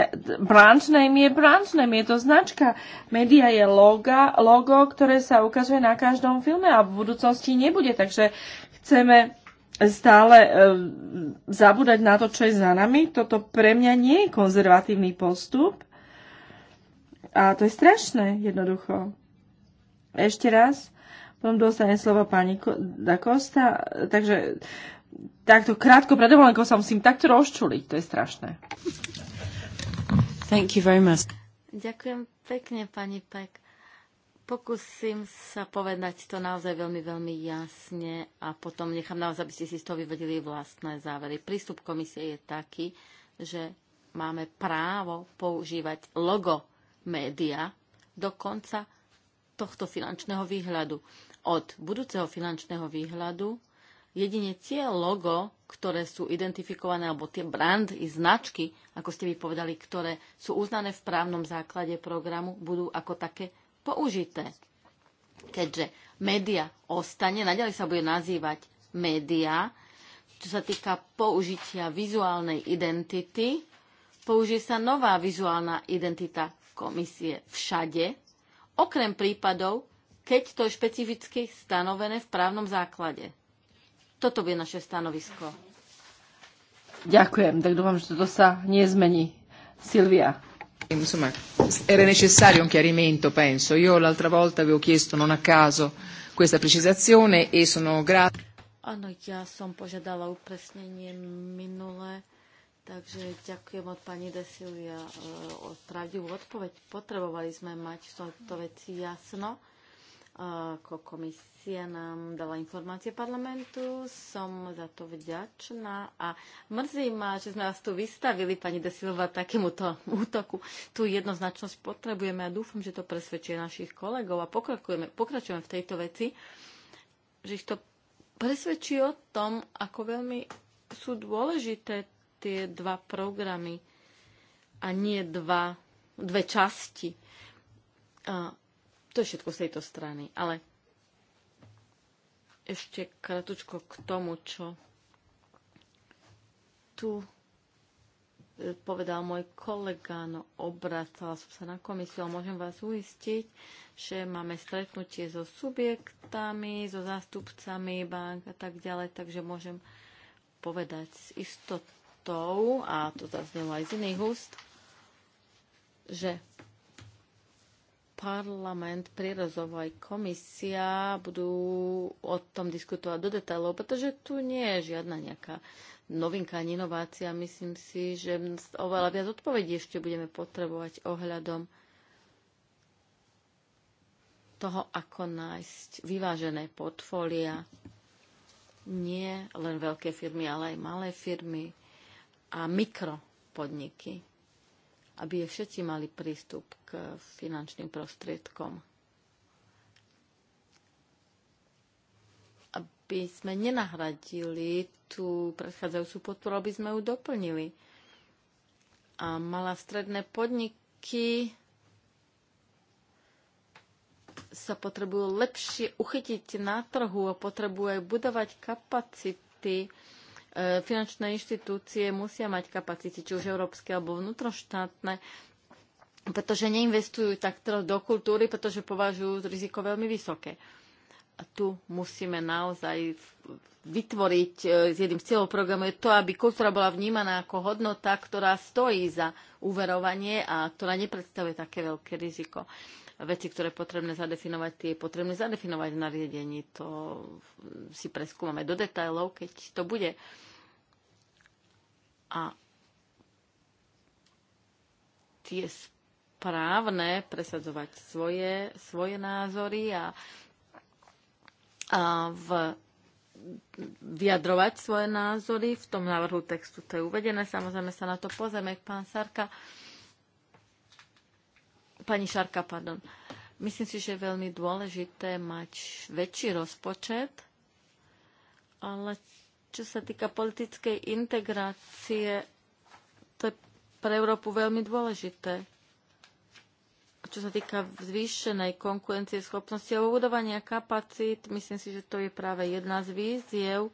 branch name je branch name, je to značka. Media je logo, logo, ktoré sa ukazuje na každom filme a v budúcnosti nebude, takže chceme stále e, zabúdať na to, čo je za nami. Toto pre mňa nie je konzervatívny postup. A to je strašné, jednoducho. Ešte raz, potom dostane slovo pani Da Costa. Takže takto krátko pred dovolenkou sa musím takto rozčuliť. To je strašné. Thank you very much. Ďakujem pekne, pani Pek. Pokúsim sa povedať to naozaj veľmi, veľmi jasne a potom nechám naozaj, aby ste si z toho vyvedeli vlastné závery. Prístup komisie je taký, že máme právo používať logo média do konca tohto finančného výhľadu od budúceho finančného výhľadu jedine tie logo, ktoré sú identifikované, alebo tie brandy, značky, ako ste vy povedali, ktoré sú uznané v právnom základe programu, budú ako také použité. Keďže média ostane, naďalej sa bude nazývať média, čo sa týka použitia vizuálnej identity, použije sa nová vizuálna identita komisie všade, okrem prípadov, keď to je špecificky stanovené v právnom základe. Toto je naše stanovisko. Ďakujem, tak dúfam, že toto sa nezmení. Silvia. Insomma, era necessario un chiarimento, penso. Io l'altra volta avevo chiesto non a caso questa precisazione e sono grata. Áno, ja som požiadala upresnenie minulé, takže ďakujem od pani De Silvia e, o pravdivú odpoveď. Potrebovali sme mať to veci jasno ako komisia nám dala informácie parlamentu. Som za to vďačná a mrzí ma, že sme vás tu vystavili, pani Desilova takémuto útoku. Tu jednoznačnosť potrebujeme a dúfam, že to presvedčí našich kolegov a pokračujeme, pokračujeme v tejto veci, že ich to presvedčí o tom, ako veľmi sú dôležité tie dva programy a nie dva, dve časti to je všetko z tejto strany. Ale ešte kratučko k tomu, čo tu e, povedal môj kolega, no obracala som sa na komisiu, ale môžem vás uistiť, že máme stretnutie so subjektami, so zástupcami bank a tak ďalej, takže môžem povedať s istotou, a to zaznelo aj z iných úst, že parlament, prírozovo aj komisia budú o tom diskutovať do detailov, pretože tu nie je žiadna nejaká novinka ani inovácia. Myslím si, že oveľa viac odpovedí ešte budeme potrebovať ohľadom toho, ako nájsť vyvážené portfólia. Nie len veľké firmy, ale aj malé firmy a mikropodniky aby všetci mali prístup k finančným prostriedkom. Aby sme nenahradili tú predchádzajúcu podporu, aby sme ju doplnili. A mala stredné podniky sa potrebujú lepšie uchytiť na trhu a potrebujú aj budovať kapacity E, finančné inštitúcie musia mať kapacity, či už európske alebo vnútroštátne, pretože neinvestujú tak do kultúry, pretože považujú riziko veľmi vysoké. A tu musíme naozaj vytvoriť z e, jedným z cieľov programu je to, aby kultúra bola vnímaná ako hodnota, ktorá stojí za uverovanie a ktorá nepredstavuje také veľké riziko veci, ktoré je potrebné zadefinovať, tie je potrebné zadefinovať v nariadení. To si preskúmame do detajlov, keď to bude. A tie správne presadzovať svoje, svoje názory a, a v vyjadrovať svoje názory. V tom návrhu textu to je uvedené, samozrejme sa na to pozrieme, pán Sarka. Uh, Pani Šarka, pardon. Myslím si, že je veľmi dôležité mať väčší rozpočet, ale čo sa týka politickej integrácie, to je pre Európu veľmi dôležité. Čo sa týka zvýšenej konkurencie schopnosti a budovania kapacít, myslím si, že to je práve jedna z víziev,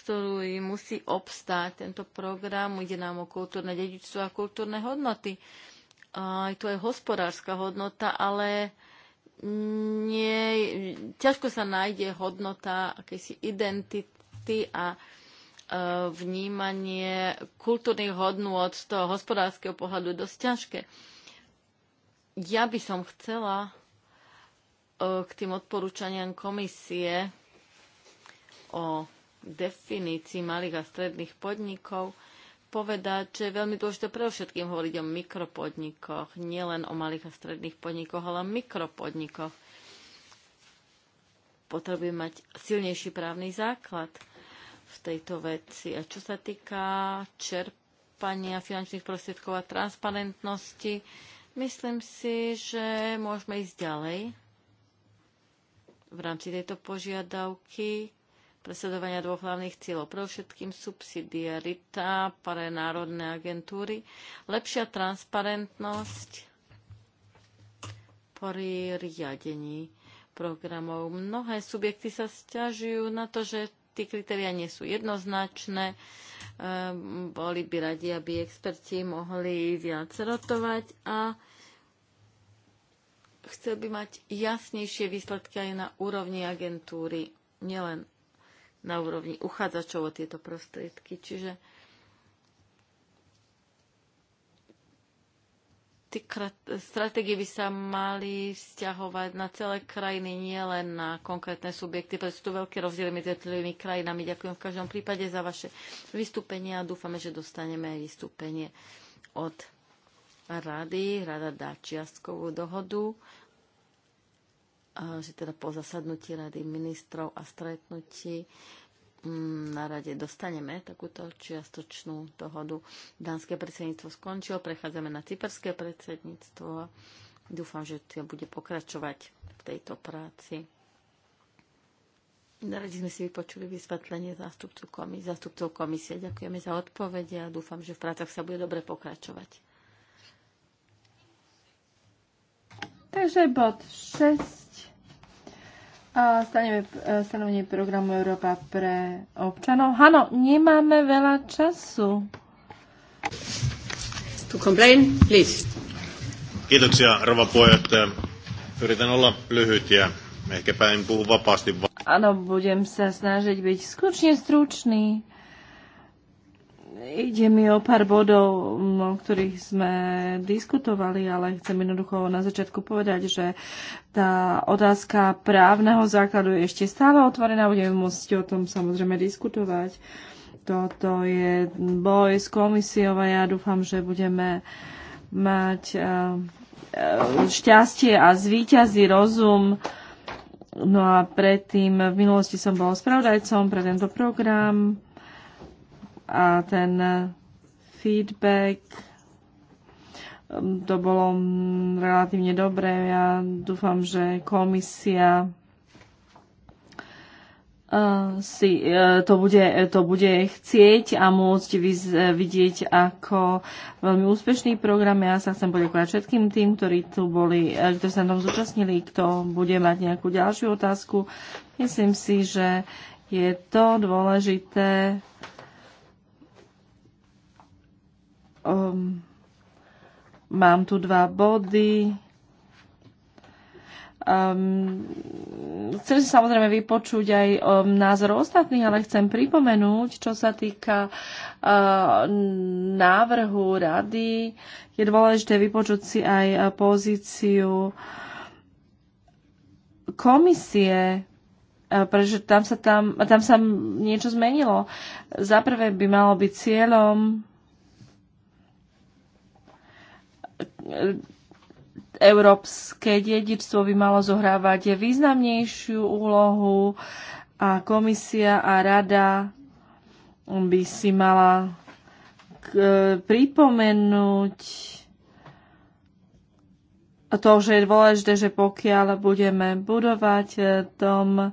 ktorú musí obstáť tento program. Ide nám o kultúrne dedičstvo a kultúrne hodnoty aj tu je hospodárska hodnota, ale nie, ťažko sa nájde hodnota akejsi identity a e, vnímanie kultúrnych hodnôt z toho hospodárskeho pohľadu je dosť ťažké. Ja by som chcela e, k tým odporúčaniam komisie o definícii malých a stredných podnikov povedať, že je veľmi dôležité pre všetkým hovoriť o mikropodnikoch, nielen o malých a stredných podnikoch, ale o mikropodnikoch. Potrebujeme mať silnejší právny základ v tejto veci. A čo sa týka čerpania finančných prostriedkov a transparentnosti, myslím si, že môžeme ísť ďalej v rámci tejto požiadavky presledovania dvoch hlavných cieľov. Pre všetkým subsidiarita pre národné agentúry, lepšia transparentnosť pri riadení programov. Mnohé subjekty sa stiažujú na to, že tí kritéria nie sú jednoznačné. Ehm, boli by radi, aby experti mohli viac rotovať a chcel by mať jasnejšie výsledky aj na úrovni agentúry, nielen na úrovni uchádzačov o tieto prostriedky. Čiže tie stratégie by sa mali vzťahovať na celé krajiny, nie len na konkrétne subjekty, pretože sú tu veľké rozdiely medzi jednotlivými krajinami. Ďakujem v každom prípade za vaše vystúpenie a dúfame, že dostaneme aj vystúpenie od rady. Rada dá čiastkovú dohodu že teda po zasadnutí rady ministrov a stretnutí mm, na rade dostaneme takúto čiastočnú dohodu. Dánske predsedníctvo skončilo, prechádzame na cyperské predsedníctvo. Dúfam, že to bude pokračovať v tejto práci. Na rade sme si vypočuli vysvetlenie zástupcov, zástupcov komisie. Ďakujeme za odpovede a dúfam, že v prácach sa bude dobre pokračovať. Takže bod 6. E, stanovenie programu Európa pre občanov. Áno, nemáme veľa času. To complain, please. Kiitoksia, rova puheenjohtaja. Yritän olla lyhyt ja ehkäpä en puhu vapaasti. Áno, budem sa snažiť byť skutočne stručný. Ide mi o pár bodov, o ktorých sme diskutovali, ale chcem jednoducho na začiatku povedať, že tá otázka právneho základu je ešte stále otvorená, budeme môcť o tom samozrejme diskutovať. Toto je boj s komisiou a ja dúfam, že budeme mať e, e, šťastie a zvíťazí rozum. No a predtým v minulosti som bol spravodajcom pre tento program a ten eh, feedback mm, to bolo mm, relatívne dobré. Ja dúfam, že komisia eh, si eh, to bude, to bude chcieť a môcť vidieť ako veľmi úspešný program. Ja sa chcem poďakovať všetkým tým, ktorí tu boli, ktorí sa tam zúčastnili, kto bude mať nejakú ďalšiu otázku. Myslím si, že je to dôležité Um, mám tu dva body. Um, chcem si samozrejme vypočuť aj um, názor ostatných, ale chcem pripomenúť, čo sa týka uh, návrhu rady, je dôležité vypočuť si aj e, pozíciu komisie, e, pretože tam sa, tam, tam sa niečo zmenilo. Za prvé by malo byť cieľom európske dedičstvo by malo zohrávať významnejšiu úlohu a komisia a rada by si mala pripomenúť to, že je dôležité, že pokiaľ budeme budovať eh, dom,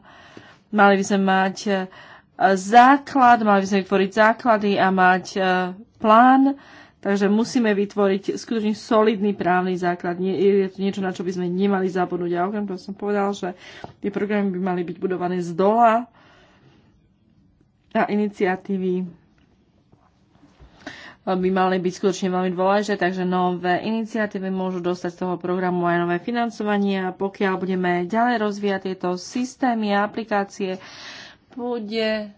mali by sme mať eh, základ, mali by sme vytvoriť základy a mať eh, plán, Takže musíme vytvoriť skutočne solidný právny základ. Nie, je to niečo, na čo by sme nemali zabudnúť. A okrem toho som povedal, že tie programy by mali byť budované z dola a iniciatívy by mali byť skutočne veľmi dôležité, takže nové iniciatívy môžu dostať z toho programu aj nové financovanie a pokiaľ budeme ďalej rozvíjať tieto systémy a aplikácie, bude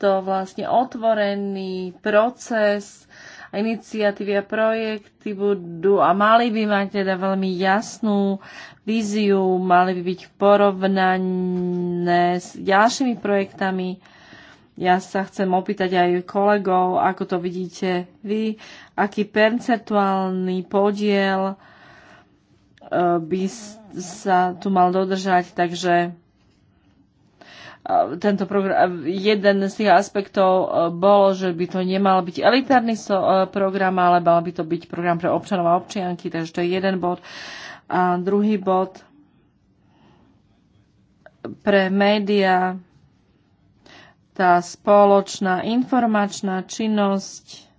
to vlastne otvorený proces, iniciatívy a projekty budú a mali by mať teda veľmi jasnú víziu, mali by byť porovnané s ďalšími projektami. Ja sa chcem opýtať aj kolegov, ako to vidíte vy, aký percentuálny podiel eh, by sa tu mal dodržať, takže tento program, jeden z tých aspektov e, bolo, že by to nemal byť elitárny e, program, ale mal by to byť program pre občanov a občianky, takže to je jeden bod. A druhý bod pre médiá, tá spoločná informačná činnosť,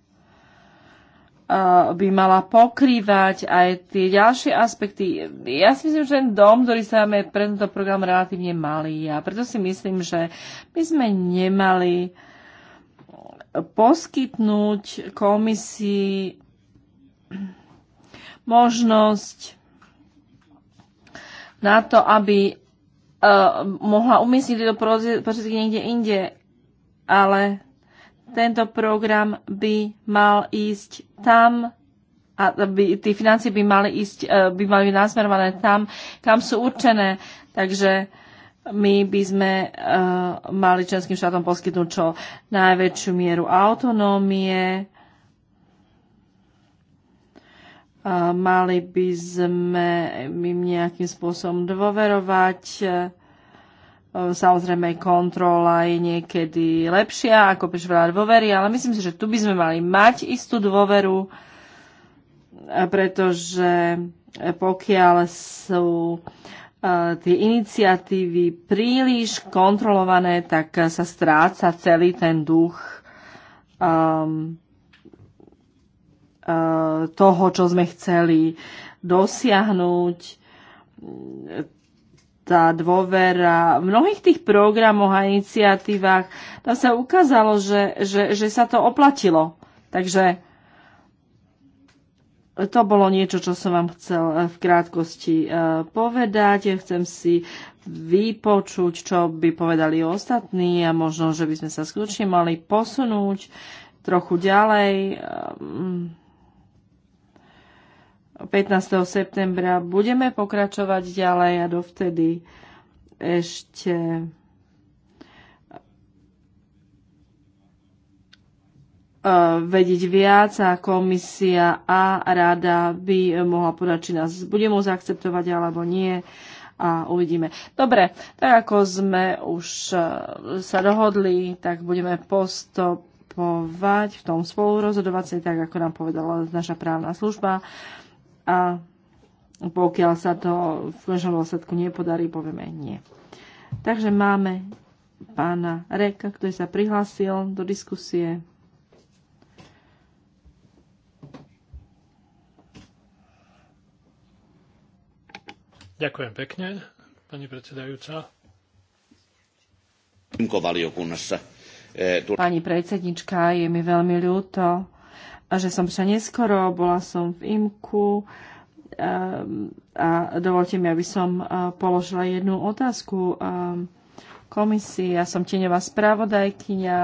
Eh, by mala pokrývať aj tie ďalšie aspekty. Ja si myslím, že ten dom, ktorý sa máme pre tento program relatívne malý a preto si myslím, že my sme nemali poskytnúť komisii možnosť na to, aby uh, mohla umiestniť tieto prostriedky niekde inde, ale tento program by mal ísť tam, a by, tí financie by mali ísť, e, by mali byť nasmerované tam, kam sú určené. Takže my by sme uh, mali členským štátom poskytnúť čo najväčšiu mieru autonómie, uh, mali by sme im nejakým spôsobom dôverovať, uh, Ehm, samozrejme, kontrola je niekedy lepšia ako by veľa dôvery, ale myslím si, že tu by sme mali mať istú dôveru, e, pretože pokiaľ sú e, tie iniciatívy príliš kontrolované, tak sa stráca celý ten duch um, toho, čo sme chceli dosiahnuť tá dôvera v mnohých tých programoch a iniciatívach, tam sa ukázalo, že, že, že sa to oplatilo. Takže to bolo niečo, čo som vám chcel eh, v krátkosti eh, povedať. Chcem si vypočuť, čo by povedali ostatní a možno, že by sme sa skutočne mali posunúť trochu ďalej ehm, 15. septembra budeme pokračovať ďalej a dovtedy ešte e, vedieť viac a komisia a rada by mohla podať, či nás bude môcť akceptovať alebo nie a uvidíme. Dobre, tak ako sme už e, sa dohodli, tak budeme postupovať v tom spolurozhodovacej, tak ako nám povedala naša právna služba. Uh, a pokiaľ sa to v končnom dôsledku nepodarí, povieme nie. Takže máme pána Reka, ktorý sa prihlásil do diskusie. Ďakujem pekne, pani predsedajúca. Pani predsednička, je mi veľmi ľúto, že som prišla neskoro, bola som v IMKU ehm, a dovolte mi, aby som e, položila jednu otázku ehm, komisii. Ja som tieňová spravodajkyňa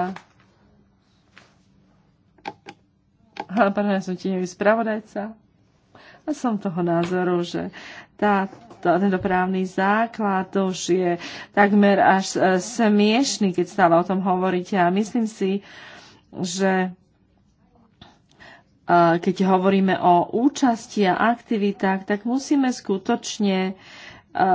pardon, ja som tieňový spravodajca. A som toho názoru, že tá, tá, tento právny základ už je takmer až e, smiešný, keď stále o tom hovoríte. A myslím si, že keď hovoríme o účasti a aktivitách, tak musíme skutočne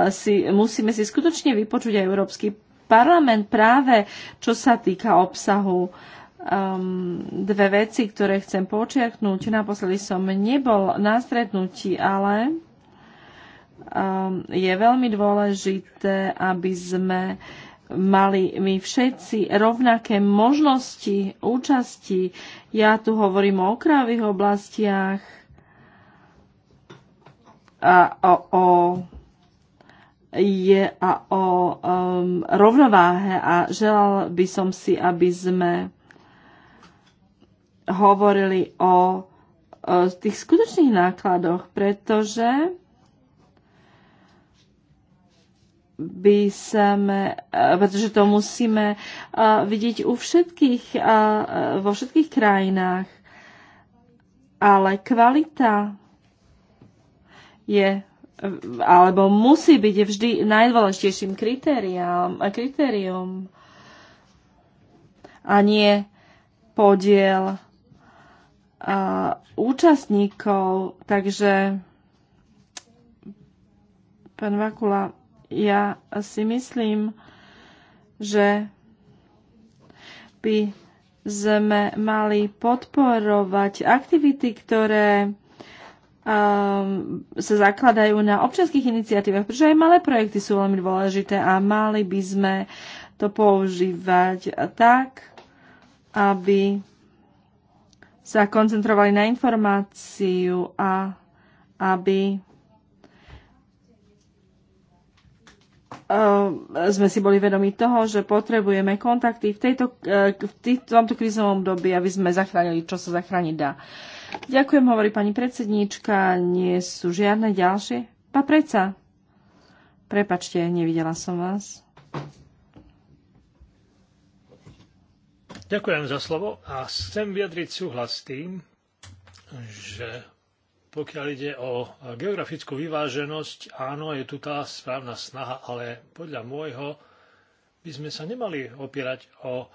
si, musíme si skutočne vypočuť aj Európsky parlament práve čo sa týka obsahu um, dve veci, ktoré chcem počiarknúť. Naposledy som nebol na stretnutí, ale um, je veľmi dôležité, aby sme uh, mali my všetci rovnaké možnosti účasti. Ja tu hovorím o okrajových oblastiach, a o, o je a o um, rovnováhe a želal by som si, aby sme hovorili o, o tých skutočných nákladoch, pretože by sme, eh, pretože to musíme eh, vidieť u všetkých, eh, vo všetkých krajinách. Ale kvalita je alebo musí byť vždy najdôležitejším kritériom, kritérium a nie podiel a účastníkov. Takže pán Vakula, ja si myslím, že by sme mali podporovať aktivity, ktoré um, sa zakladajú na občanských iniciatívach, pretože aj malé projekty sú veľmi dôležité a mali by sme to používať tak, aby sa koncentrovali na informáciu a aby Ehm, sme si boli vedomi toho, že potrebujeme kontakty v, tejto, eh, v tomto krizovom dobi, aby sme zachránili, čo sa zachrániť dá. Ďakujem, hovorí pani predsedníčka. Nie sú žiadne ďalšie? Pa preca. Prepačte, nevidela som vás. Ďakujem za slovo a chcem vyjadriť súhlas s tým, že pokiaľ ide o e, geografickú vyváženosť, áno, je tu tá správna snaha, ale podľa môjho by sme sa nemali opierať o e,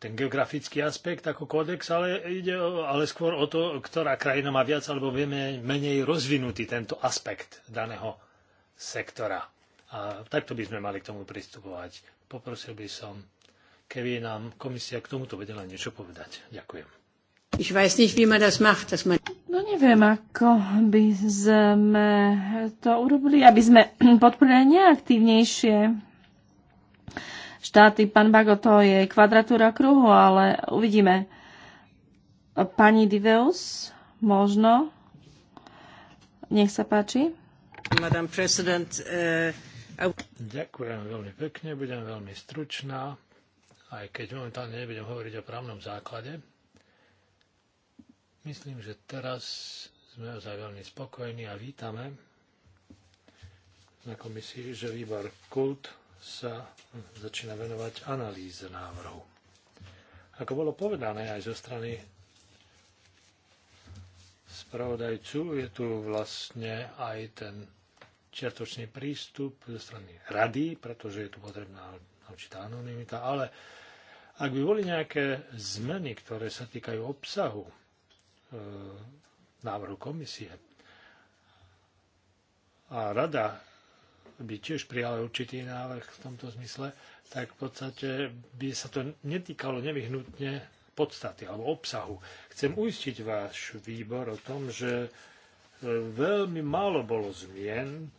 ten geografický aspekt ako kódex, ale ide o, ale skôr o to, ktorá krajina má viac alebo vieme menej rozvinutý tento aspekt daného sektora. A takto by sme mali k tomu pristupovať. Poprosil by som, keby nám komisia k tomuto vedela niečo povedať. Ďakujem. Ich weiß nicht, wie man das macht, dass man... Neviem, ako by sme to urobili, aby sme podporili neaktívnejšie štáty. Pán Bago, to je kvadratúra kruhu, ale uvidíme. Pani Diveus, možno. Nech sa páči. Madam President, uh, Ďakujem veľmi pekne, budem veľmi stručná, aj keď momentálne nebudem hovoriť o právnom základe. Myslím, že teraz sme ozaj veľmi spokojní a vítame na komisii, že výbar KULT sa začína venovať analýze návrhu. Ako bolo povedané aj zo strany spravodajcu, je tu vlastne aj ten čiatočný prístup zo strany rady, pretože je tu potrebná určitá anonimita, ale ak by boli nejaké zmeny, ktoré sa týkajú obsahu E, návrhu komisie. A rada by tiež prijala určitý návrh v tomto zmysle, tak v podstate by sa to netýkalo nevyhnutne podstaty alebo obsahu. Chcem uistiť váš výbor o tom, že e, veľmi málo bolo zmien.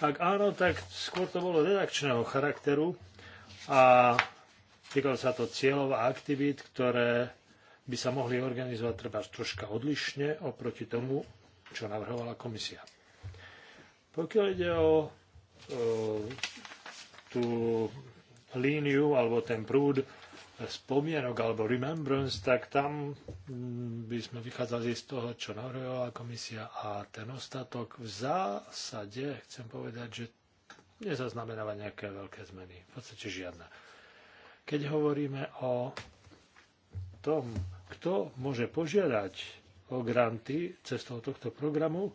Ak áno, tak skôr to bolo redakčného charakteru a týkalo sa to cieľov a aktivít, ktoré by sa mohli organizovať treba troška odlišne oproti tomu, čo navrhovala komisia. Pokiaľ ide o, o tú líniu alebo ten prúd spomienok alebo remembrance, tak tam mm, by sme vychádzali z toho, čo navrhovala komisia a ten ostatok v zásade chcem povedať, že nezaznamenáva nejaké veľké zmeny. V podstate žiadna. Keď hovoríme o tom, kto môže požiadať o granty cestou tohto programu,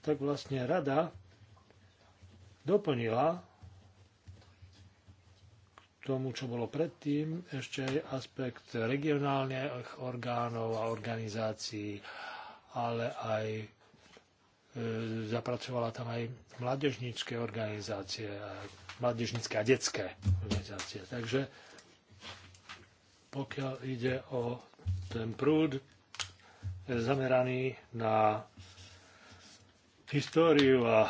tak vlastne rada doplnila k tomu, čo bolo predtým, ešte aj aspekt regionálnych orgánov a organizácií, ale aj e, zapracovala tam aj mládežnícke organizácie, mládežnícke a detské organizácie. Takže pokiaľ ide o ten prúd zameraný na históriu a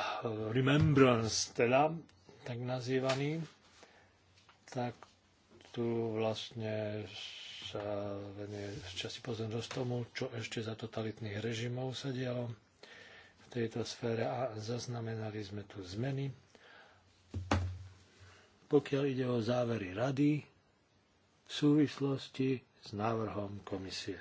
remembrance, teda tak nazývaný, tak tu vlastne sa venuje z časti pozornosť tomu, čo ešte za totalitných režimov sa dialo v tejto sfére a zaznamenali sme tu zmeny. Pokiaľ ide o závery rady v súvislosti s návrhom komisie.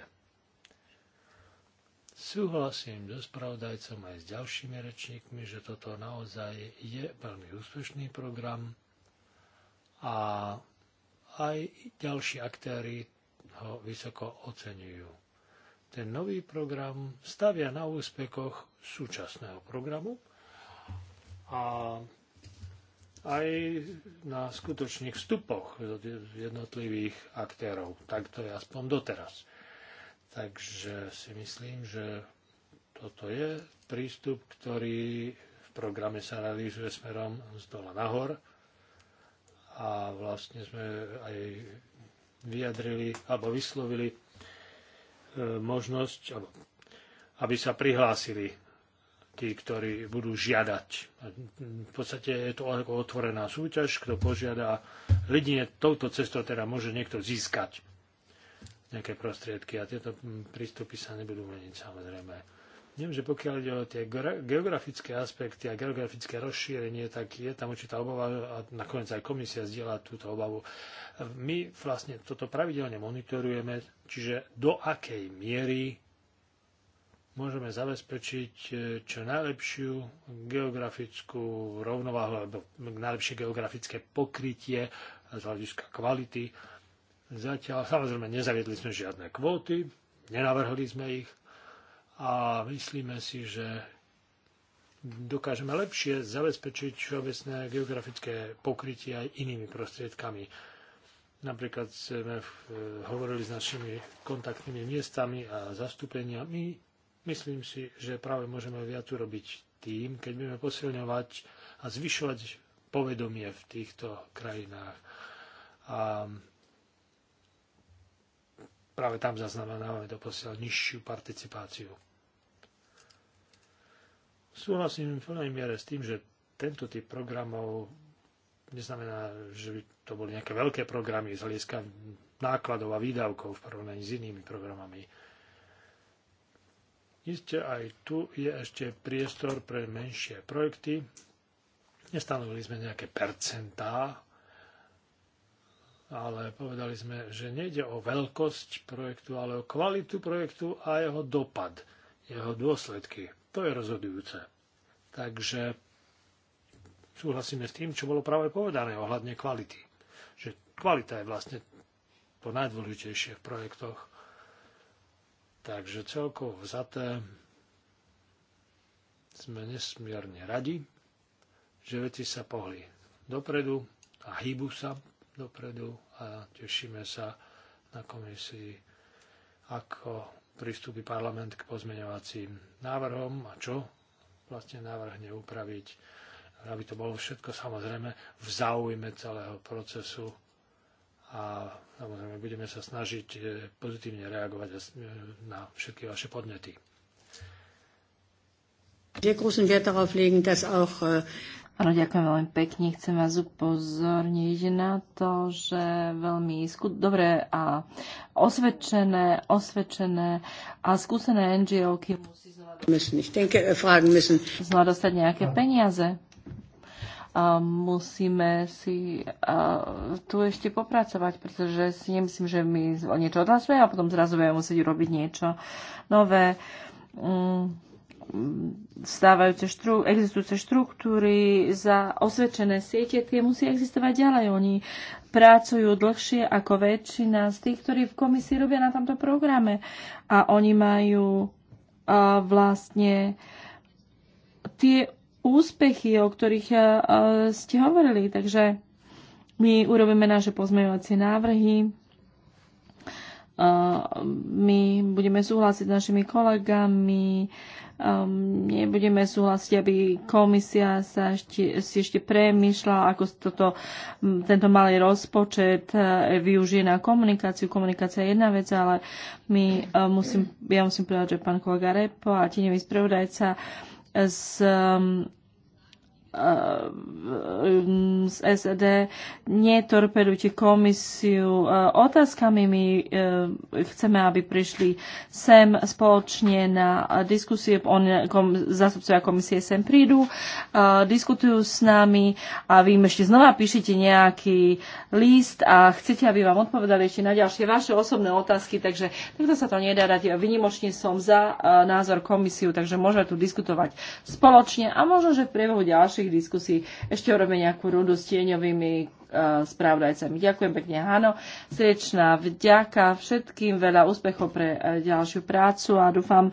Súhlasím so spravodajcom aj s ďalšími rečníkmi, že toto naozaj je veľmi úspešný program a aj ďalší aktéry ho vysoko oceňujú. Ten nový program stavia na úspechoch súčasného programu a aj na skutočných vstupoch jednotlivých aktérov. Tak to je aspoň doteraz. Takže si myslím, že toto je prístup, ktorý v programe sa analýzuje smerom z dola nahor a vlastne sme aj vyjadrili alebo vyslovili e, možnosť, aby sa prihlásili tí, ktorí budú žiadať. V podstate je to ako otvorená súťaž, kto požiada jedine touto cestou teda môže niekto získať nejaké prostriedky a tieto prístupy sa nebudú meniť samozrejme. Viem, že pokiaľ ide o tie geografické aspekty a geografické rozšírenie, tak je tam určitá obava a nakoniec aj komisia zdieľa túto obavu. My vlastne toto pravidelne monitorujeme, čiže do akej miery môžeme zabezpečiť e, čo najlepšiu geografickú rovnováhu alebo najlepšie geografické pokrytie z hľadiska kvality. Zatiaľ samozrejme nezaviedli sme žiadne kvóty, nenavrhli sme ich a myslíme si, že dokážeme lepšie zabezpečiť všeobecné geografické pokrytie aj inými prostriedkami. Napríklad sme e, hovorili s našimi kontaktnými miestami a zastúpeniami Myslím si, že práve môžeme viac urobiť tým, keď budeme posilňovať a zvyšovať povedomie v týchto krajinách. A práve tam zaznamenávame doposiaľ nižšiu participáciu. Súhlasím v plnej miere s tým, že tento typ programov neznamená, že by to boli nejaké veľké programy z hľadiska nákladov a výdavkov v porovnaní s inými programami. Isté aj tu je ešte priestor pre menšie projekty. Nestanovili sme nejaké percentá, ale povedali sme, že nejde o veľkosť projektu, ale o kvalitu projektu a jeho dopad, jeho dôsledky. To je rozhodujúce. Takže súhlasíme s tým, čo bolo práve povedané ohľadne kvality. Že kvalita je vlastne to najdôležitejšie v projektoch Takže celkovo vzaté sme nesmierne radi, že veci sa pohli dopredu a hýbu sa dopredu a tešíme sa na komisii, ako pristúpi parlament k pozmeňovacím návrhom a čo vlastne návrhne upraviť, aby to bolo všetko samozrejme v záujme celého procesu a samozrejme budeme sa snažiť e, pozitívne reagovať e, na všetky vaše podnety. Äh, Áno, ďakujem veľmi pekne. Chcem vás upozorniť na to, že veľmi skú- dobré a osvedčené, osvedčené a skúsené NGO NGO-ky musí äh, znova dostať nejaké peniaze musíme si tu ešte popracovať, pretože si nemyslím, že my niečo odhlasujeme a potom zrazu budeme musieť urobiť niečo nové. Mm, Stávajúce štru, existujúce štruktúry za osvedčené siete, tie musí existovať ďalej. Oni pracujú dlhšie ako väčšina z tých, ktorí v komisii robia na tomto programe. A oni majú vlastne tie úspechy, o ktorých e, ste hovorili. Takže my urobíme naše pozmeňovacie návrhy, e, my budeme súhlasiť s našimi kolegami, e, nebudeme súhlasiť, aby komisia sa ešte, si ešte premyšľala, ako toto, tento malý rozpočet využije na komunikáciu. Komunikácia je jedna vec, ale my musím, ja musím povedať, že pán kolega Repo a tieňový spravodajca z, z SED netorpedujte komisiu e, otázkami. My e, chceme, aby prišli sem spoločne na diskusie. On, kom, zastupcovia komisie sem prídu, e, diskutujú s nami a vy im ešte znova píšete nejaký list a chcete, aby vám odpovedali ešte na ďalšie vaše osobné otázky, takže takto sa to nedá dať. Vynimočne som za názor komisiu, takže môžeme tu diskutovať spoločne a možno, že v priebehu ďalších našich diskusí. Ešte urobíme nejakú rundu s tieňovými e, správdajcami. Ďakujem pekne, Hano. Srdečná vďaka všetkým, veľa úspechov pre e, ďalšiu prácu a dúfam,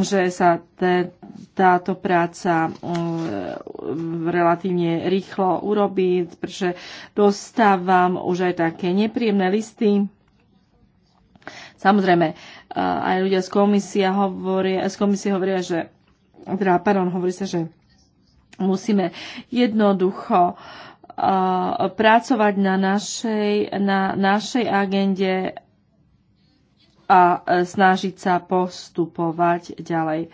že sa te, táto práca um, relatívne rýchlo urobí, pretože dostávam už aj také nepríjemné listy. Samozrejme, aj ľudia z komisie hovoria, z komisie hovoria že teda, pardon, hovorí sa, že Musíme jednoducho uh, pracovať na našej, na našej agende a uh, snažiť sa postupovať ďalej.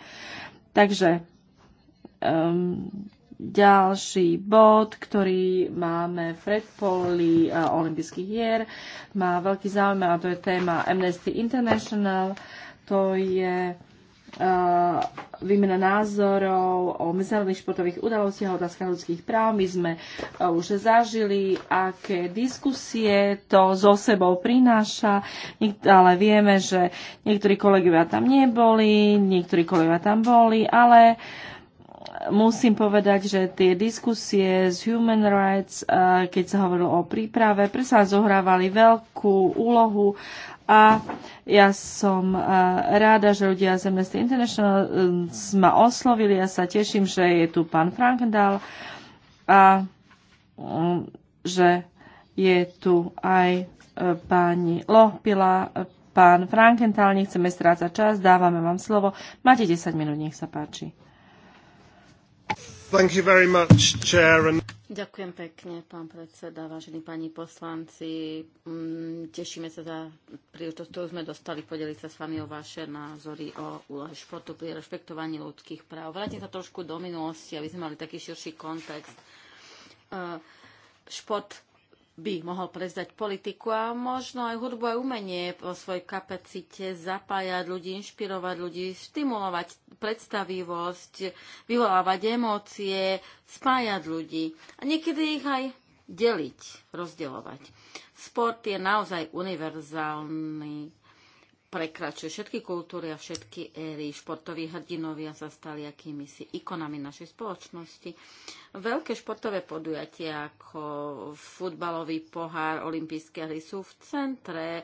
Takže um, ďalší bod, ktorý máme v Red Poli uh, olympijských hier, má veľký záujem a to je téma Amnesty International. To je Eh, výmena názorov o medzinárodných športových udalostiach, a otázkach ľudských práv. My sme eh, už zažili, aké diskusie to so sebou prináša, ale vieme, že niektorí kolegovia tam neboli, niektorí kolegovia tam boli, ale musím povedať, že tie diskusie z Human Rights, eh, keď sa hovorilo o príprave, presa zohrávali veľkú úlohu a ja som e, ráda, že ľudia z Amnesty International e, ma oslovili. Ja sa teším, že je tu pán Frankendal a mm, že je tu aj e, pani Lohpila, pán Frankenthal, nechceme strácať čas, dávame vám slovo. Máte 10 minút, nech sa páči. Ďakujem pekne, pán predseda, vážení pani poslanci. Mm, tešíme sa za príležitosť, ktorú sme dostali podeliť sa s vami o vaše názory o úlohe športu pri rešpektovaní ľudských práv. Vrátim sa trošku do minulosti, aby sme mali taký širší kontext. Eh, šport by mohol prevzať politiku a možno aj hudbu aj umenie po svojej kapacite zapájať ľudí, inšpirovať ľudí, stimulovať predstavivosť, vyvolávať emócie, spájať ľudí a niekedy ich aj deliť, rozdielovať. Sport je naozaj univerzálny prekračuje všetky kultúry a všetky éry. Športoví hrdinovia sa stali akýmisi ikonami našej spoločnosti. Veľké športové podujatia ako futbalový pohár, olympijské hry sú v centre e,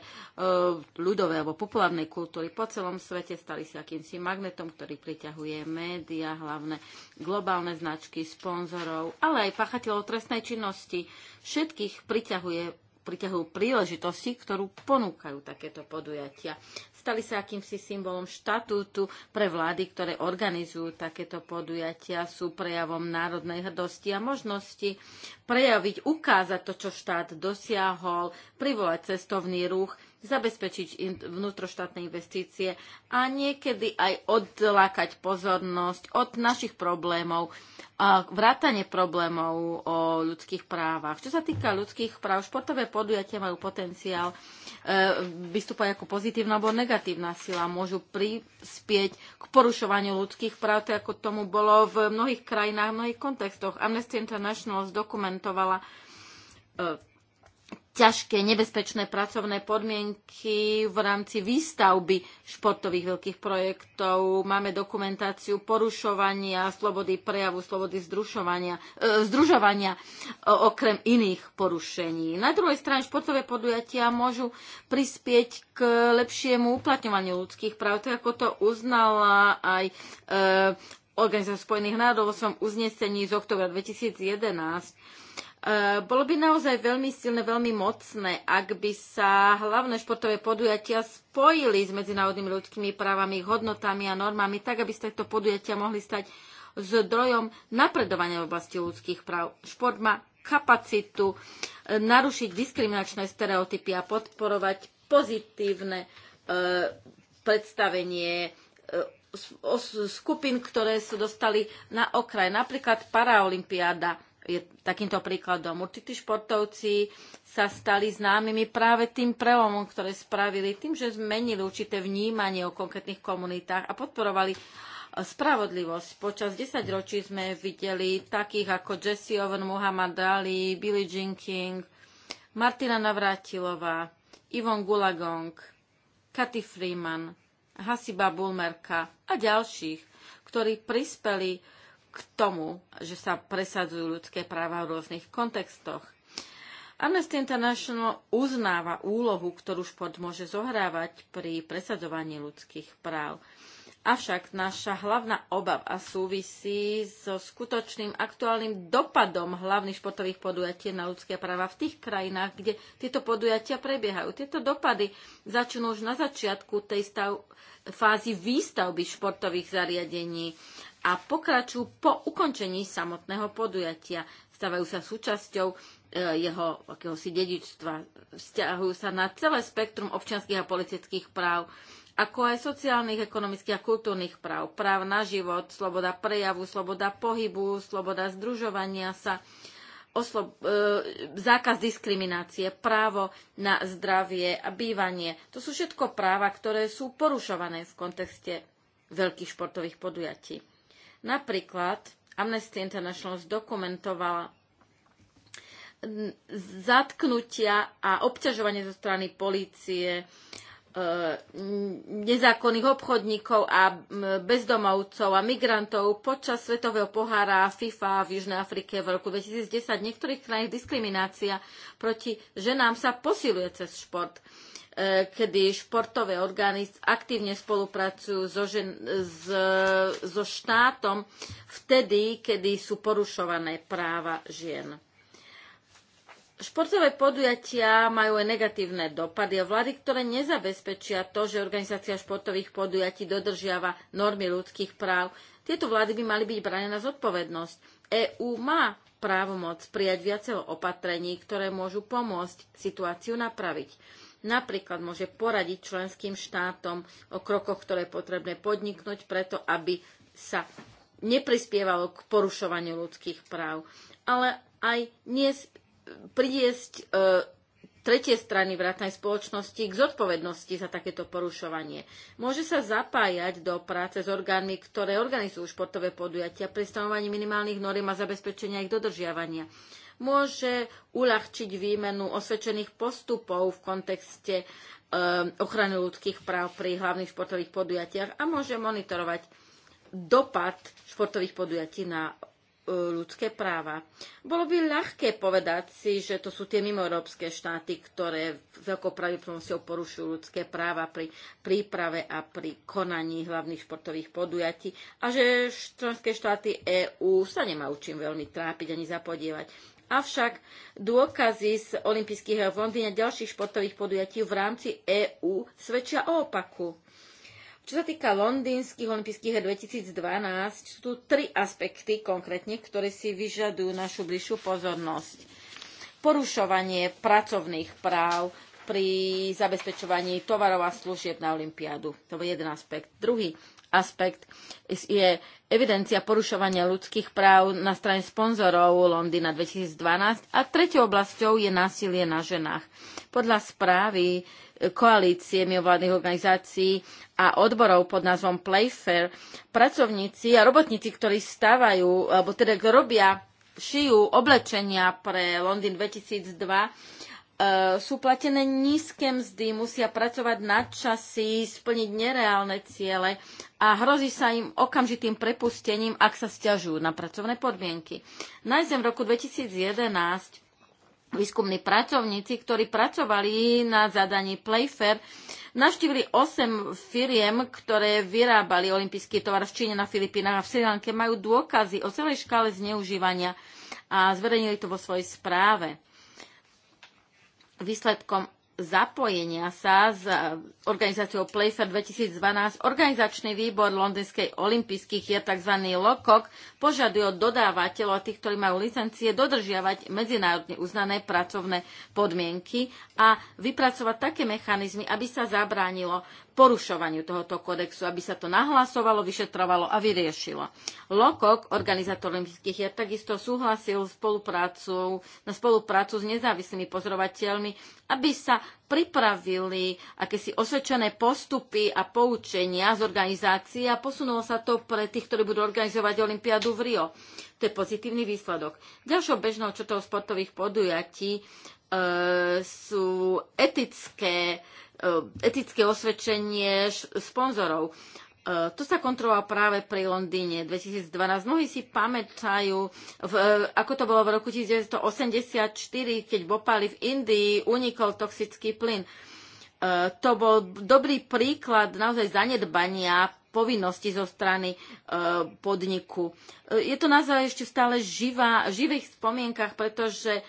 ľudovej alebo populárnej kultúry po celom svete. Stali sa akýmsi magnetom, ktorý priťahuje média, hlavne globálne značky, sponzorov, ale aj pachateľov trestnej činnosti. Všetkých priťahuje priťahujú príležitosti, ktorú ponúkajú takéto podujatia. Stali sa akýmsi symbolom štatútu pre vlády, ktoré organizujú takéto podujatia, sú prejavom národnej hrdosti a možnosti prejaviť, ukázať to, čo štát dosiahol, privolať cestovný ruch zabezpečiť vnútroštátne investície a niekedy aj odlákať pozornosť od našich problémov, a vrátanie problémov o ľudských právach. Čo sa týka ľudských práv, športové podujatia majú potenciál e, vystúpať ako pozitívna alebo negatívna sila. Môžu prispieť k porušovaniu ľudských práv, tak ako tomu bolo v mnohých krajinách, v mnohých kontextoch. Amnesty International zdokumentovala e, ťažké, nebezpečné pracovné podmienky v rámci výstavby športových veľkých projektov. Máme dokumentáciu porušovania, slobody prejavu, slobody e, združovania, e, združovania okrem iných porušení. Na druhej strane športové podujatia môžu prispieť k lepšiemu uplatňovaniu ľudských práv, tak ako to uznala aj e, Organizácia Spojených národov vo svojom uznesení z oktobra 2011 E, bolo by naozaj veľmi silné, veľmi mocné, ak by sa hlavné športové podujatia spojili s medzinárodnými ľudskými právami, hodnotami a normami, tak aby sa tieto podujatia mohli stať zdrojom napredovania v oblasti ľudských práv. Šport má kapacitu e, narušiť diskriminačné stereotypy a podporovať pozitívne e, predstavenie e, skupín, ktoré sú dostali na okraj. Napríklad Paraolimpiáda je takýmto príkladom. Určití športovci sa stali známymi práve tým prelomom, ktoré spravili, tým, že zmenili určité vnímanie o konkrétnych komunitách a podporovali eh, spravodlivosť. Počas 10 ročí sme videli takých ako Jesse Owen, Muhammad Ali, Billie Jean King, Martina Navrátilová, Ivon Gulagong, Katy Freeman, Hasiba Bulmerka a ďalších, ktorí prispeli k tomu, že sa presadzujú ľudské práva v rôznych kontextoch. Amnesty International uznáva úlohu, ktorú šport môže zohrávať pri presadzovaní ľudských práv. Avšak naša hlavná obava súvisí so skutočným aktuálnym dopadom hlavných športových podujatí na ľudské práva v tých krajinách, kde tieto podujatia prebiehajú. Tieto dopady začnú už na začiatku tej stav, fázy výstavby športových zariadení a pokračujú po ukončení samotného podujatia. Stavajú sa súčasťou e, jeho akéhosi dedičstva. Vzťahujú sa na celé spektrum občianských a politických práv, ako aj sociálnych, ekonomických a kultúrnych práv. Práv na život, sloboda prejavu, sloboda pohybu, sloboda združovania sa, oslob, e, zákaz diskriminácie, právo na zdravie a bývanie. To sú všetko práva, ktoré sú porušované v kontexte veľkých športových podujatí. Napríklad Amnesty International zdokumentovala zatknutia a obťažovanie zo strany polície, e, nezákonných obchodníkov a bezdomovcov a migrantov počas Svetového pohára FIFA v Južnej Afrike v roku 2010. V niektorých krajinách diskriminácia proti ženám sa posiluje cez šport. E, kedy športové orgány aktívne spolupracujú so, žen, z, so štátom vtedy, kedy sú porušované práva žien. Športové podujatia majú aj negatívne dopady a vlády, ktoré nezabezpečia to, že organizácia športových podujatí dodržiava normy ľudských práv, tieto vlády by mali byť brané na zodpovednosť. EÚ má právomoc prijať viacero opatrení, ktoré môžu pomôcť situáciu napraviť Napríklad môže poradiť členským štátom o krokoch, ktoré je potrebné podniknúť preto, aby sa neprispievalo k porušovaniu ľudských práv, ale aj nies, priviesť e, tretie strany vrátnej spoločnosti k zodpovednosti za takéto porušovanie. Môže sa zapájať do práce s orgánmi, ktoré organizujú športové podujatia pri stanovaní minimálnych noriem a zabezpečenia ich dodržiavania môže uľahčiť výmenu osvedčených postupov v kontexte ehm, ochrany ľudských práv pri hlavných športových podujatiach a môže monitorovať dopad športových podujatí na e, ľudské práva. Bolo by ľahké povedať si, že to sú tie mimoeurópske štáty, ktoré veľkou pravdepodobnosťou porušujú ľudské práva pri príprave a pri konaní hlavných športových podujatí a že členské štáty EÚ sa nemajú čím veľmi trápiť ani zapodievať. Avšak dôkazy z olympijských v Londýne a ďalších športových podujatí v rámci EÚ svedčia o opaku. Čo sa týka londýnskych olympijských hier 2012, sú tu tri aspekty konkrétne, ktoré si vyžadujú našu bližšiu pozornosť. Porušovanie pracovných práv pri zabezpečovaní tovarov a služieb na Olympiádu. To je jeden aspekt. Druhý, aspekt je evidencia porušovania ľudských práv na strane sponzorov Londýna 2012 a tretou oblasťou je násilie na ženách. Podľa správy e, koalície mimovládnych organizácií a odborov pod názvom Playfair, pracovníci a robotníci, ktorí stavajú, alebo teda robia, šijú oblečenia pre Londýn 2002, Eh, sú platené nízke mzdy, musia pracovať na časy, splniť nereálne ciele a hrozí sa im okamžitým prepustením, ak sa stiažujú na pracovné podmienky. Najzem zem roku 2011 výskumní pracovníci, ktorí pracovali na zadaní Playfair, navštívili 8 firiem, ktoré vyrábali olympijský tovar v Číne, na Filipínach a v Sri Lanke. Majú dôkazy o celej škále zneužívania a zverejnili to vo svojej správe výsledkom zapojenia sa s e, organizáciou Playfair 2012 organizačný výbor Londýnskej olympijských hier tzv. LOKOK požaduje od dodávateľov a tých, ktorí majú licencie, dodržiavať medzinárodne uznané pracovné podmienky a vypracovať také mechanizmy, aby sa zabránilo porušovaniu tohoto kodexu, aby sa to nahlasovalo, vyšetrovalo a vyriešilo. LOKOK, organizátor olympijských hier, takisto súhlasil spoluprácu, na spoluprácu s nezávislými pozorovateľmi, aby sa pripravili akési osvedčené postupy a poučenia z organizácií a posunulo sa to pre tých, ktorí budú organizovať Olympiádu v Rio. To je pozitívny výsledok. Ďalšou bežnou toho sportových podujatí e, sú etické Eh, etické osvedčenie sponzorov. Eh, to sa kontrola práve pri Londýne 2012. Mnohí si pamätajú, eh, ako to bolo v roku 1984, keď v Opali v Indii unikol toxický plyn. To bol dobrý príklad naozaj zanedbania povinnosti zo strany podniku. Je to naozaj ešte stále živá, živých spomienkach, pretože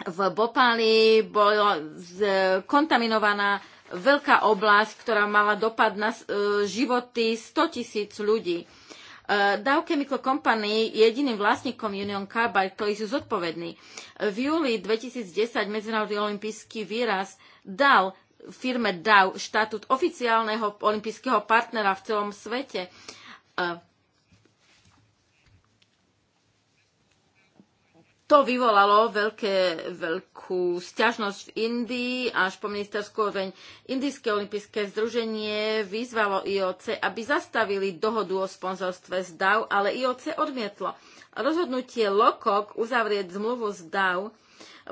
v Bopáli bola kontaminovaná veľká oblasť, ktorá mala dopad na e, životy 100 tisíc ľudí. E, Dow Chemical Company je jediným vlastníkom Union Carbide, ktorí sú zodpovední. V júli 2010 Medzinárodný olimpijský výraz dal firme Dow štatút oficiálneho olimpijského partnera v celom svete. E, to vyvolalo veľké, veľkú sťažnosť v Indii, až po ministerskú oveň Indijské olympijské združenie vyzvalo IOC, aby zastavili dohodu o sponzorstve s DAW, ale IOC odmietlo. Rozhodnutie LOKOK uzavrieť zmluvu s DAW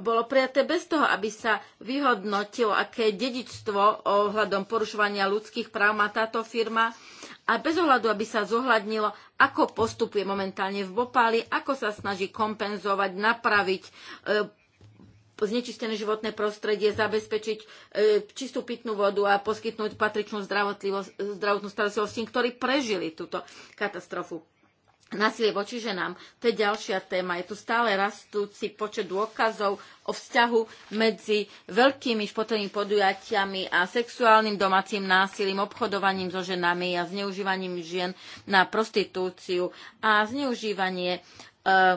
bolo prijaté bez toho, aby sa vyhodnotilo, aké dedičstvo ohľadom porušovania ľudských práv má táto firma a bez ohľadu, aby sa zohľadnilo, ako postupuje momentálne v Bopáli, ako sa snaží kompenzovať, napraviť e, znečistené životné prostredie, zabezpečiť e, čistú pitnú vodu a poskytnúť patričnú e, zdravotnú starostlivosť tým, ktorí prežili túto katastrofu. Násilie voči ženám, to je ďalšia téma. Je tu stále rastúci počet dôkazov o vzťahu medzi veľkými športovými podujatiami a sexuálnym domácim násilím, obchodovaním so ženami a zneužívaním žien na prostitúciu a zneužívanie e, eh,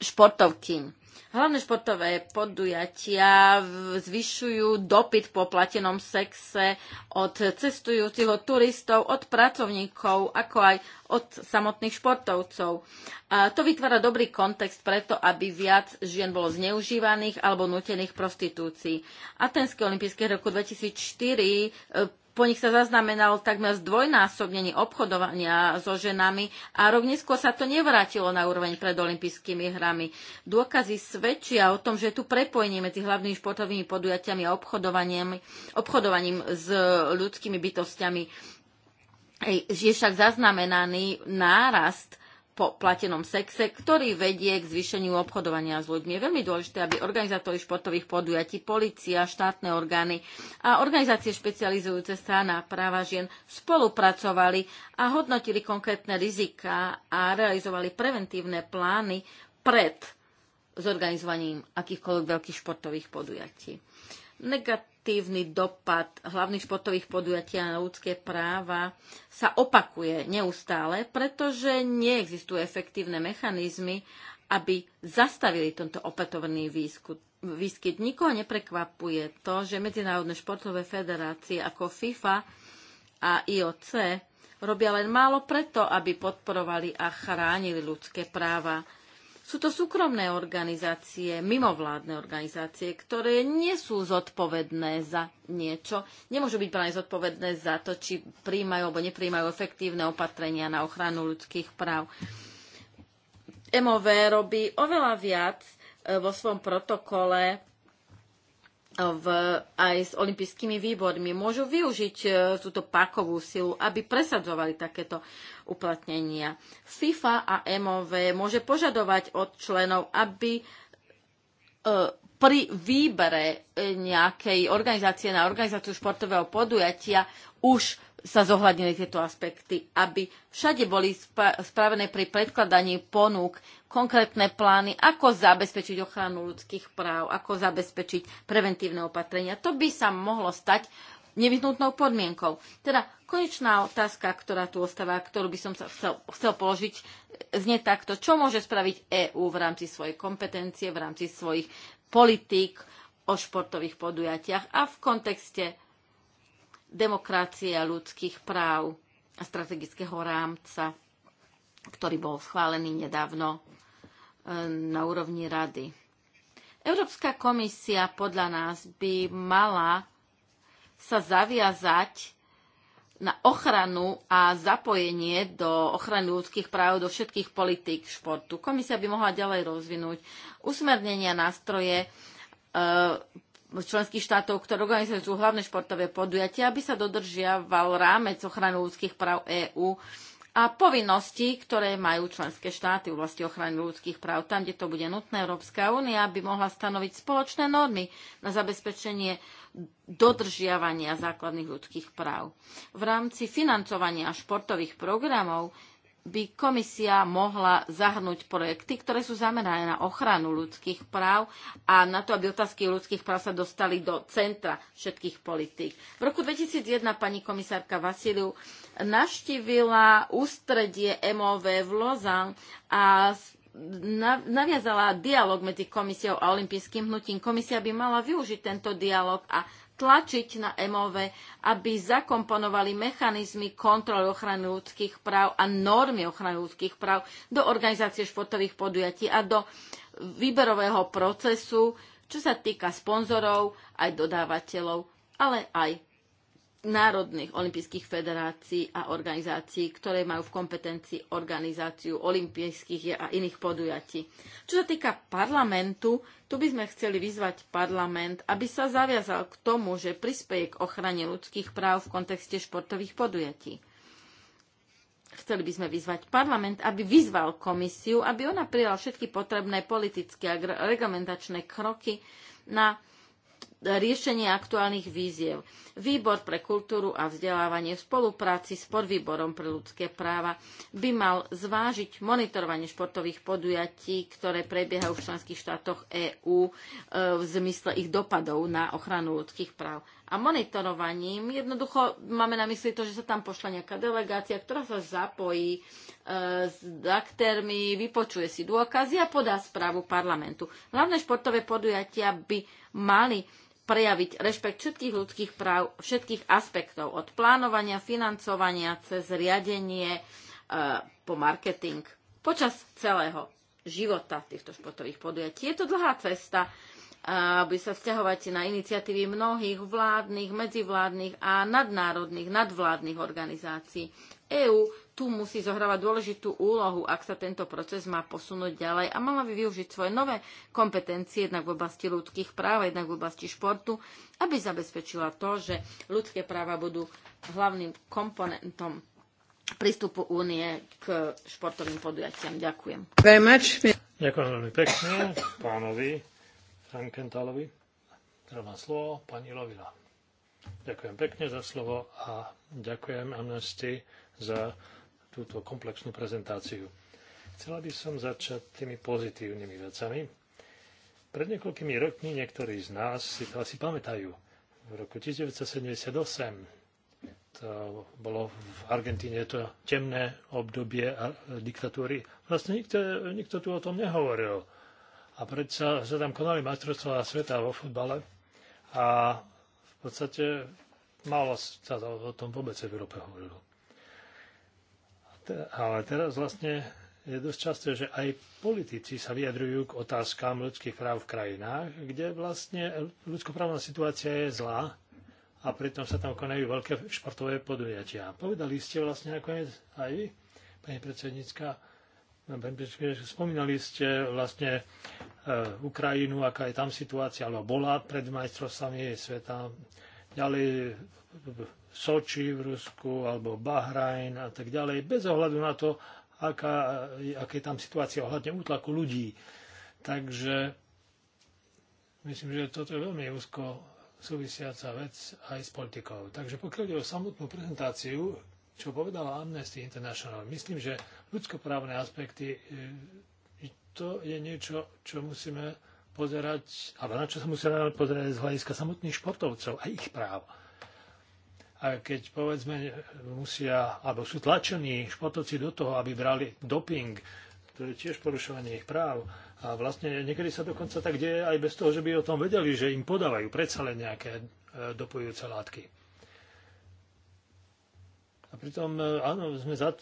športovkyň Hlavné športové podujatia zvyšujú dopyt po platenom sexe od cestujúcich, od turistov, od pracovníkov, ako aj od samotných športovcov. A to vytvára dobrý kontext preto, aby viac žien bolo zneužívaných alebo nutených prostitúcií. Atenské olympijské roku 2004 po nich sa zaznamenal takmer zdvojnásobnenie obchodovania so ženami a rovnesko sa to nevrátilo na úroveň pred olympijskými hrami. Dôkazy svedčia o tom, že tu prepojenie medzi hlavnými športovými podujatiami a obchodovaním, obchodovaním s ľudskými bytostiami. Je však zaznamenaný nárast po platenom sexe, ktorý vedie k zvýšeniu obchodovania s ľuďmi. Je veľmi dôležité, aby organizátori športových podujatí, policia, štátne orgány a organizácie špecializujúce sa na práva žien spolupracovali a hodnotili konkrétne rizika a realizovali preventívne plány pred zorganizovaním akýchkoľvek veľkých športových podujatí. Negat- negatívny dopad hlavných športových podujatí na ľudské práva sa opakuje neustále, pretože neexistujú efektívne mechanizmy, aby zastavili tento opätovný výskyt. výskyt. Nikoho neprekvapuje to, že medzinárodné športové federácie ako FIFA a IOC robia len málo preto, aby podporovali a chránili ľudské práva sú to súkromné organizácie, mimovládne organizácie, ktoré nie sú zodpovedné za niečo. Nemôžu byť plne zodpovedné za to, či príjmajú alebo nepríjmajú efektívne opatrenia na ochranu ľudských práv. MOV robí oveľa viac e, vo svojom protokole v, aj s olympijskými výbormi môžu využiť e, túto pákovú silu, aby presadzovali takéto uplatnenia. FIFA a MOV môže požadovať od členov, aby e, pri výbere e, nejakej organizácie na organizáciu športového podujatia už sa zohľadnili tieto aspekty, aby všade boli spravené pri predkladaní ponúk konkrétne plány, ako zabezpečiť ochranu ľudských práv, ako zabezpečiť preventívne opatrenia. To by sa mohlo stať nevyhnutnou podmienkou. Teda konečná otázka, ktorá tu ostáva, ktorú by som sa chcel, chcel položiť, znie takto. Čo môže spraviť EÚ v rámci svojej kompetencie, v rámci svojich politík o športových podujatiach a v kontexte demokracie a ľudských práv a strategického rámca, ktorý bol schválený nedávno E, na úrovni rady. Európska komisia podľa nás by mala sa zaviazať na ochranu a zapojenie do ochrany ľudských práv do všetkých politík športu. Komisia by mohla ďalej rozvinúť usmernenia nástroje e, členských štátov, ktoré organizujú hlavné športové podujatia, aby sa dodržiaval rámec ochrany ľudských práv EÚ a povinnosti, ktoré majú členské štáty v oblasti ochrany ľudských práv. Tam, kde to bude nutné, Európska únia by mohla stanoviť spoločné normy na zabezpečenie dodržiavania základných ľudských práv. V rámci financovania športových programov by komisia mohla zahrnúť projekty, ktoré sú zamerané na ochranu ľudských práv a na to, aby otázky ľudských práv sa dostali do centra všetkých politík. V roku 2001 pani komisárka Vasiliu naštívila ústredie MOV v Lozan a naviazala dialog medzi komisiou a olympijským hnutím. Komisia by mala využiť tento dialog a tlačiť na EMOVE, aby zakomponovali mechanizmy kontroly ochrany ľudských práv a normy ochrany ľudských práv do organizácie športových podujatí a do výberového procesu, čo sa týka sponzorov, aj dodávateľov, ale aj národných olympijských federácií a organizácií, ktoré majú v kompetencii organizáciu olympijských a iných podujatí. Čo sa týka parlamentu, tu by sme chceli vyzvať parlament, aby sa zaviazal k tomu, že prispieje k ochrane ľudských práv v kontexte športových podujatí. Chceli by sme vyzvať parlament, aby vyzval komisiu, aby ona prijala všetky potrebné politické a reglamentačné kroky na riešenie aktuálnych víziev. Výbor pre kultúru a vzdelávanie v spolupráci s podvýborom pre ľudské práva by mal zvážiť monitorovanie športových podujatí, ktoré prebiehajú v členských štátoch EÚ e, v zmysle ich dopadov na ochranu ľudských práv a monitorovaním. Jednoducho máme na mysli to, že sa tam pošla nejaká delegácia, ktorá sa zapojí e, s aktérmi, vypočuje si dôkazy a podá správu parlamentu. Hlavné športové podujatia by mali prejaviť rešpekt všetkých ľudských práv, všetkých aspektov, od plánovania, financovania, cez riadenie, e, po marketing, počas celého života týchto športových podujatí. Je to dlhá cesta, aby sa vzťahovať na iniciatívy mnohých vládnych, medzivládnych a nadnárodných, nadvládnych organizácií. EÚ tu musí zohrávať dôležitú úlohu, ak sa tento proces má posunúť ďalej a mala by využiť svoje nové kompetencie jednak v oblasti ľudských práv, jednak v oblasti športu, aby zabezpečila to, že ľudské práva budú hlavným komponentom prístupu únie k športovým podujatiam. Ďakujem. Ďakujem veľmi pekne pánovi Frankentalovi. Teraz má slovo pani Lovila. Ďakujem pekne za slovo a ďakujem Amnesty za túto komplexnú prezentáciu. Chcela by som začať tými pozitívnymi vecami. Pred niekoľkými rokmi niektorí z nás si to asi pamätajú. V roku 1978 to bolo v Argentíne to temné obdobie diktatúry. Vlastne nikto, nikto tu o tom nehovoril a predsa sa tam konali majstrovstvá sveta vo futbale a v podstate málo sa o tom vôbec v Európe hovorilo. Ale teraz vlastne je dosť časté, že aj politici sa vyjadrujú k otázkám ľudských práv v krajinách, kde vlastne ľudskoprávna situácia je zlá a pritom sa tam konajú veľké športové podujatia. Povedali ste vlastne nakoniec aj vy, pani predsednícka, Spomínali ste vlastne e, Ukrajinu, aká je tam situácia, alebo bola pred majstrovstvami sveta. Ďalej Soči v Rusku, alebo Bahrajn a tak ďalej. Bez ohľadu na to, aká, aká je tam situácia ohľadne útlaku ľudí. Takže myslím, že toto je veľmi úzko súvisiaca vec aj s politikou. Takže pokiaľ ide o samotnú prezentáciu čo povedala Amnesty International. Myslím, že ľudskoprávne aspekty e, to je niečo, čo musíme pozerať, alebo na čo sa musíme pozerať z hľadiska samotných športovcov a ich práv. A keď povedzme musia, alebo sú tlačení športovci do toho, aby brali doping, to je tiež porušovanie ich práv. A vlastne niekedy sa dokonca tak deje aj bez toho, že by o tom vedeli, že im podávajú predsa len nejaké e, dopojujúce látky pritom, e, áno, sme za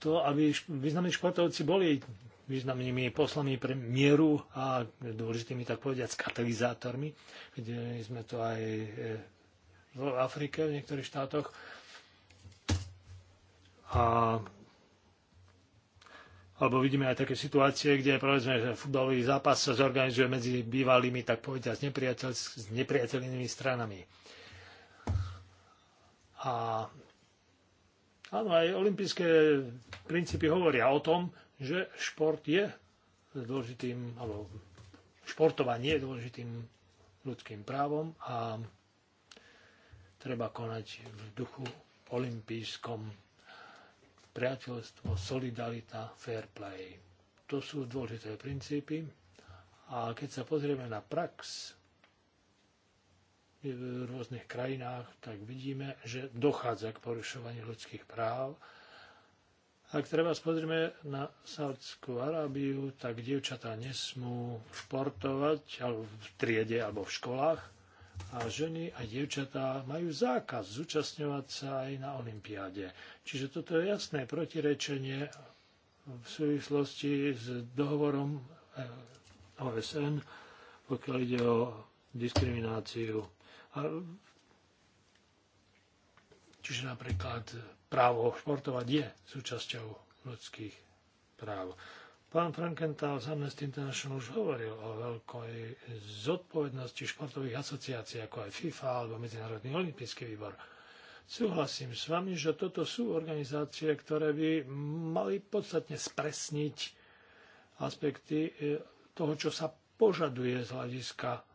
to, aby významní športovci boli významnými poslami pre mieru a dôležitými, tak povediať, katalizátormi. Videli sme to aj e, v Afrike, v niektorých štátoch. A alebo vidíme aj také situácie, kde povedzme, že futbalový zápas sa zorganizuje medzi bývalými, tak povediať, s, nepriateľ, s nepriateľnými stranami. A Áno, aj olympijské princípy hovoria o tom, že šport je dôležitým, alebo športovanie je dôležitým ľudským právom a treba konať v duchu olympijskom priateľstvo, solidarita, fair play. To sú dôležité princípy a keď sa pozrieme na prax v rôznych krajinách, tak vidíme, že dochádza k porušovaniu ľudských práv. Ak treba pozrieme na Saudskú Arábiu, tak dievčatá nesmú športovať alebo v triede alebo v školách a ženy a dievčatá majú zákaz zúčastňovať sa aj na Olympiáde. Čiže toto je jasné protirečenie v súvislosti s dohovorom eh, OSN, pokiaľ ide o diskrimináciu Čiže napríklad právo športovať je súčasťou ľudských práv. Pán Frankenthal z Amnesty International už hovoril o veľkej zodpovednosti športových asociácií ako aj FIFA alebo Medzinárodný olimpijský výbor. Súhlasím s vami, že toto sú organizácie, ktoré by mali podstatne spresniť aspekty eh, toho, čo sa požaduje z hľadiska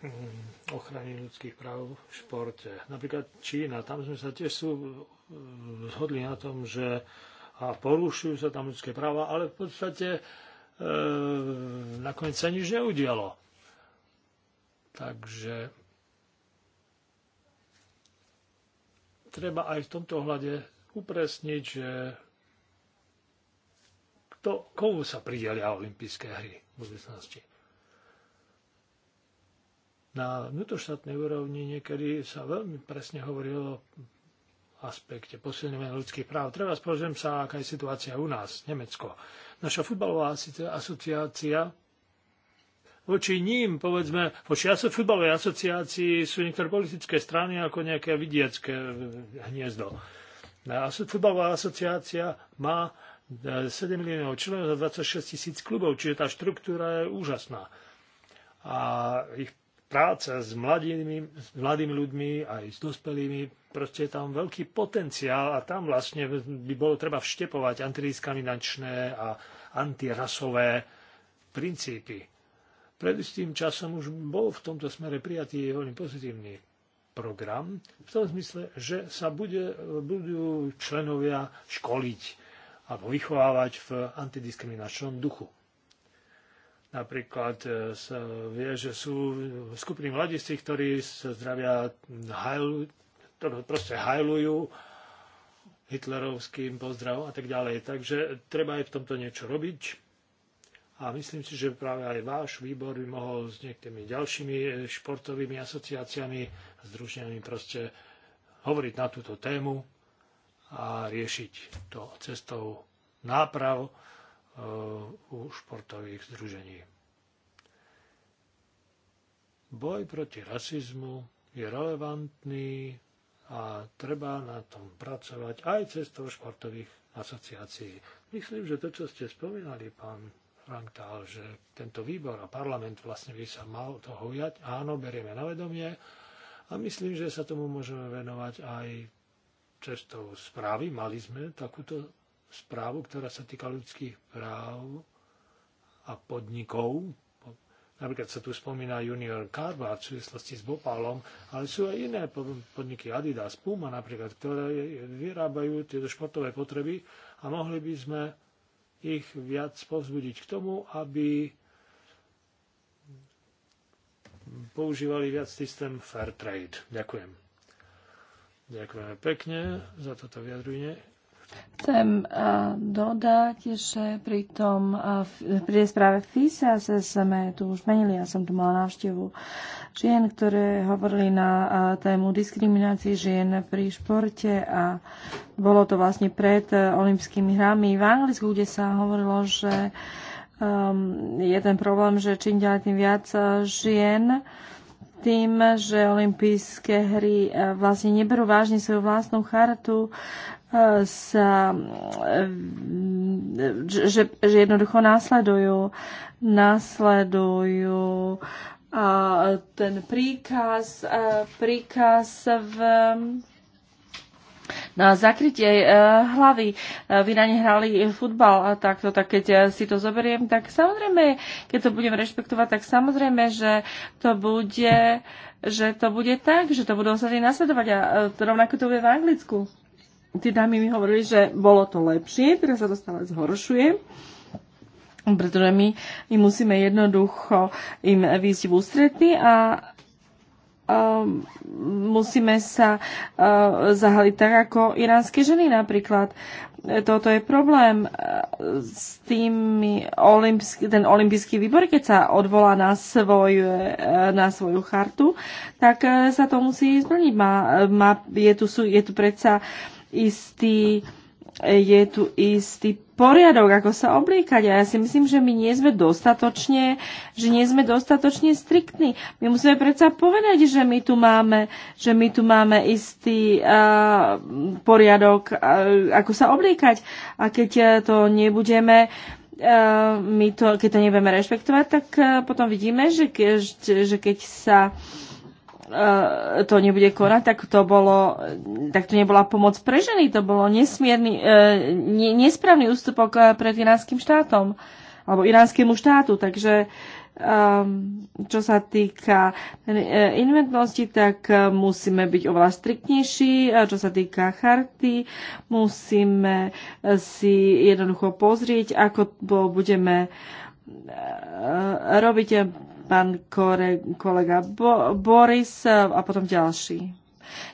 Mm, ochrany ľudských práv v športe. Napríklad Čína, tam sme sa tiež sú e, zhodli na tom, že a porušujú sa tam ľudské práva, ale v podstate e, nakoniec sa nič neudialo. Takže treba aj v tomto ohľade upresniť, že kto, komu sa pridelia olympijské hry v budúcnosti. Na vnútroštátnej úrovni niekedy sa veľmi presne hovorilo o aspekte posilňovania ľudských práv. Treba spôsobem sa, aká je situácia u nás, Nemecko. Naša futbalová asociácia voči ním, povedzme, voči futbalovej asociácii sú niektoré politické strany ako nejaké vidiecké hniezdo. Futbalová asociácia má 7 e, miliónov členov za 26 tisíc klubov, čiže tá štruktúra je úžasná. A ich práca s mladými, s mladými ľuďmi, aj s dospelými, proste je tam veľký potenciál a tam vlastne by bolo treba vštepovať antidiskriminačné a antirasové princípy. Pred istým časom už bol v tomto smere prijatý veľmi pozitívny program, v tom zmysle, že sa bude, budú členovia školiť alebo vychovávať v antidiskriminačnom duchu. Napríklad e, sa vie, že sú skupiny mladistí, ktorí sa zdravia hajlu, teda proste hajlujú hitlerovským pozdravom a tak ďalej. Takže treba aj v tomto niečo robiť. A myslím si, že práve aj váš výbor by mohol s niektorými ďalšími e, športovými asociáciami, združeniami proste hovoriť na túto tému a riešiť to cestou náprav u športových združení. Boj proti rasizmu je relevantný a treba na tom pracovať aj cestou športových asociácií. Myslím, že to, čo ste spomínali, pán Franktal, že tento výbor a parlament vlastne by sa mal toho ujať. Áno, berieme na vedomie a myslím, že sa tomu môžeme venovať aj cestou správy. Mali sme takúto správu, ktorá sa týka ľudských práv a podnikov. Napríklad sa tu spomína Junior Carva v súvislosti s Bopalom, ale sú aj iné podniky Adidas, Puma napríklad, ktoré vyrábajú tieto športové potreby a mohli by sme ich viac povzbudiť k tomu, aby používali viac systém fair trade. Ďakujem. Ďakujeme pekne za toto vyjadrenie. Chcem eh, dodať, že pri tom eh, pri správe FISA sme tu už menili, ja som tu mala návštevu žien, ktoré hovorili na eh, tému diskriminácie žien pri športe a bolo to vlastne pred olympskými hrami v Anglicku, kde sa hovorilo, že um, je ten problém, že čím ďalej tým viac žien uh, tým, že olympijské hry e, vlastne neberú vážne svoju vlastnú chartu, e, sa, e, že, že jednoducho následujú, následujú a ten príkaz, príkaz v na zakrytie eh, hlavy. Eh, vy na ne hrali futbal a takto, tak keď eh, si to zoberiem, tak samozrejme, keď to budem rešpektovať, tak samozrejme, že to bude, že to bude tak, že to budú ostatní nasledovať a to rovnako to bude v Anglicku. Tí dámy mi hovorili, že bolo to lepšie, teraz sa to stále zhoršuje pretože my, my musíme jednoducho im výjsť v ústretný a Ehm, musíme sa eh, zahaliť tak ako iránske ženy napríklad. E, toto je problém eh, s tými olimpský, ten olimpijský výbor, keď sa odvolá na, svoj, eh, na svoju chartu, tak sa to musí zmeniť. Má, má, je, tu, sú, je tu predsa istý je tu istý poriadok, ako sa obliekať. A ja si myslím, že my nie sme dostatočne, že nie sme dostatočne striktní. My musíme predsa povedať, že my tu máme, že my tu máme istý uh, poriadok, uh, ako sa obliekať. A keď e, to nebudeme uh, my to, keď to nebudeme rešpektovať, tak uh, potom vidíme, že, ke, že keď sa uh, E, to nebude konať, tak to, bolo, tak to nebola pomoc pre ženy, to bolo nesmierny, e, ne, nesprávny ústupok e, pred iránskym štátom alebo iránskému štátu. Takže um, čo sa týka inventnosti, tak musíme byť oveľa striktnejší. Čo sa týka charty, musíme si jednoducho pozrieť, ako budeme robiť pán kore, kolega Bo, Boris e, a potom ďalší.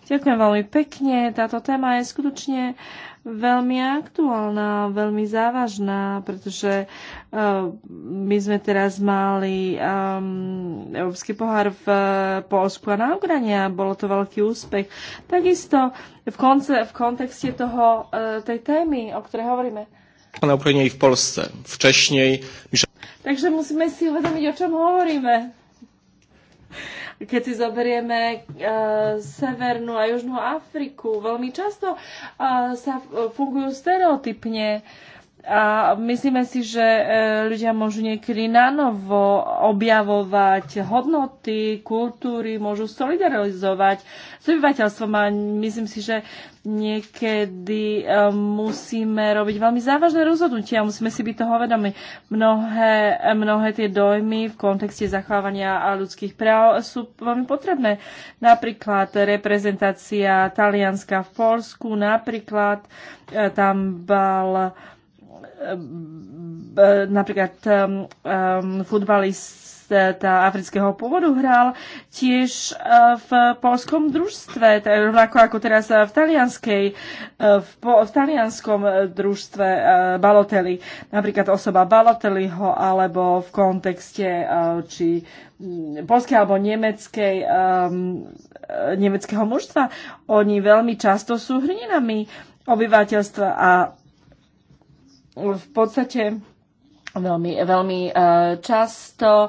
Ďakujem veľmi pekne. Táto téma je skutočne veľmi aktuálna, veľmi závažná, pretože uh, my sme teraz mali um, Európsky pohár v uh, Polsku a na Ukrajine a bolo to veľký úspech. Takisto v, konce, v kontexte toho, uh, tej témy, o ktorej hovoríme, na Ukrajine i v Polsce. Včešnej... Takže musíme si uvedomiť, o čom hovoríme. Keď si zoberieme uh, eh, Severnú a Južnú Afriku, veľmi často uh, sa eh, fungujú stereotypne. Uh, a myslíme si, že e, ľudia môžu niekedy nanovo objavovať hodnoty, kultúry, môžu solidarizovať s obyvateľstvom a myslím si, že niekedy e, musíme robiť veľmi závažné rozhodnutia, musíme si byť toho vedomi. Mnohé, mnohé tie dojmy v kontexte zachovania ľudských práv sú veľmi potrebné. Napríklad reprezentácia talianska v Polsku, napríklad e, tam bol Ehm, ehm, napríklad um, futbalista afrického pôvodu hral tiež eh, v polskom družstve, rovnako ako teraz v, talianskej, eh, v, po, v talianskom družstve eh, Balotelli. Napríklad osoba Baloteliho alebo v kontexte či mm, polskej alebo nemeckej, um, nemeckého mužstva. Oni veľmi často sú hrninami obyvateľstva a v podstate veľmi, veľmi e, často e,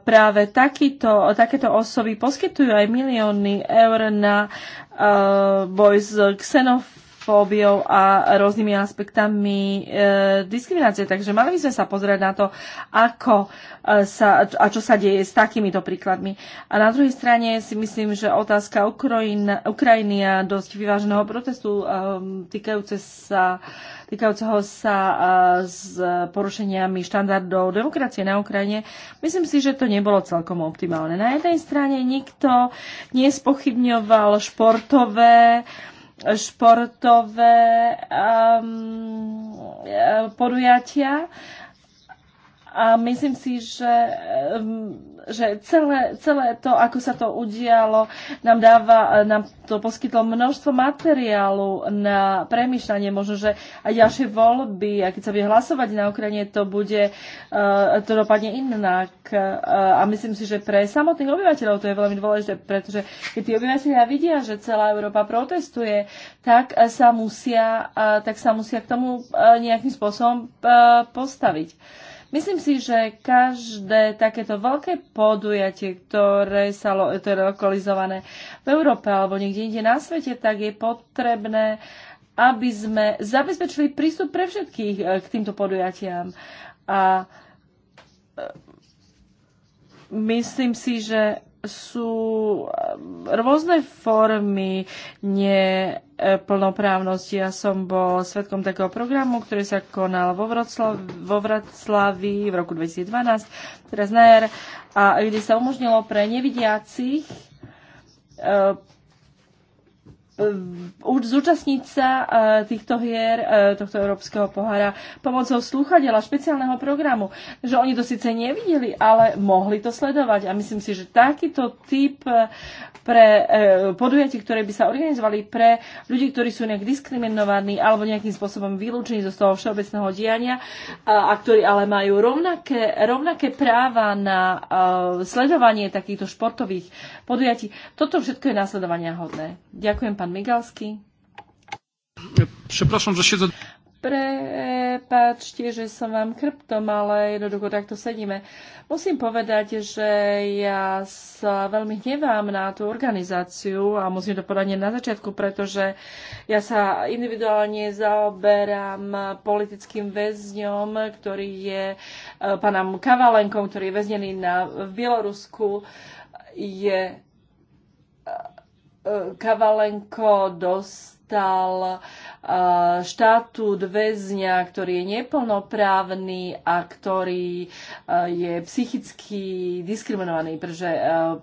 práve takýto, takéto osoby poskytujú aj milióny eur na e, boj s xenofóbiou fóbiou a rôznymi aspektami e, diskriminácie. Takže mali by sme sa pozrieť na to, ako e, sa, a čo sa deje s takýmito príkladmi. A na druhej strane si myslím, že otázka Ukrajina, Ukrajiny a dosť vyváženého protestu e, týkajúce sa, týkajúceho sa e, s porušeniami štandardov demokracie na Ukrajine, myslím si, že to nebolo celkom optimálne. Na jednej strane nikto nespochybňoval športové športové um, e, podujatia a myslím si, že, že celé, celé to, ako sa to udialo, nám, dáva, nám to poskytlo množstvo materiálu na premyšľanie. Možno, že aj ďalšie voľby, a keď sa bude hlasovať na Ukrajine, to bude, eh, to dopadne inak. Eh, a myslím si, že pre samotných obyvateľov to je veľmi dôležité, pretože keď tí obyvateľia vidia, že celá Európa protestuje, tak eh, sa musia, tak sa musia k tomu nejakým spôsobom postaviť. Myslím si, že každé takéto veľké podujatie, ktoré, sa, ktoré je lokalizované v Európe alebo niekde inde na svete, tak je potrebné, aby sme zabezpečili prístup pre všetkých eh, k týmto podujatiam. A eh, myslím si, že sú eh, rôzne formy neplnoprávnosti. Ja som bol svetkom takého programu, ktorý sa konal vo, Vroclav, vo Vraclavi v roku 2012, teraz na jar, a kde sa umožnilo pre nevidiacich eh, E, zúčastniť sa e, týchto hier, e, tohto európskeho pohára pomocou slúchadela, špeciálneho programu. Že oni to síce nevideli, ale mohli to sledovať. A myslím si, že takýto typ pre podujatí, ktoré by sa organizovali pre ľudí, ktorí sú nejak diskriminovaní alebo nejakým spôsobom vylúčení zo toho všeobecného diania a ktorí ale majú rovnaké, rovnaké práva na sledovanie takýchto športových podujatí. Toto všetko je následovania hodné. Ďakujem, Pán Migalsky. Przepraszam, že siedzę... Prepáčte, že som vám krptom, ale jednoducho takto sedíme. Musím povedať, že ja sa veľmi hnevám na tú organizáciu a musím to povedať na začiatku, pretože ja sa individuálne zaoberám politickým väzňom, ktorý je e, pánom Kavalenkom, ktorý je väznený na, v Bielorusku. Je e, Kavalenko dostal štatút väzňa, ktorý je neplnoprávny a ktorý je psychicky diskriminovaný, pretože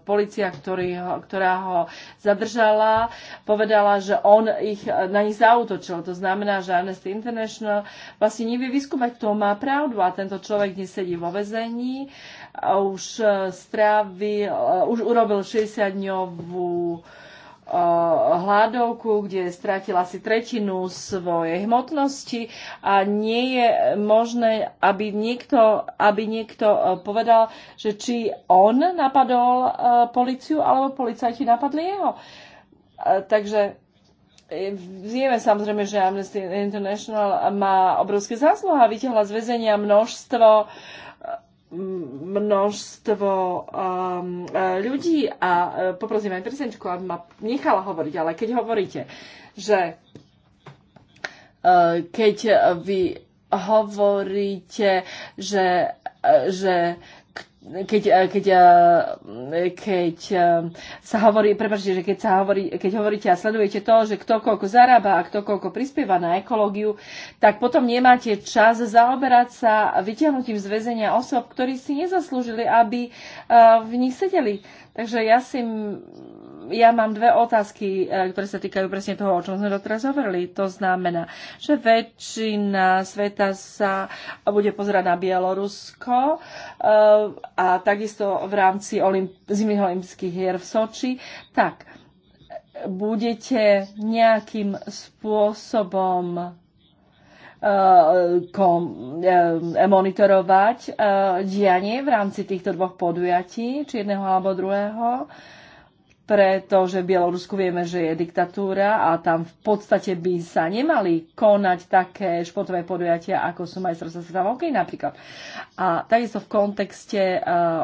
policia, ktorý, ktorá ho zadržala, povedala, že on ich na nich zautočil. To znamená, že Amnesty International vlastne nevie vyskúmať, kto má pravdu a tento človek dnes sedí vo väzení už e, strávil, e, už urobil 60-dňovú hľadovku, kde stratila si tretinu svojej hmotnosti a nie je možné, aby niekto, aby niekto e, povedal, že či on napadol e, policiu alebo policajti napadli jeho. E, takže vieme samozrejme, že Amnesty International má obrovské zásluhy a vytiahla z väzenia množstvo uh, množstvo um, eh, ľudí a uh, poprosím aj prezidentku, aby ma nechala hovoriť, ale keď hovoríte, že uh, keď vy hovoríte, že, uh, že uh, keď, eh, keď, eh, keď eh, sa hovorí, prepáčte, že keď, sa hovorí, keď hovoríte a sledujete to, že kto koľko zarába a kto koľko prispieva na ekológiu, tak potom nemáte čas zaoberať sa vyťahnutím z väzenia osob, ktorí si nezaslúžili, aby v nich sedeli. Takže ja si ja mám dve otázky, e, ktoré sa týkajú presne toho, o čom sme doteraz hovorili. To znamená, že väčšina sveta sa bude pozerať na Bielorusko e, a takisto v rámci olimp- zimných olympijských hier v Soči. Tak, budete nejakým spôsobom e, monitorovať dianie v rámci týchto dvoch podujatí, či jedného alebo druhého pretože v Bielorusku vieme, že je diktatúra a tam v podstate by sa nemali konať také športové podujatia, ako sú majstrovstvá sveta v hokeji napríklad. A takisto v kontekste uh, e,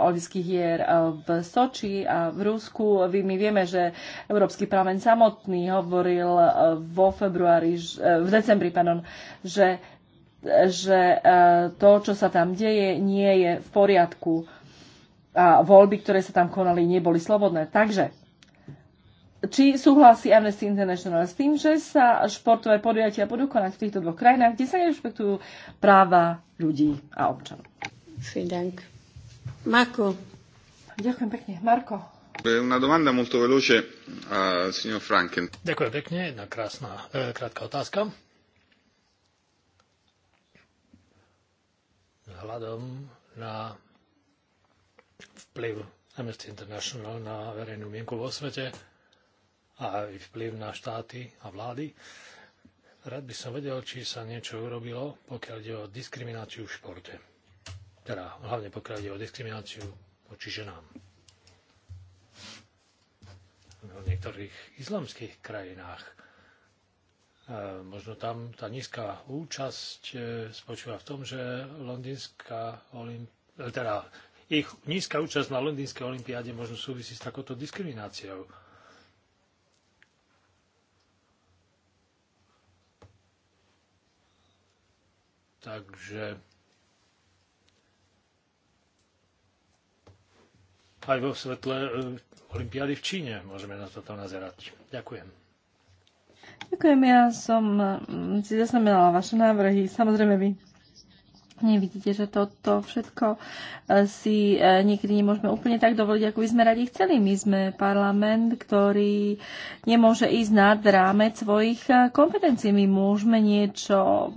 olympijských hier uh, v Soči a v Rusku, my vieme, že Európsky parlament samotný hovoril uh, vo februári, uh, v decembri, pardon, že, že uh, to, čo sa tam deje, nie je v poriadku a voľby, ktoré sa tam konali, neboli slobodné. Takže či súhlasí Amnesty International s tým, že sa športové podujatia budú konať v týchto dvoch krajinách, kde sa nerešpektujú práva ľudí a občanov. Fidank. Marko. Ďakujem pekne. Marko. Ďakujem pekne, jedna krásna, e, krátka otázka. Hľadom na vplyv Amnesty International na verejnú mienku vo svete a aj vplyv na štáty a vlády. Rád by som vedel, či sa niečo urobilo, pokiaľ ide o diskrimináciu v športe. Teda hlavne pokiaľ ide o diskrimináciu voči ženám. V niektorých islamských krajinách e, možno tam tá nízka účasť e, spočíva v tom, že londýnska olimp... E, teda ich nízka účasť na londýnskej olimpiáde možno súvisí s takouto diskrimináciou Takže aj vo svetle e, Olympiády v Číne môžeme na toto nazerať. Ďakujem. Ďakujem, ja som mm, si zaznamenala vaše návrhy. Samozrejme, vy Vlastne, vidíte, že toto všetko eh, si eh, niekedy nemôžeme úplne tak dovoliť, ako by sme radi chceli. My sme parlament, ktorý nemôže ísť nad rámec svojich eh, kompetencií. My môžeme niečo,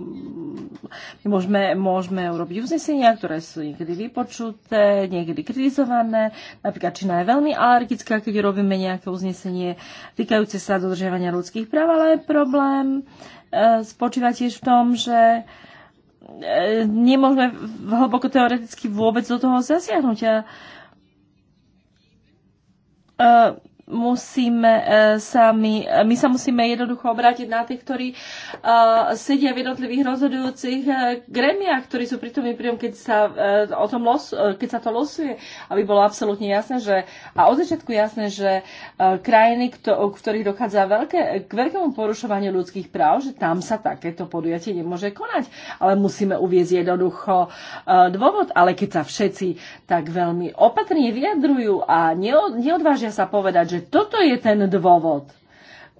my môžeme, môžeme urobiť uznesenia, ktoré sú niekedy vypočuté, niekedy kritizované. Napríklad Čína je veľmi alergická, keď robíme nejaké uznesenie týkajúce sa dodržiavania ľudských práv, ale problém spočíva tiež v tom, že e, nemôžeme hlboko teoreticky vôbec do toho zasiahnuť. A, e, musíme e, sami, my sa musíme jednoducho obrátiť na tých, ktorí uh, sedia v jednotlivých rozhodujúcich uh, gremiách, ktorí sú pritomní pri tom, keď sa, uh, o tom los, uh, keď sa to losuje, aby bolo absolútne jasné, že, a od začiatku jasné, že uh, krajiny, kto, v ktorých dochádza veľké, k veľkému porušovaniu ľudských práv, že tam sa takéto podujatie nemôže konať. Ale musíme uviezť jednoducho uh, dôvod, ale keď sa všetci tak veľmi opatrne vyjadrujú a neodvážia sa povedať, že toto je ten dôvod.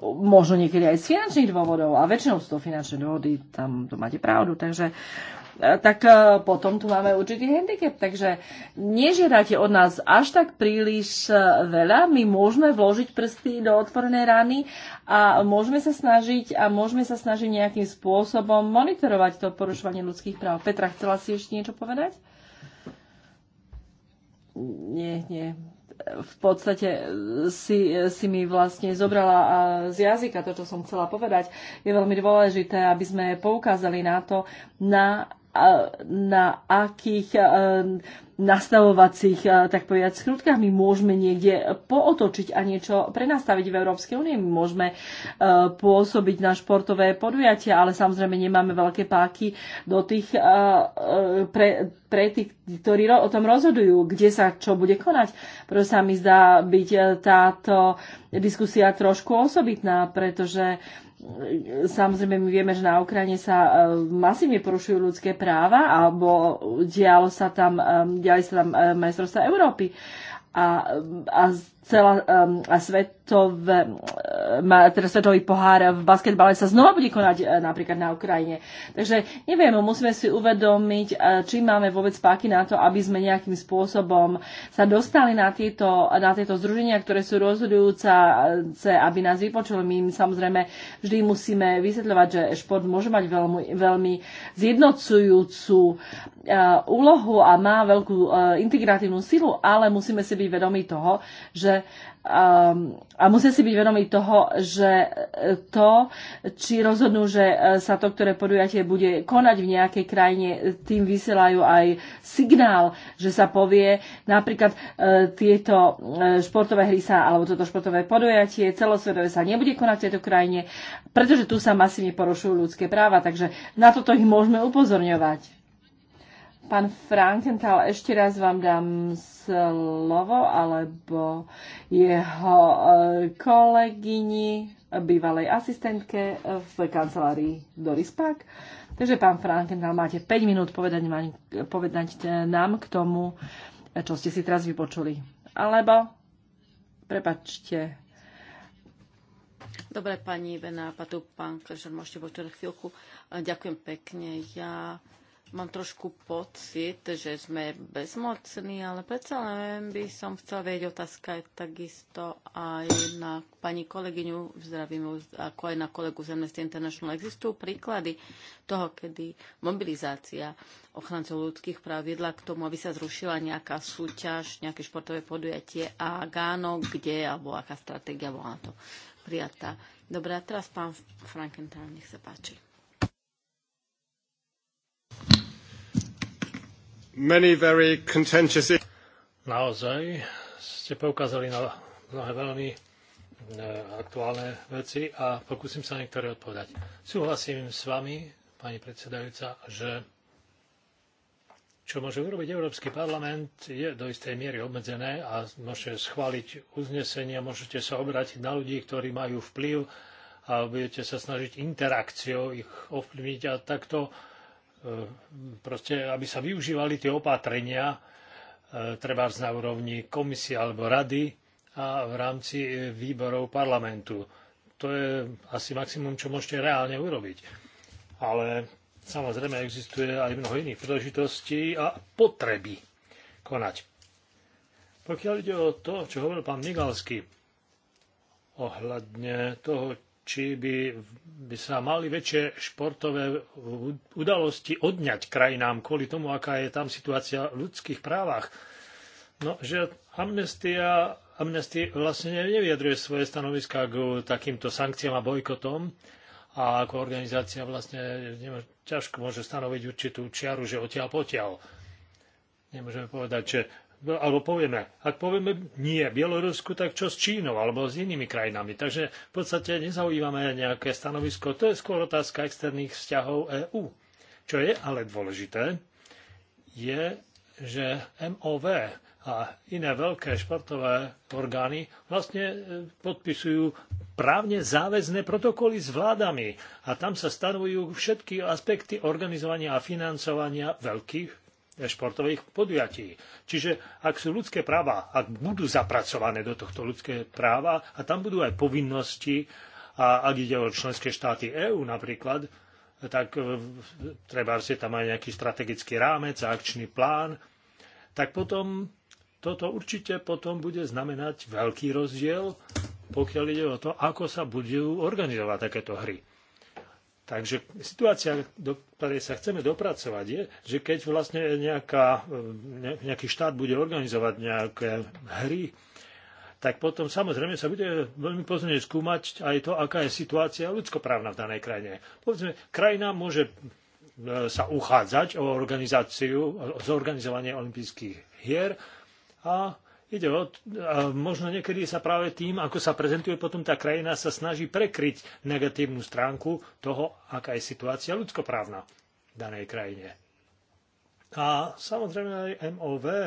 Možno niekedy aj z finančných dôvodov a väčšinou sú to finančné dôvody, tam to máte pravdu. Takže e, tak e, potom tu máme určitý handicap. Takže nežiadate od nás až tak príliš e, veľa. My môžeme vložiť prsty do otvorenej rany a môžeme sa snažiť a môžeme sa snažiť nejakým spôsobom monitorovať to porušovanie ľudských práv. Petra, chcela si ešte niečo povedať? Nie, nie v podstate eh, si, eh, si mi vlastne zobrala z jazyka to, čo som chcela povedať. Je veľmi dôležité, aby sme poukázali na to, na na akých e, nastavovacích, e, tak povedať, skrutkách my môžeme niekde pootočiť a niečo prenastaviť v Európskej únie. My môžeme e, pôsobiť na športové podujatia, ale samozrejme nemáme veľké páky do tých, pre, pre tých, ktorí o tom rozhodujú, kde sa čo bude konať. Preto sa mi zdá byť táto diskusia trošku osobitná, pretože Samozrejme, my vieme, že na Ukrajine sa e, masívne porušujú ľudské práva, alebo dialo sa tam, e, diali sa tam e, majstrovstvá Európy. A, a celá um, svetové, um, teda svetový pohár v basketbale sa znova bude konať uh, napríklad na Ukrajine. Takže neviem, musíme si uvedomiť, uh, či máme vôbec páky na to, aby sme nejakým spôsobom sa dostali na tieto, na tieto združenia, ktoré sú rozhodujúce, e, aby nás vypočuli. My im samozrejme vždy musíme vysvetľovať, že šport môže mať veľmi, veľmi zjednocujúcu uh, úlohu a má veľkú uh, integratívnu silu, ale musíme si byť vedomi toho, že že um, a musia si byť vedomí toho, že e, to, či rozhodnú, že e, sa to, ktoré podujatie bude konať v nejakej krajine, tým vysielajú aj signál, že sa povie napríklad e, tieto športové hry sa, alebo toto športové podujatie celosvetové sa nebude konať v tejto krajine, pretože tu sa masívne porušujú ľudské práva, takže na toto ich môžeme upozorňovať. Pán Frankenthal, ešte raz vám dám slovo, alebo jeho eh, kolegyni, bývalej asistentke v kancelárii Doris Pak. Takže, pán Frankenthal, máte 5 minút povedať, povedať eh, nám k tomu, eh, čo ste si teraz vypočuli. Alebo, prepačte. Dobre, pani vená, patu, pán Kržan, môžete počuť chvíľku. Ďakujem pekne. Ja mám trošku pocit, že sme bezmocní, ale predsa len by som chcela vedieť, otázka je takisto aj na pani kolegyňu, zdravím, ako aj na kolegu z Amnesty International. Existujú príklady toho, kedy mobilizácia ochrancov ľudských práv viedla k tomu, aby sa zrušila nejaká súťaž, nejaké športové podujatie a gáno, kde, alebo aká stratégia bola na to prijatá. Dobre, a teraz pán Frankenthal, nech sa páči. Naozaj ste poukázali na mnohé veľmi e, aktuálne veci a pokúsim sa niektoré odpovedať. Súhlasím s vami, pani predsedajúca, že čo môže urobiť Európsky parlament, je do istej miery obmedzené a môžete schváliť uznesenia, môžete sa obrátiť na ľudí, ktorí majú vplyv a budete sa snažiť interakciou ich ovplyvniť a takto Ehm, proste, aby sa využívali tie opatrenia, e, treba na úrovni komisie alebo rady a v rámci e, výborov parlamentu. To je asi maximum, čo môžete reálne urobiť. Ale samozrejme existuje aj mnoho iných príležitostí a potreby konať. Pokiaľ ide o to, čo hovoril pán Migalsky, ohľadne toho, či by, by sa mali väčšie športové udalosti odňať krajinám kvôli tomu, aká je tam situácia v ľudských právach. No, že amnestia, amnestia vlastne nevyjadruje svoje stanoviska k takýmto sankciám a bojkotom a ako organizácia vlastne ťažko môže stanoviť určitú čiaru, že odtiaľ potiaľ. Nemôžeme povedať, že No, alebo povieme, ak povieme nie Bielorusku, tak čo s Čínou alebo s inými krajinami. Takže v podstate nezaujímame nejaké stanovisko. To je skôr otázka externých vzťahov EÚ. Čo je ale dôležité, je, že MOV a iné veľké športové orgány vlastne e, podpisujú právne záväzné protokoly s vládami a tam sa stanovujú všetky aspekty organizovania a financovania veľkých športových podujatí. Čiže ak sú ľudské práva, ak budú zapracované do tohto ľudské práva a tam budú aj povinnosti, a ak ide o členské štáty EÚ napríklad, tak treba si tam aj nejaký strategický rámec a akčný plán, tak potom toto určite potom bude znamenať veľký rozdiel, pokiaľ ide o to, ako sa budú organizovať takéto hry. Takže situácia, do ktorej sa chceme dopracovať, je, že keď vlastne nejaká, nejaký štát bude organizovať nejaké hry, tak potom samozrejme sa bude veľmi pozorne skúmať aj to, aká je situácia ľudskoprávna v danej krajine. Povedzme, krajina môže e, sa uchádzať o organizáciu, o zorganizovanie olympijských hier a Ide o, a možno niekedy sa práve tým, ako sa prezentuje potom tá krajina, sa snaží prekryť negatívnu stránku toho, aká je situácia ľudskoprávna v danej krajine. A samozrejme aj MOV e,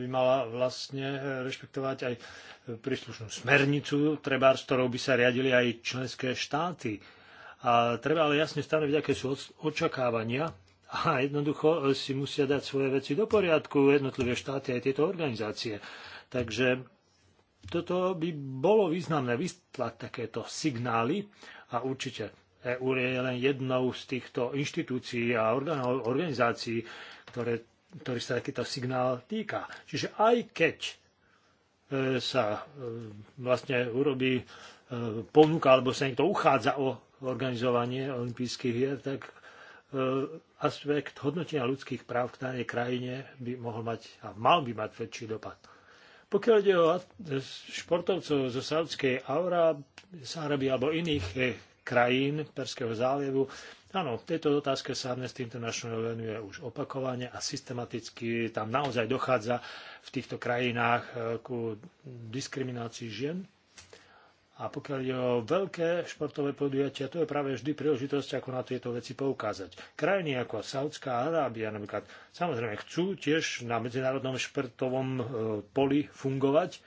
by mala vlastne rešpektovať aj príslušnú smernicu, treba, s ktorou by sa riadili aj členské štáty. A treba ale jasne stanoviť, aké sú očakávania a jednoducho e, si musia dať svoje veci do poriadku jednotlivé štáty aj tieto organizácie. Takže toto by bolo významné vyslať takéto signály a určite EU je len jednou z týchto inštitúcií a organizácií, ktoré, ktorý sa takýto signál týka. Čiže aj keď e, sa e, vlastne urobí ponuka, alebo sa niekto uchádza o organizovanie olympijských hier, tak E, aspekt hodnotenia ľudských práv v danej krajine by mohol mať a mal by mať väčší dopad. Pokiaľ ide o športovcov zo Saudskej Aura, Sáraby alebo iných e, krajín Perského zálievu, áno, tejto otázke sa Amnesty International venuje už opakovane a systematicky tam naozaj dochádza v týchto krajinách e, ku diskriminácii žien. A pokiaľ je o veľké športové podujatia, to je práve vždy príležitosť, ako na tieto veci poukázať. Krajiny ako Saudská Arábia napríklad, samozrejme chcú tiež na medzinárodnom športovom e, poli fungovať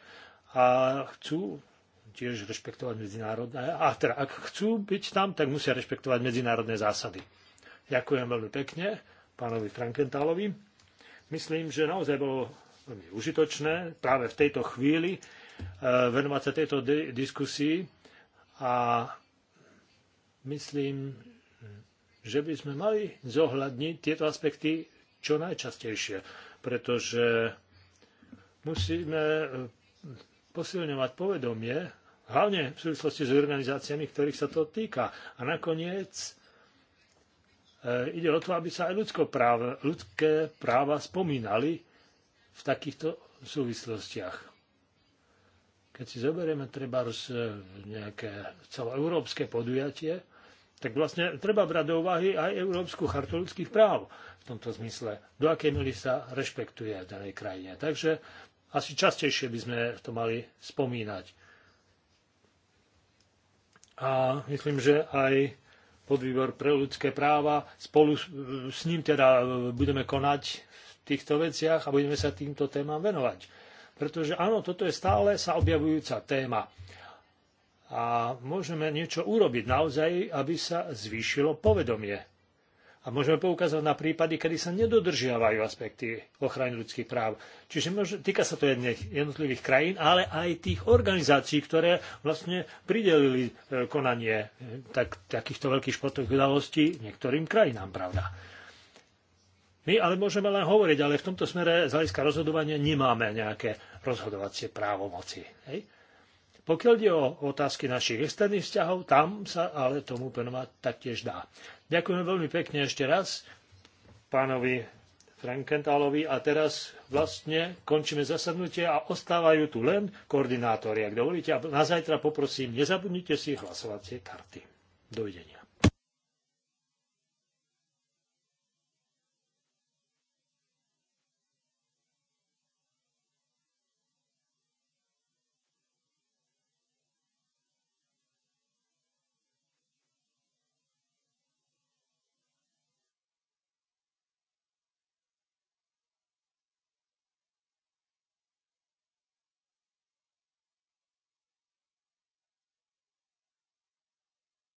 a chcú tiež rešpektovať medzinárodné, a teda ak chcú byť tam, tak musia rešpektovať medzinárodné zásady. Ďakujem veľmi pekne pánovi Frankentálovi. Myslím, že naozaj bolo veľmi užitočné práve v tejto chvíli E, venovať sa tejto diskusii a myslím, že by sme mali zohľadniť tieto aspekty čo najčastejšie, pretože musíme e, posilňovať povedomie, hlavne v súvislosti s organizáciami, ktorých sa to týka. A nakoniec e, ide o to, aby sa aj práva, ľudské práva spomínali v takýchto súvislostiach. Keď si zoberieme treba e, nejaké celoeurópske podujatie, tak vlastne treba brať do úvahy aj Európsku chartu ľudských práv v tomto zmysle, do akej miery sa rešpektuje v danej krajine. Takže asi častejšie by sme to mali spomínať. A myslím, že aj podvýbor pre ľudské práva, spolu s ním teda budeme konať v týchto veciach a budeme sa týmto témam venovať. Pretože áno, toto je stále sa objavujúca téma. A môžeme niečo urobiť naozaj, aby sa zvýšilo povedomie. A môžeme poukázať na prípady, kedy sa nedodržiavajú aspekty ochrany ľudských práv. Čiže môže, týka sa to jednotlivých krajín, ale aj tých organizácií, ktoré vlastne pridelili e, konanie e, tak, takýchto veľkých športových udalostí niektorým krajinám, pravda. My ale môžeme len hovoriť, ale v tomto smere z hľadiska rozhodovania nemáme nejaké rozhodovacie právomoci. Hej? Pokiaľ ide o otázky našich externých vzťahov, tam sa ale tomu penovať taktiež dá. Ďakujem veľmi pekne ešte raz pánovi Frankentálovi a teraz vlastne končíme zasadnutie a ostávajú tu len koordinátori, ak dovolíte. A na zajtra poprosím, nezabudnite si hlasovacie karty. Dovidenia.